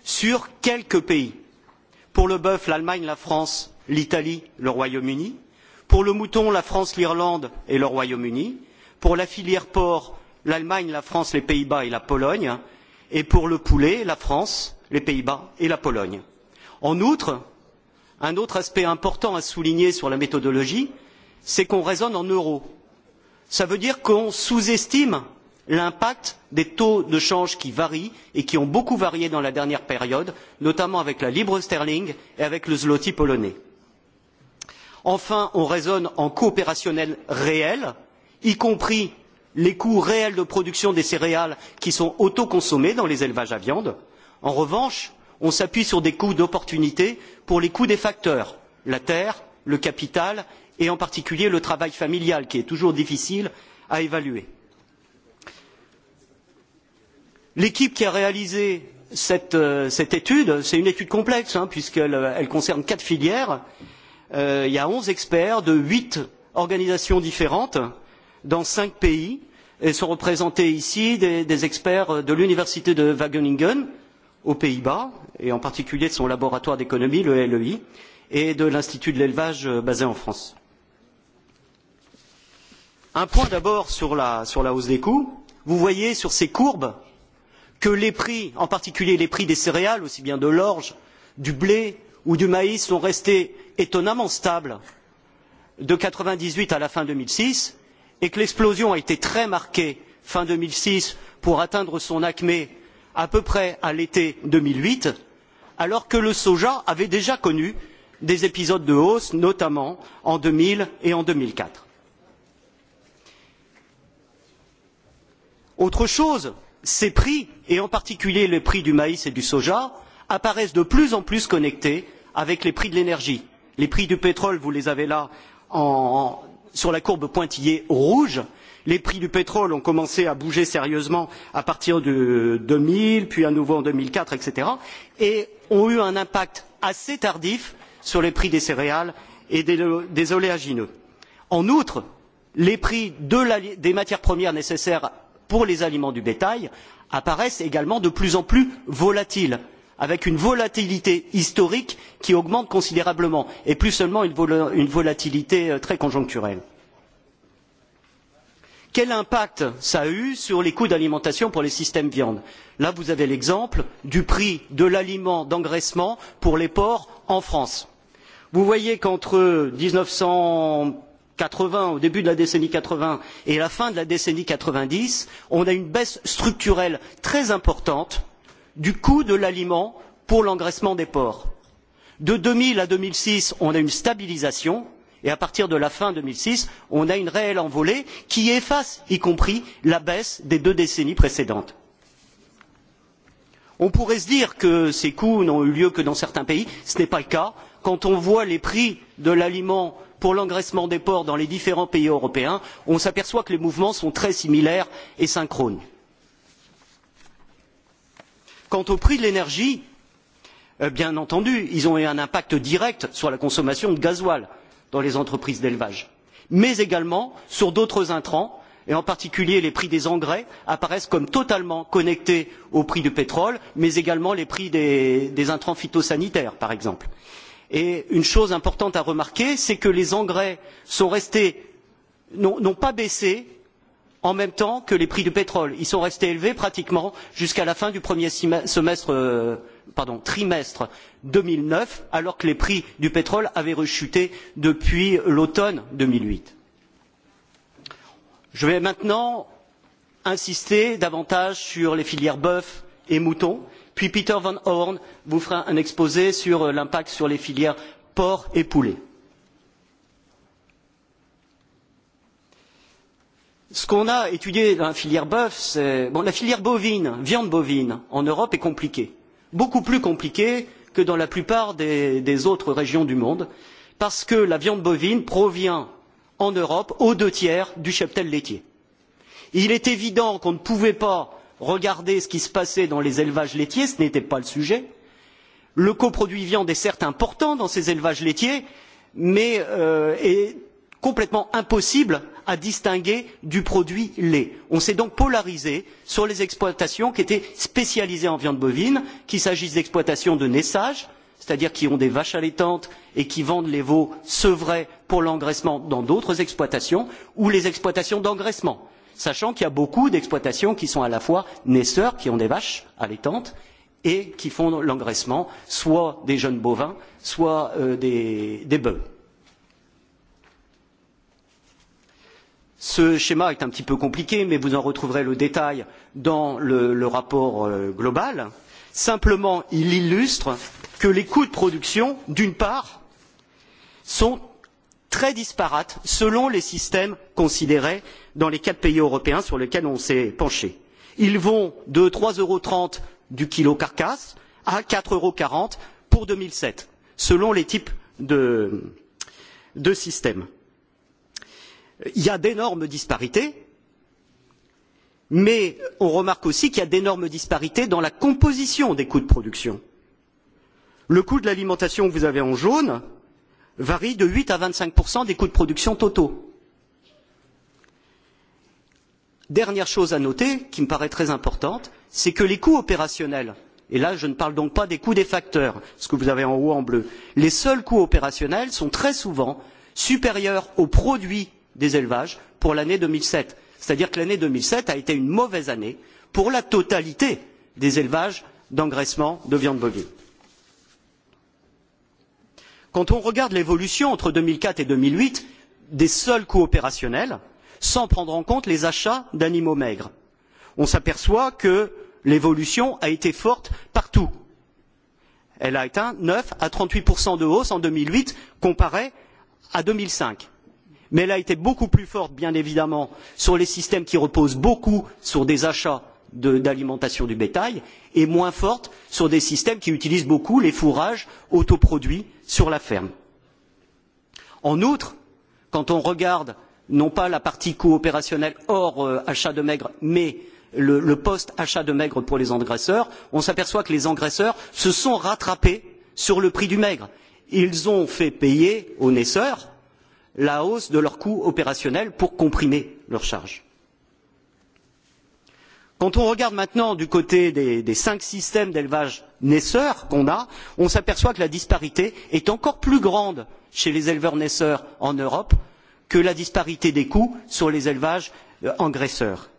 sur quelques pays. Pour le bœuf, l'Allemagne, la France, l'Italie, le Royaume-Uni. Pour le mouton, la France, l'Irlande et le Royaume-Uni. Pour la filière porc, l'Allemagne, la France, les Pays-Bas et la Pologne. Et pour le poulet, la France, les Pays-Bas et la Pologne. En outre, un autre aspect important à souligner sur la méthodologie, c'est qu'on raisonne en euros. Cela veut dire qu'on sous-estime l'impact des taux de change qui varient et qui ont beaucoup varié dans la dernière période, notamment avec la libre sterling et avec le zloty polonais. Enfin, on raisonne en coopérationnel réel, y compris les coûts réels de production des céréales qui sont autoconsommés dans les élevages à viande. En revanche, on s'appuie sur des coûts d'opportunité pour les coûts des facteurs, la terre, le capital et en particulier le travail familial qui est toujours difficile à évaluer. L'équipe qui a réalisé cette, euh, cette étude, c'est une étude complexe hein, puisqu'elle euh, concerne quatre filières. Euh, il y a onze experts de huit organisations différentes dans cinq pays et sont représentés ici des, des experts de l'université de Wageningen aux Pays-Bas et en particulier de son laboratoire d'économie, le LEI, et de l'Institut de l'élevage euh, basé en France. Un point d'abord sur la, sur la hausse des coûts. Vous voyez sur ces courbes que les prix, en particulier les prix des céréales, aussi bien de l'orge, du blé ou du maïs, sont restés étonnamment stables de quatre vingt dix huit à la fin deux mille six et que l'explosion a été très marquée fin deux mille six pour atteindre son acmé à peu près à l'été deux mille huit, alors que le soja avait déjà connu des épisodes de hausse, notamment en deux mille et en deux mille quatre. Autre chose, ces prix, et en particulier les prix du maïs et du soja, apparaissent de plus en plus connectés avec les prix de l'énergie. Les prix du pétrole, vous les avez là en, sur la courbe pointillée rouge. Les prix du pétrole ont commencé à bouger sérieusement à partir de deux mille, puis à nouveau en deux mille quatre, etc. et ont eu un impact assez tardif sur les prix des céréales et des, des oléagineux. En outre, les prix de la, des matières premières nécessaires pour les aliments du bétail apparaissent également de plus en plus volatiles avec une volatilité historique qui augmente considérablement et plus seulement une, vol une volatilité euh, très conjoncturelle. Quel impact cela a eu sur les coûts d'alimentation pour les systèmes viande Là, vous avez l'exemple du prix de l'aliment d'engraissement pour les porcs en France. Vous voyez qu'entre mille neuf cent 80, au début de la décennie 80 et à la fin de la décennie 90, on a une baisse structurelle très importante du coût de l'aliment pour l'engraissement des porcs. De 2000 à 2006, on a une stabilisation et à partir de la fin deux mille six, on a une réelle envolée qui efface y compris la baisse des deux décennies précédentes. On pourrait se dire que ces coûts n'ont eu lieu que dans certains pays, ce n'est pas le cas. Quand on voit les prix de l'aliment pour l'engraissement des porcs dans les différents pays européens, on s'aperçoit que les mouvements sont très similaires et synchrones. Quant aux prix de l'énergie, euh, bien entendu, ils ont eu un impact direct sur la consommation de gasoil dans les entreprises d'élevage, mais également sur d'autres intrants, et en particulier les prix des engrais apparaissent comme totalement connectés au prix du pétrole, mais également les prix des, intrants phytosanitaires, par exemple. Et une chose importante à remarquer, c'est que les engrais sont restés, n'ont pas baissé en même temps que les prix du pétrole. Ils sont restés élevés pratiquement jusqu'à la fin du premier semestre, euh, pardon, trimestre deux mille neuf, alors que les prix du pétrole avaient rechuté depuis l'automne deux mille huit. Je vais maintenant insister davantage sur les filières bœuf et moutons Puis Peter Van Horn vous fera un exposé sur euh, l'impact sur les filières porc et poulet. Ce qu'on a étudié dans la filière bœuf, c'est bon, la filière bovine, viande bovine, en Europe est compliquée, beaucoup plus compliquée que dans la plupart des, des autres régions du monde, parce que la viande bovine provient en Europe aux deux tiers du cheptel laitier. Il est évident qu'on ne pouvait pas Regardez ce qui se passait dans les élevages laitiers, ce n'était pas le sujet. Le coproduit viande est certes important dans ces élevages laitiers, mais euh, est complètement impossible à distinguer du produit lait. On s'est donc polarisé sur les exploitations qui étaient spécialisées en viande bovine, qu'il s'agisse d'exploitations de naissage, c'est-à-dire qui ont des vaches allaitantes et qui vendent les veaux sevrés pour l'engraissement dans d'autres exploitations, ou les exploitations d'engraissement sachant qu'il y a beaucoup d'exploitations qui sont à la fois naisseurs, qui ont des vaches allaitantes, et qui font l'engraissement, soit des jeunes bovins, soit euh, des, des bœufs. Ce schéma est un petit peu compliqué, mais vous en retrouverez le détail dans le, le rapport euh, global. Simplement, il illustre que les coûts de production, d'une part, sont très disparates selon les systèmes considérés dans les quatre pays européens sur lesquels on s'est penché. Ils vont de trois trente euros du kilo carcasse à quatre quarante euros pour deux mille sept, selon les types de, de systèmes. Il y a d'énormes disparités, mais on remarque aussi qu'il y a d'énormes disparités dans la composition des coûts de production. Le coût de l'alimentation que vous avez en jaune varie de huit à vingt cinq des coûts de production totaux. Dernière chose à noter, qui me paraît très importante, c'est que les coûts opérationnels, et là je ne parle donc pas des coûts des facteurs, ce que vous avez en haut en bleu, les seuls coûts opérationnels sont très souvent supérieurs aux produits des élevages pour l'année deux mille sept. C'est-à-dire que l'année deux mille sept a été une mauvaise année pour la totalité des élevages d'engraissement de viande bovine. Quand on regarde l'évolution entre deux mille quatre et deux mille huit des seuls coûts opérationnels, sans prendre en compte les achats d'animaux maigres. On s'aperçoit que l'évolution a été forte partout. Elle a atteint neuf à trente huit de hausse en deux mille huit comparée à deux mille cinq. Mais elle a été beaucoup plus forte, bien évidemment, sur les systèmes qui reposent beaucoup sur des achats d'alimentation de, du bétail et moins forte sur des systèmes qui utilisent beaucoup les fourrages autoproduits sur la ferme. En outre, quand on regarde non pas la partie coopérationnelle hors euh, achat de maigre, mais le, le poste achat de maigre pour les engraisseurs, on s'aperçoit que les engraisseurs se sont rattrapés sur le prix du maigre. Ils ont fait payer aux naisseurs la hausse de leurs coûts opérationnels pour comprimer leurs charges. Quand on regarde maintenant du côté des, des cinq systèmes d'élevage naisseurs qu'on a, on s'aperçoit que la disparité est encore plus grande chez les éleveurs naisseurs en Europe que la disparité des coûts sur les élevages euh, engraisseurs.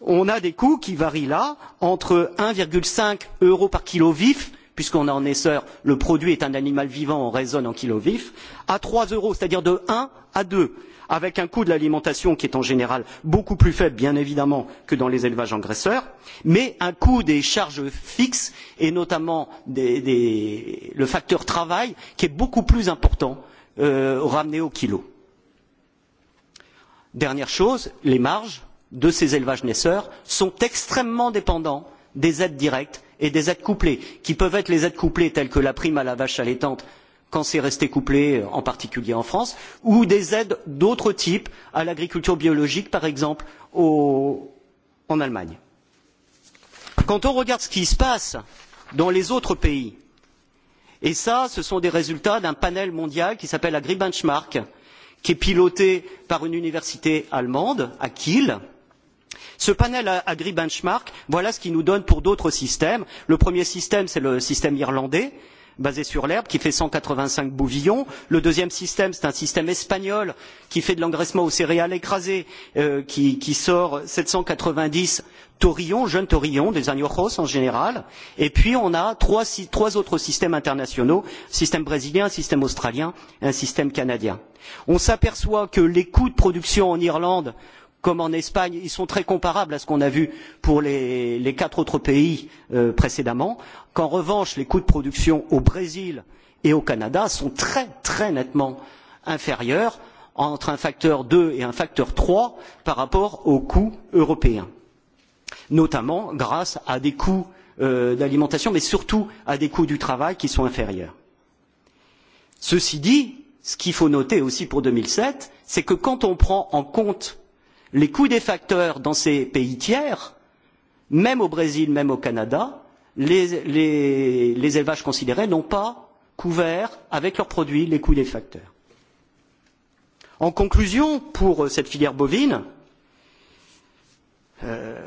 On a des coûts qui varient là entre un cinq euros par kilo vif, puisqu'on est en essor, le produit est un animal vivant, on raisonne en kilo vif, à trois euros, c'est-à-dire de un à deux, avec un coût de l'alimentation qui est en général beaucoup plus faible, bien évidemment, que dans les élevages engraisseurs, mais un coût des charges fixes et notamment des, des, le facteur travail qui est beaucoup plus important euh, ramené au kilo. Dernière chose, les marges de ces élevages naisseurs sont extrêmement dépendants des aides directes et des aides couplées, qui peuvent être les aides couplées telles que la prime à la vache allaitante quand c'est resté couplé, en particulier en France, ou des aides d'autres types à l'agriculture biologique, par exemple, au... en Allemagne. Quand on regarde ce qui se passe dans les autres pays, et ça, ce sont des résultats d'un panel mondial qui s'appelle AgriBenchmark, Benchmark, qui est piloté par une université allemande à Kiel. Ce panel AgriBenchmark, voilà ce qu'il nous donne pour d'autres systèmes. Le premier système, c'est le système irlandais, basé sur l'herbe qui fait cent quatre-vingt-cinq bouvillons. Le deuxième système, c'est un système espagnol qui fait de l'engraissement aux céréales écrasées, euh, qui, qui sort sept cent quatre-vingt-dix taurillons, jeunes taurillons, des agnojos en général. Et puis on a trois, six, trois autres systèmes internationaux, un système brésilien, un système australien et un système canadien. On s'aperçoit que les coûts de production en Irlande comme en Espagne, ils sont très comparables à ce qu'on a vu pour les, les quatre autres pays euh, précédemment, qu'en revanche, les coûts de production au Brésil et au Canada sont très, très nettement inférieurs, entre un facteur deux et un facteur trois par rapport aux coûts européens, notamment grâce à des coûts euh, d'alimentation, mais surtout à des coûts du travail qui sont inférieurs. Ceci dit, ce qu'il faut noter aussi pour deux mille sept, c'est que quand on prend en compte les coûts des facteurs dans ces pays tiers, même au Brésil, même au Canada, les, les, les élevages considérés n'ont pas couvert avec leurs produits les coûts des facteurs. En conclusion, pour euh, cette filière bovine, euh,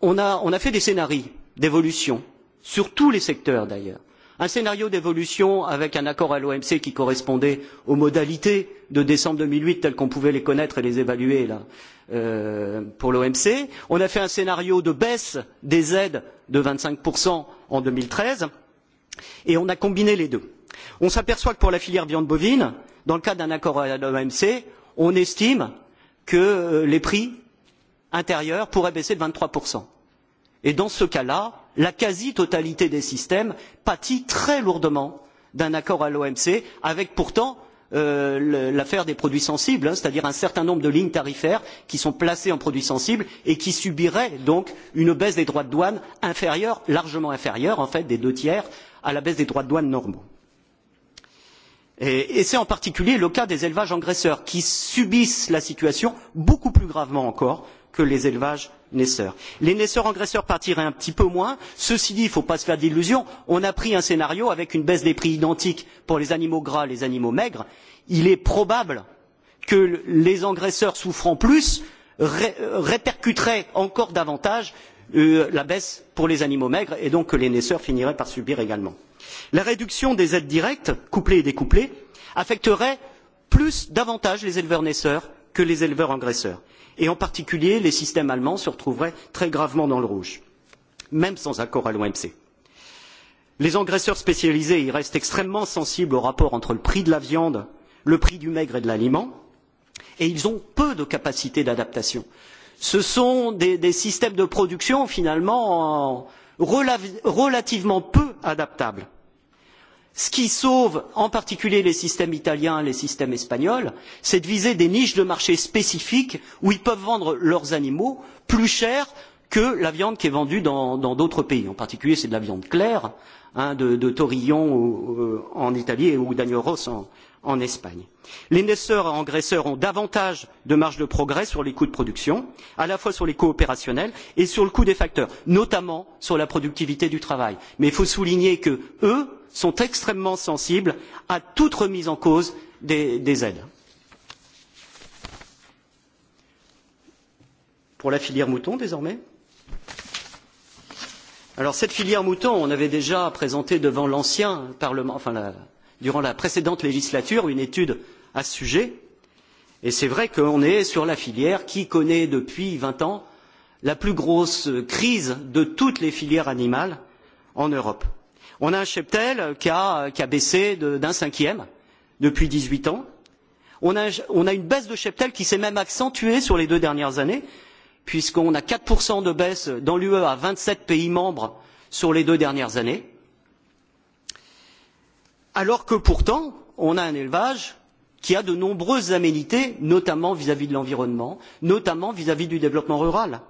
on, a, on a fait des scénarios d'évolution, sur tous les secteurs d'ailleurs un scénario d'évolution avec un accord à l'omc qui correspondait aux modalités de décembre deux mille huit telles qu'on pouvait les connaître et les évaluer là, euh, pour l'omc on a fait un scénario de baisse des aides de vingt cinq en deux mille treize et on a combiné les deux. on s'aperçoit que pour la filière viande bovine dans le cadre d'un accord à l'omc on estime que euh, les prix intérieurs pourraient baisser de vingt trois et dans ce cas là la quasi-totalité des systèmes pâtit très lourdement d'un accord à l'OMC, avec pourtant euh, l'affaire des produits sensibles, hein, c'est-à-dire un certain nombre de lignes tarifaires qui sont placées en produits sensibles et qui subiraient donc une baisse des droits de douane inférieure, largement inférieure en fait, des deux tiers à la baisse des droits de douane normaux. Et, c'est en particulier le cas des élevages engraisseurs qui subissent la situation beaucoup plus gravement encore que les élevages naisseurs. Les naisseurs engraisseurs partiraient un petit peu moins. Ceci dit, il ne faut pas se faire d'illusions. On a pris un scénario avec une baisse des prix identique pour les animaux gras et les animaux maigres. Il est probable que les engraisseurs souffrant plus ré répercuteraient encore davantage euh, la baisse pour les animaux maigres et donc que les naisseurs finiraient par subir également. La réduction des aides directes, couplées et découplées, affecterait plus davantage les éleveurs naisseurs que les éleveurs engraisseurs et en particulier les systèmes allemands se retrouveraient très gravement dans le rouge, même sans accord à l'OMC. Les engraisseurs spécialisés y restent extrêmement sensibles au rapport entre le prix de la viande, le prix du maigre et de l'aliment, et ils ont peu de capacité d'adaptation. Ce sont des, des, systèmes de production finalement relativement peu adaptables. Ce qui sauve en particulier les systèmes italiens et les systèmes espagnols, c'est de viser des niches de marché spécifiques où ils peuvent vendre leurs animaux plus cher que la viande qui est vendue dans d'autres pays. En particulier, c'est de la viande claire, hein, de, de Torillon ou, euh, en Italie ou d'Agnoros en, en Espagne. Les naisseurs et engraisseurs ont davantage de marge de progrès sur les coûts de production, à la fois sur les coûts opérationnels et sur le coût des facteurs, notamment sur la productivité du travail. Mais il faut souligner que eux sont extrêmement sensibles à toute remise en cause des, des aides. Pour la filière mouton désormais. Alors cette filière mouton, on avait déjà présenté devant l'ancien Parlement, enfin la, durant la précédente législature une étude à ce sujet et c'est vrai qu'on est sur la filière qui connaît depuis vingt ans la plus grosse crise de toutes les filières animales en Europe. On a un cheptel qui a, qui a baissé d'un cinquième depuis dix huit ans. On a, on a une baisse de cheptel qui s'est même accentuée sur les deux dernières années, puisqu'on a 4% de baisse dans l'UE à vingt sept pays membres sur les deux dernières années alors que pourtant on a un élevage qui a de nombreuses aménités, notamment vis-à-vis de l'environnement, notamment vis-à-vis du développement rural.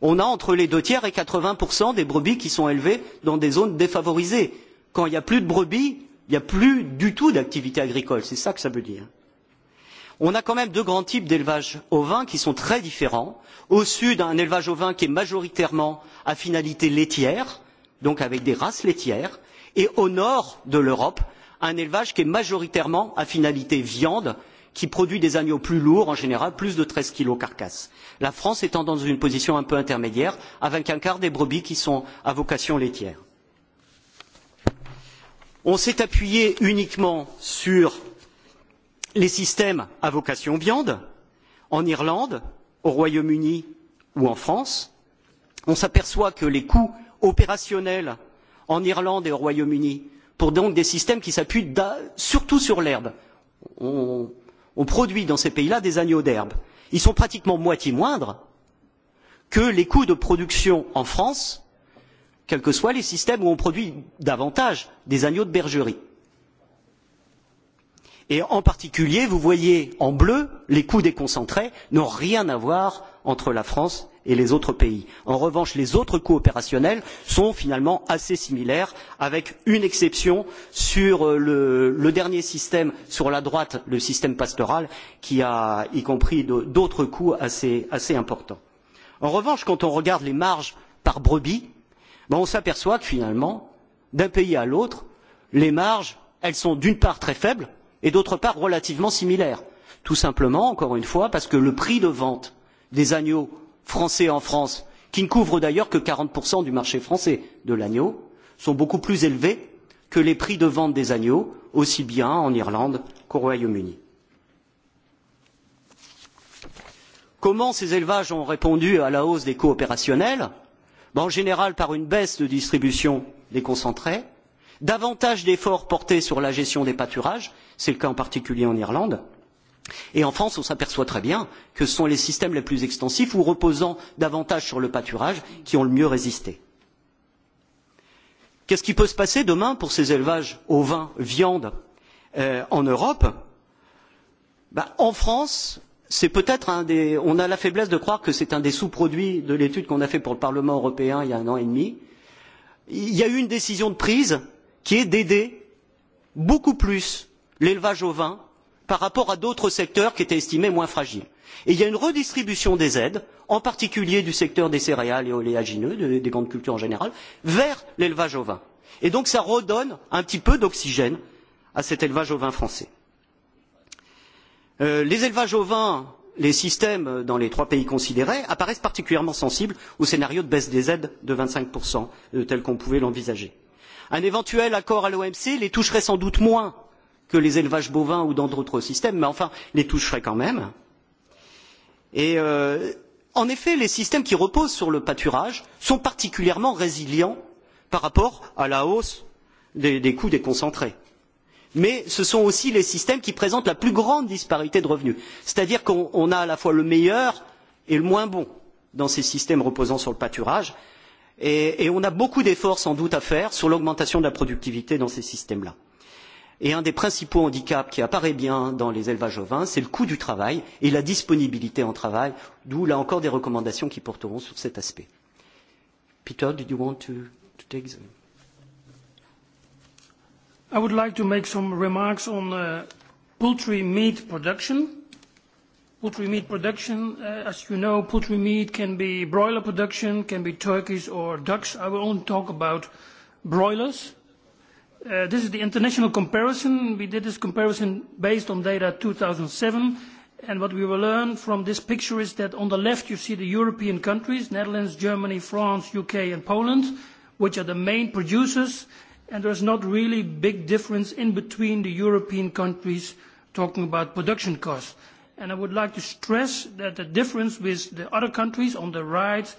On a entre les deux tiers et quatre vingts des brebis qui sont élevées dans des zones défavorisées. Quand il n'y a plus de brebis, il n'y a plus du tout d'activité agricole. C'est ça que ça veut dire. On a quand même deux grands types d'élevage ovin qui sont très différents. Au sud, un élevage ovin qui est majoritairement à finalité laitière, donc avec des races laitières, et au nord de l'Europe, un élevage qui est majoritairement à finalité viande, qui produit des agneaux plus lourds, en général plus de treize kilos carcasse. La France étant dans une position un peu intermédiaire, avec un quart des brebis qui sont à vocation laitière. On s'est appuyé uniquement sur les systèmes à vocation viande, en Irlande, au Royaume-Uni ou en France. On s'aperçoit que les coûts opérationnels en Irlande et au Royaume-Uni, pour donc des systèmes qui s'appuient surtout sur l'herbe. On, on produit dans ces pays-là des agneaux d'herbe. Ils sont pratiquement moitié moindres que les coûts de production en France, quels que soient les systèmes où on produit davantage des agneaux de bergerie. Et en particulier, vous voyez en bleu, les coûts déconcentrés n'ont rien à voir entre la France et les autres pays. En revanche, les autres coopérationnels sont finalement assez similaires, avec une exception sur euh, le, le dernier système, sur la droite, le système pastoral, qui a y compris d'autres coûts assez, assez importants. En revanche, quand on regarde les marges par brebis, ben on s'aperçoit que finalement, d'un pays à l'autre, les marges, elles sont d'une part très faibles et d'autre part relativement similaires. Tout simplement, encore une fois, parce que le prix de vente des agneaux français en France, qui ne couvrent d'ailleurs que quarante du marché français de l'agneau, sont beaucoup plus élevés que les prix de vente des agneaux, aussi bien en Irlande qu'au Royaume-Uni. Comment ces élevages ont répondu à la hausse des coûts opérationnels ben, En général par une baisse de distribution des concentrés, davantage d'efforts portés sur la gestion des pâturages, c'est le cas en particulier en Irlande, Et en France, on s'aperçoit très bien que ce sont les systèmes les plus extensifs ou reposant davantage sur le pâturage qui ont le mieux résisté. Qu'est-ce qui peut se passer demain pour ces élevages ovins, viande euh, en Europe ben, En France, c'est peut-être un des. On a la faiblesse de croire que c'est un des sous-produits de l'étude qu'on a fait pour le Parlement européen il y a un an et demi. Il y a eu une décision de prise qui est d'aider beaucoup plus l'élevage ovin par rapport à d'autres secteurs qui étaient estimés moins fragiles. Et il y a une redistribution des aides, en particulier du secteur des céréales et oléagineux, des grandes cultures en général, vers l'élevage au vin, Et donc ça redonne un petit peu d'oxygène à cet élevage au vin français. Euh, les élevages au vin, les systèmes dans les trois pays considérés apparaissent particulièrement sensibles au scénario de baisse des aides de vingt cinq euh, tel qu'on pouvait l'envisager. Un éventuel accord à l'OMC les toucherait sans doute moins que les élevages bovins ou dans d'autres systèmes, mais enfin, les toucherait quand même. Et euh, en effet, les systèmes qui reposent sur le pâturage sont particulièrement résilients par rapport à la hausse des, des coûts des concentrés. Mais ce sont aussi les systèmes qui présentent la plus grande disparité de revenus. C'est-à-dire qu'on a à la fois le meilleur et le moins bon dans ces systèmes reposant sur le pâturage. Et, et on a beaucoup d'efforts sans doute à faire sur l'augmentation de la productivité dans ces systèmes-là. Et un des principaux handicaps qui apparaît bien dans les élevages ovins, c'est le coût du travail et la disponibilité en travail, d'où là encore des recommandations qui porteront sur cet aspect. Peter, did you want to, to take them? I would like to make some remarks on uh, poultry meat production. Poultry meat production, uh, as you know, poultry meat can be broiler production, can be turkeys or ducks. I will only talk about broilers Uh, this is the international comparison. We did this comparison based on data 2007. And what we will learn from this picture is that on the left you see the European countries, Netherlands, Germany, France, UK and Poland, which are the main producers. And there's not really big difference in between the European countries talking about production costs. And I would like to stress that the difference with the other countries on the right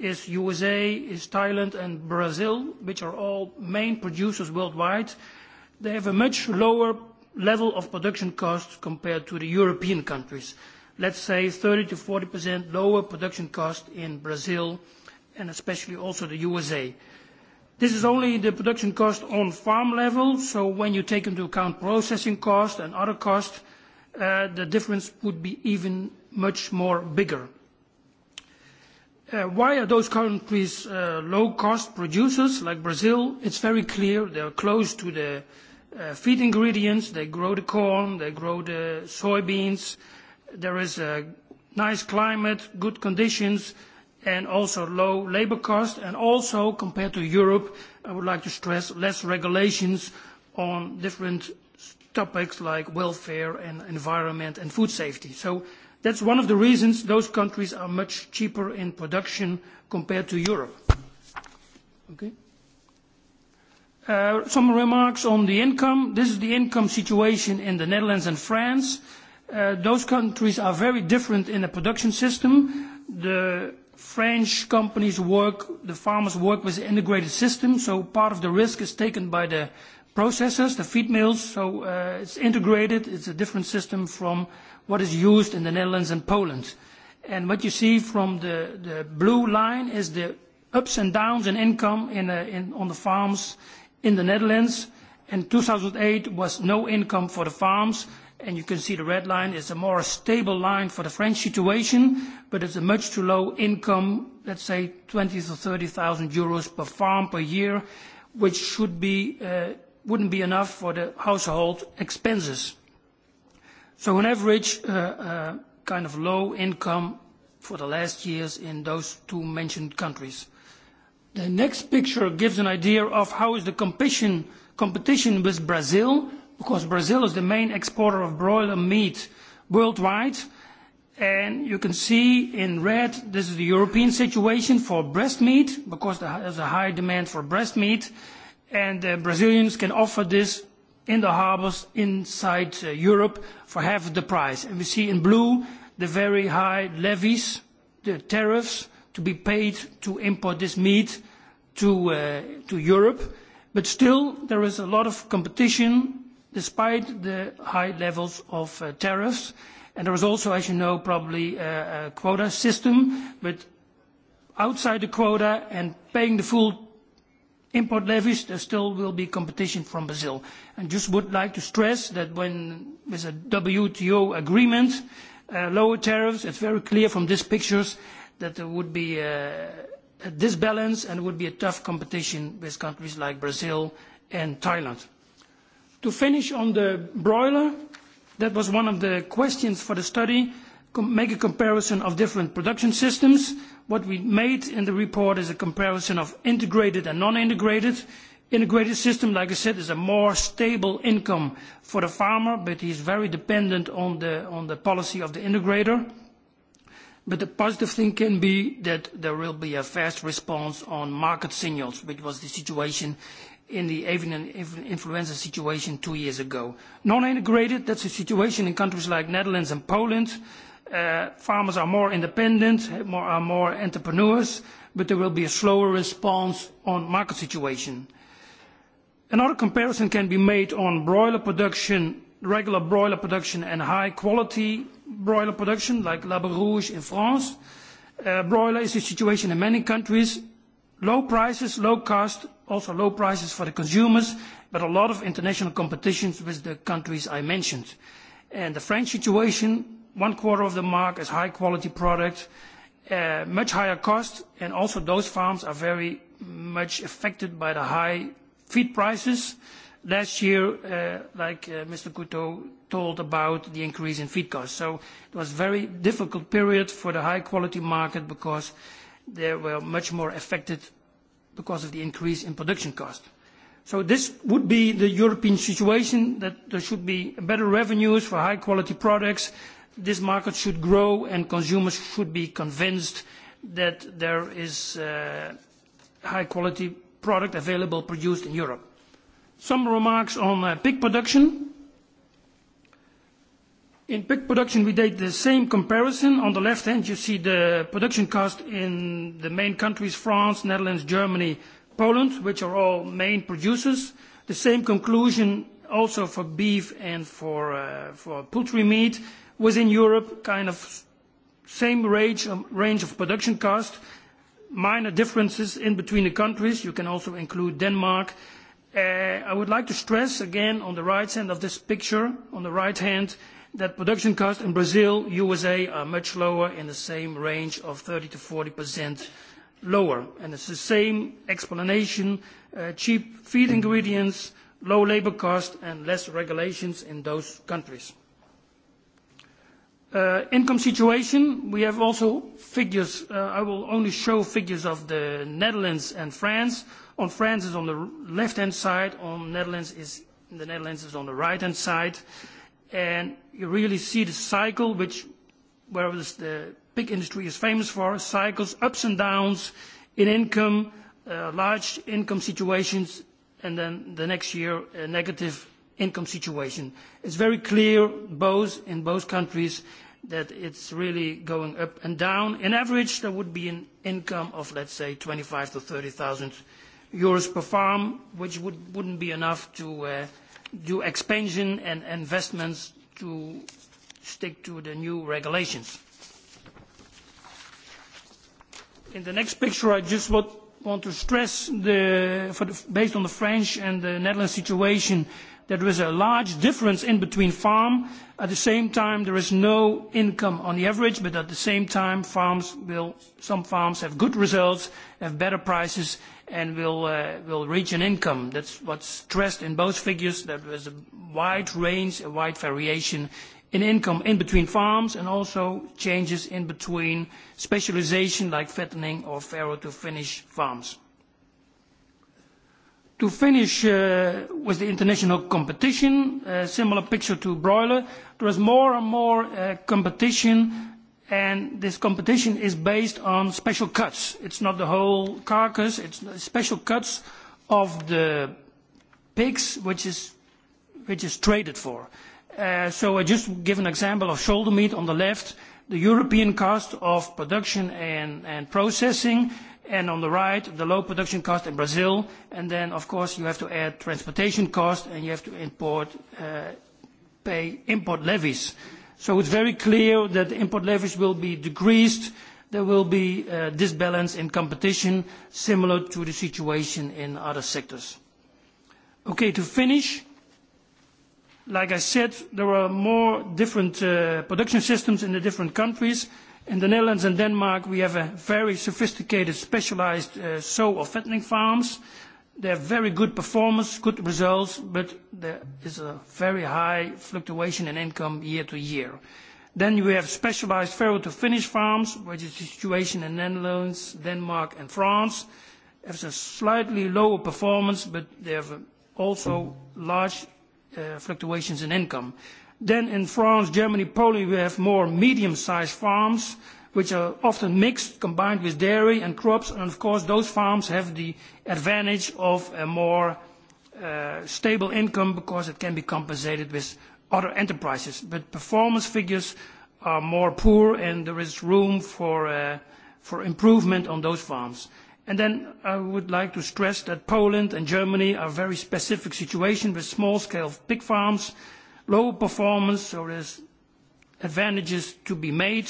is USA, is Thailand and Brazil, which are all main producers worldwide, they have a much lower level of production costs compared to the European countries. Let's say 30 to 40% lower production cost in Brazil and especially also the USA. This is only the production cost on farm level, so when you take into account processing cost and other costs, uh, the difference would be even much more bigger. Uh, why are those countries uh, low-cost producers like Brazil? It's very clear they are close to the uh, feed ingredients. They grow the corn, they grow the soybeans. There is a nice climate, good conditions, and also low labor cost. And also, compared to Europe, I would like to stress less regulations on different topics like welfare and environment and food safety. So That is one of the reasons those countries are much cheaper in production compared to Europe. Okay. Uh, some remarks on the income. This is the income situation in the Netherlands and France. Uh, those countries are very different in the production system. The French companies work, the farmers work with an integrated system, so part of the risk is taken by the processors, the feed mills, so uh, it's integrated, it's a different system from what is used in the Netherlands and Poland. And what you see from the, the blue line is the ups and downs in income in, uh, in, on the farms in the Netherlands. In 2008 was no income for the farms, and you can see the red line is a more stable line for the French situation, but it's a much too low income, let's say 20 to 30,000 euros per farm per year, which should be, uh, wouldn't be enough for the household expenses. So on average, uh, uh, kind of low income for the last years in those two mentioned countries. The next picture gives an idea of how is the competition, with Brazil, because Brazil is the main exporter of broiler meat worldwide. And you can see in red, this is the European situation for breast meat, because there is a high demand for breast meat. And the uh, Brazilians can offer this in the harbours inside uh, Europe for half the price. And we see in blue the very high levies, the tariffs to be paid to import this meat to, uh, to Europe. But still, there is a lot of competition despite the high levels of uh, tariffs. And there is also, as you know, probably a, uh, a quota system, but outside the quota and paying the full import levies, there still will be competition from Brazil. I just would like to stress that when there's a WTO agreement, uh, lower tariffs, it's very clear from these pictures that there would be a, disbalance and would be a tough competition with countries like Brazil and Thailand. To finish on the broiler, that was one of the questions for the study, make a comparison of different production systems, What we made in the report is a comparison of integrated and non-integrated. Integrated system, like I said, is a more stable income for the farmer, but he is very dependent on the, on the policy of the integrator. But the positive thing can be that there will be a fast response on market signals, which was the situation in the avian influenza situation two years ago. Non-integrated, that's a situation in countries like Netherlands and Poland uh, farmers are more independent, more, are more entrepreneurs, but there will be a slower response on market situation. Another comparison can be made on broiler production, regular broiler production and high quality broiler production, like La Rouge in France. Uh, broiler is the situation in many countries. Low prices, low cost, also low prices for the consumers, but a lot of international competitions with the countries I mentioned. And the French situation one quarter of the mark as high quality product, uh, much higher cost, and also those farms are very much affected by the high feed prices. Last year, uh, like uh, Mr. Couteau told about the increase in feed costs. So it was a very difficult period for the high quality market because they were much more affected because of the increase in production cost. So this would be the European situation that there should be better revenues for high quality products this market should grow and consumers should be convinced that there is uh, high quality product available produced in Europe. Some remarks on uh, pig production. In pig production, we did the same comparison. On the left hand, you see the production cost in the main countries, France, Netherlands, Germany, Poland, which are all main producers. The same conclusion also for beef and for, uh, for poultry meat within Europe, kind of same range, um, range of production cost, minor differences in between the countries. You can also include Denmark. Uh, I would like to stress again on the right hand of this picture, on the right hand, that production costs in Brazil, USA are much lower in the same range of 30 to 40 percent lower. And it's the same explanation, uh, cheap feed ingredients, low labor cost and less regulations in those countries. Uh, income situation, we have also figures. Uh, I will only show figures of the Netherlands and France. On France is on the left-hand side, on Netherlands is, the Netherlands is on the right-hand side. And you really see the cycle, which, where the pig industry is famous for, cycles, ups and downs in income, uh, large income situations, and then the next year, a negative income situation. It's very clear both in both countries that it's really going up and down. On average, there would be an income of, let's say, 25 to 30,000 euros per farm, which would, wouldn't be enough to uh, do expansion and investments to stick to the new regulations. In the next picture, I just want, want to stress, the, for the, based on the French and the Netherlands situation, uh, there is a large difference in between farm. At the same time, there is no income on the average, but at the same time, farms will, some farms have good results, have better prices, and will, uh, will reach an income. That's what's stressed in both figures. that There is a wide range, a wide variation in income in between farms and also changes in between specialization like fattening or farrow to finish farms. To finish uh, with the international competition, a uh, similar picture to broiler, there is more and more uh, competition and this competition is based on special cuts. It's not the whole carcass, it's special cuts of the pigs which is, which is traded for. Uh, so I just give an example of shoulder meat on the left, the European cost of production and, and processing on the right, the low production cost in Brazil, and then, of course, you have to add transportation cost, and you have to import, uh, pay import levies. So it's very clear that the import levies will be decreased. There will be a uh, disbalance in competition, similar to the situation in other sectors. Okay, to finish, like I said, there are more different uh, production systems in the different countries, In the Netherlands and Denmark, we have a very sophisticated, specialized uh, sow or fattening farms. They have very good performance, good results, but there is a very high fluctuation in income year to year. Then we have specialized farrow-to-finish farms, which is the situation in the Netherlands, Denmark, and France. Have a slightly lower performance, but they have also large uh, fluctuations in income. Then in France, Germany, Poland, we have more medium-sized farms, which are often mixed, combined with dairy and crops. And of course, those farms have the advantage of a more uh, stable income because it can be compensated with other enterprises. But performance figures are more poor, and there is room for, uh, for improvement on those farms. And then I would like to stress that Poland and Germany are very specific situations with small-scale pig farms, low performance, there is advantages to be made,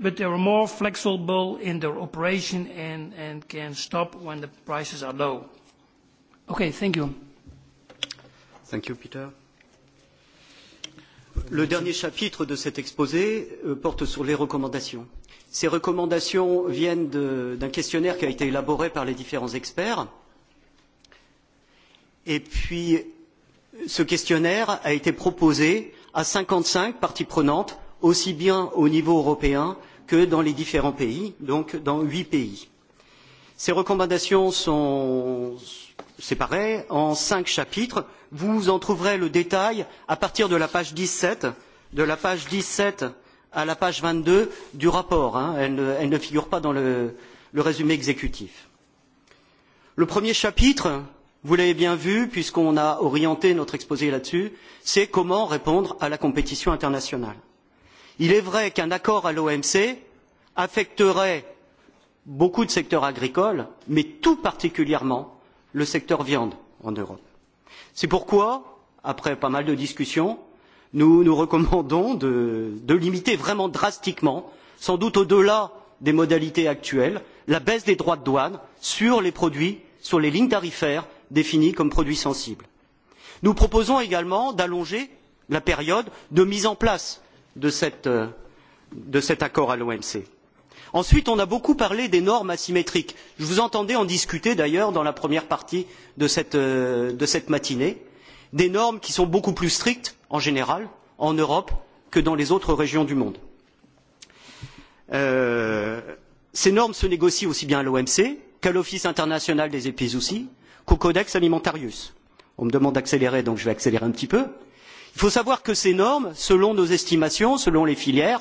but they are more flexible in their operation and, and can stop when the prices are low. Okay, thank you. Thank you, Peter. Le dernier chapitre de cet exposé euh, porte sur les recommandations. Ces recommandations viennent d'un questionnaire qui a été élaboré par les différents experts. Et puis, ce questionnaire a été proposé à cinquante cinq parties prenantes, aussi bien au niveau européen que dans les différents pays, donc dans huit pays. Ces recommandations sont séparées en cinq chapitres. Vous en trouverez le détail à partir de la page dix sept, de la page dix sept à la page vingt deux du rapport. Hein. Elle, ne, elle, ne, figure pas dans le, le résumé exécutif. Le premier chapitre vous l'avez bien vu, puisqu'on a orienté notre exposé là-dessus, c'est comment répondre à la compétition internationale. Il est vrai qu'un accord à l'OMC affecterait beaucoup de secteurs agricoles, mais tout particulièrement le secteur viande en Europe. C'est pourquoi, après pas mal de discussions, nous nous recommandons de, de limiter vraiment drastiquement, sans doute au-delà des modalités actuelles, la baisse des droits de douane sur les produits, sur les lignes tarifaires définis comme produits sensibles. Nous proposons également d'allonger la période de mise en place de, cette, euh, de cet accord à l'OMC. Ensuite, on a beaucoup parlé des normes asymétriques. Je vous entendais en discuter d'ailleurs dans la première partie de cette, euh, de cette matinée. Des normes qui sont beaucoup plus strictes en général en Europe que dans les autres régions du monde. Euh, ces normes se négocient aussi bien à l'OMC qu'à l'Office international des épizooties qu'au Codex Alimentarius. On me demande d'accélérer, donc je vais accélérer un petit peu. Il faut savoir que ces normes, selon nos estimations, selon les filières,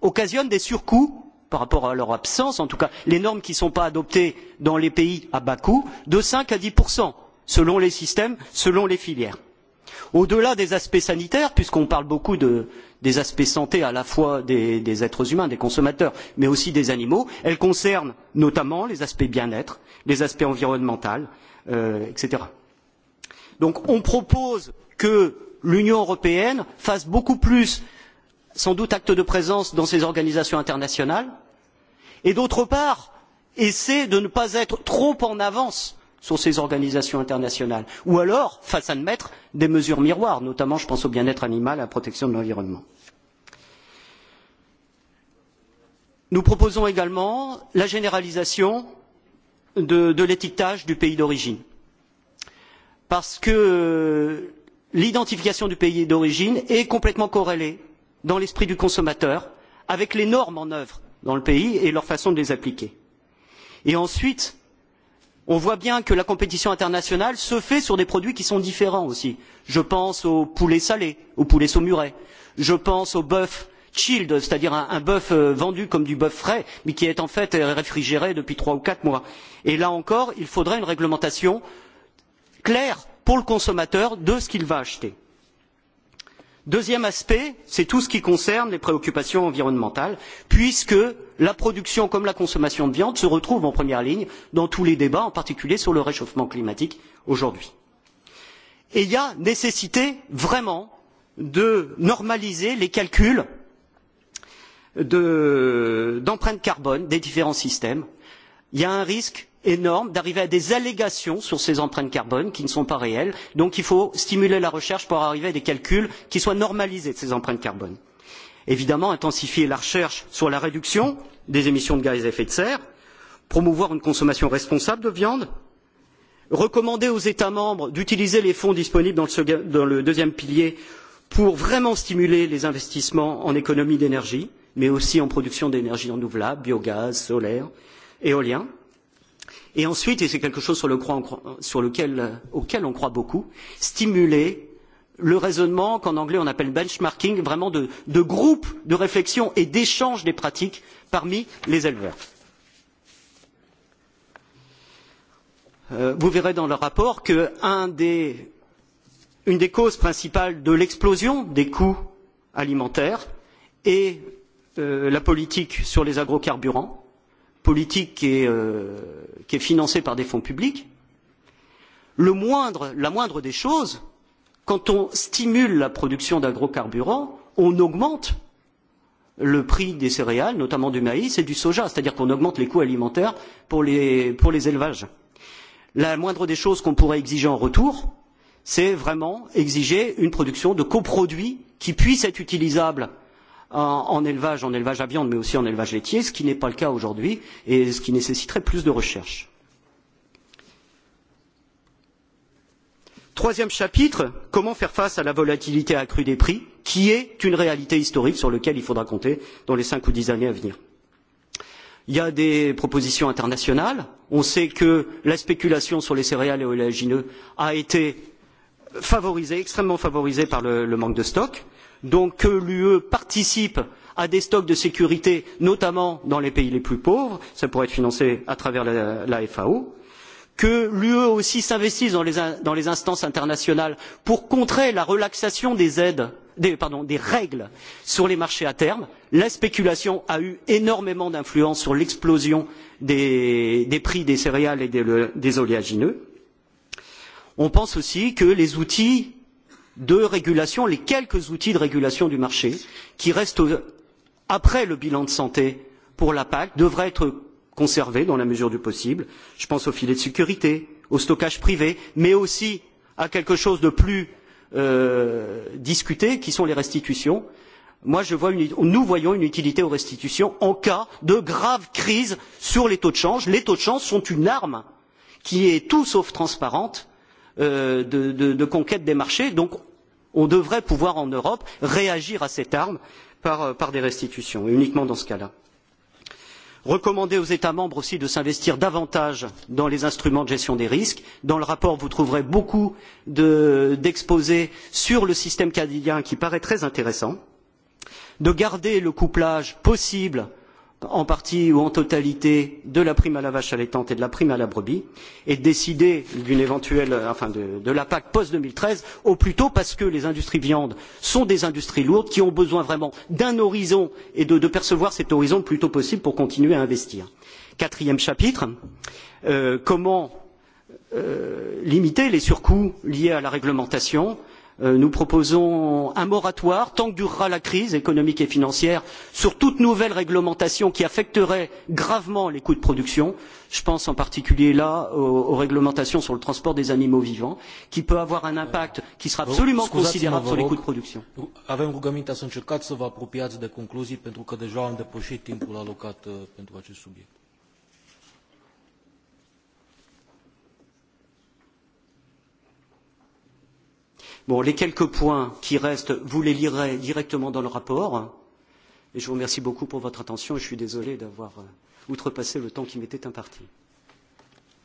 occasionnent des surcoûts par rapport à leur absence, en tout cas les normes qui ne sont pas adoptées dans les pays à bas coût, de cinq à dix selon les systèmes, selon les filières. Au-delà des aspects sanitaires, puisqu'on parle beaucoup de, des aspects santé à la fois des, des, êtres humains, des consommateurs, mais aussi des animaux, elles concernent notamment les aspects bien-être, les aspects environnementaux, euh, etc. Donc on propose que l'Union européenne fasse beaucoup plus, sans doute acte de présence dans ces organisations internationales, et d'autre part, essaie de ne pas être trop en avance sur ces organisations internationales, ou alors fasse admettre des mesures miroirs, notamment je pense au bien-être animal et à la protection de l'environnement. Nous proposons également la généralisation de, de l'étiquetage du pays d'origine. Parce que euh, l'identification du pays d'origine est complètement corrélée dans l'esprit du consommateur avec les normes en œuvre dans le pays et leur façon de les appliquer. Et ensuite, on voit bien que la compétition internationale se fait sur des produits qui sont différents aussi. Je pense au poulet salé, au poulet saumuré, je pense au bœuf chilled, c'est-à-dire un, un bœuf euh, vendu comme du bœuf frais, mais qui est en fait euh, réfrigéré depuis trois ou quatre mois. Et là encore, il faudrait une réglementation claire pour le consommateur de ce qu'il va acheter. Deuxième aspect, c'est tout ce qui concerne les préoccupations environnementales, puisque la production comme la consommation de viande se retrouvent en première ligne dans tous les débats, en particulier sur le réchauffement climatique aujourd'hui. Et il y a nécessité vraiment de normaliser les calculs d'empreinte de, carbone des différents systèmes, il y a un risque énorme d'arriver à des allégations sur ces empreintes carbone qui ne sont pas réelles. Donc il faut stimuler la recherche pour arriver à des calculs qui soient normalisés de ces empreintes carbone. Évidemment, intensifier la recherche sur la réduction des émissions de gaz à effet de serre, promouvoir une consommation responsable de viande, recommander aux États membres d'utiliser les fonds disponibles dans le, dans le deuxième pilier pour vraiment stimuler les investissements en économie d'énergie, mais aussi en production d'énergie renouvelable, biogaz, solaire, éolien. Et ensuite, et c'est quelque chose sur, le croit, sur lequel, auquel on croit beaucoup, stimuler le raisonnement qu'en anglais on appelle benchmarking, vraiment de, de groupes de réflexion et d'échange des pratiques parmi les éleveurs. Euh, vous verrez dans le rapport qu'une un des, des causes principales de l'explosion des coûts alimentaires est Euh, la politique sur les agrocarburants, politique qui est, euh, qui est financée par des fonds publics. Le moindre, la moindre des choses, quand on stimule la production d'agrocarburants, on augmente le prix des céréales, notamment du maïs et du soja, c'est-à-dire qu'on augmente les coûts alimentaires pour les, pour les élevages. La moindre des choses qu'on pourrait exiger en retour, c'est vraiment exiger une production de coproduits qui puisse être utilisable en, élevage, en élevage à viande, mais aussi en élevage laitier, ce qui n'est pas le cas aujourd'hui et ce qui nécessiterait plus de recherche. Troisième chapitre, comment faire face à la volatilité accrue des prix, qui est une réalité historique sur laquelle il faudra compter dans les cinq ou dix années à venir. Il y a des propositions internationales. On sait que la spéculation sur les céréales et oléagineux a été favorisée, extrêmement favorisée par le, le manque de stocks donc que l'UE participe à des stocks de sécurité, notamment dans les pays les plus pauvres, cela pourrait être financé à travers la, la FAO, que l'UE aussi s'investisse dans, dans les, instances internationales pour contrer la relaxation des aides, des, pardon, des règles sur les marchés à terme. La spéculation a eu énormément d'influence sur l'explosion des, des, prix des céréales et des, des, oléagineux. On pense aussi que les outils de régulation, les quelques outils de régulation du marché qui restent après le bilan de santé pour la PAC devraient être conservés dans la mesure du possible. Je pense au filet de sécurité, au stockage privé, mais aussi à quelque chose de plus euh, discuté, qui sont les restitutions. Moi, je vois une, nous voyons une utilité aux restitutions en cas de grave crise sur les taux de change. Les taux de change sont une arme qui est tout sauf transparente euh, de, de, de conquête des marchés. Donc, On devrait pouvoir en Europe réagir à cette arme par, euh, par des restitutions, et uniquement dans ce cas-là. Recommander aux États membres aussi de s'investir davantage dans les instruments de gestion des risques. Dans le rapport, vous trouverez beaucoup d'exposés de, sur le système canadien qui paraît très intéressant. De garder le couplage possible en partie ou en totalité de la prime à la vache allaitante et de la prime à la brebis et de décider d'une éventuelle enfin de, de la PAC post deux mille treize au plus tôt parce que les industries viande sont des industries lourdes qui ont besoin vraiment d'un horizon et de, de percevoir cet horizon le plus tôt possible pour continuer à investir. Quatrième chapitre euh, comment euh, limiter les surcoûts liés à la réglementation Euh, nous proposons un moratoire tant que durera la crise économique et financière sur toute nouvelle réglementation qui affecterait gravement les coûts de production. Je pense en particulier là aux, aux réglementations sur le transport des animaux vivants, qui peut avoir un impact qui sera absolument considérable sur les coûts de production. Avem rugămintea să încercați să vă apropiați de concluzii pentru că deja am depășit timpul alocat uh, pentru acest subiect. Bon, les quelques points qui restent, vous les lirez directement dans le rapport. Et je vous remercie beaucoup pour votre attention. et Je suis désolé d'avoir euh, outrepassé le temps qui m'était imparti.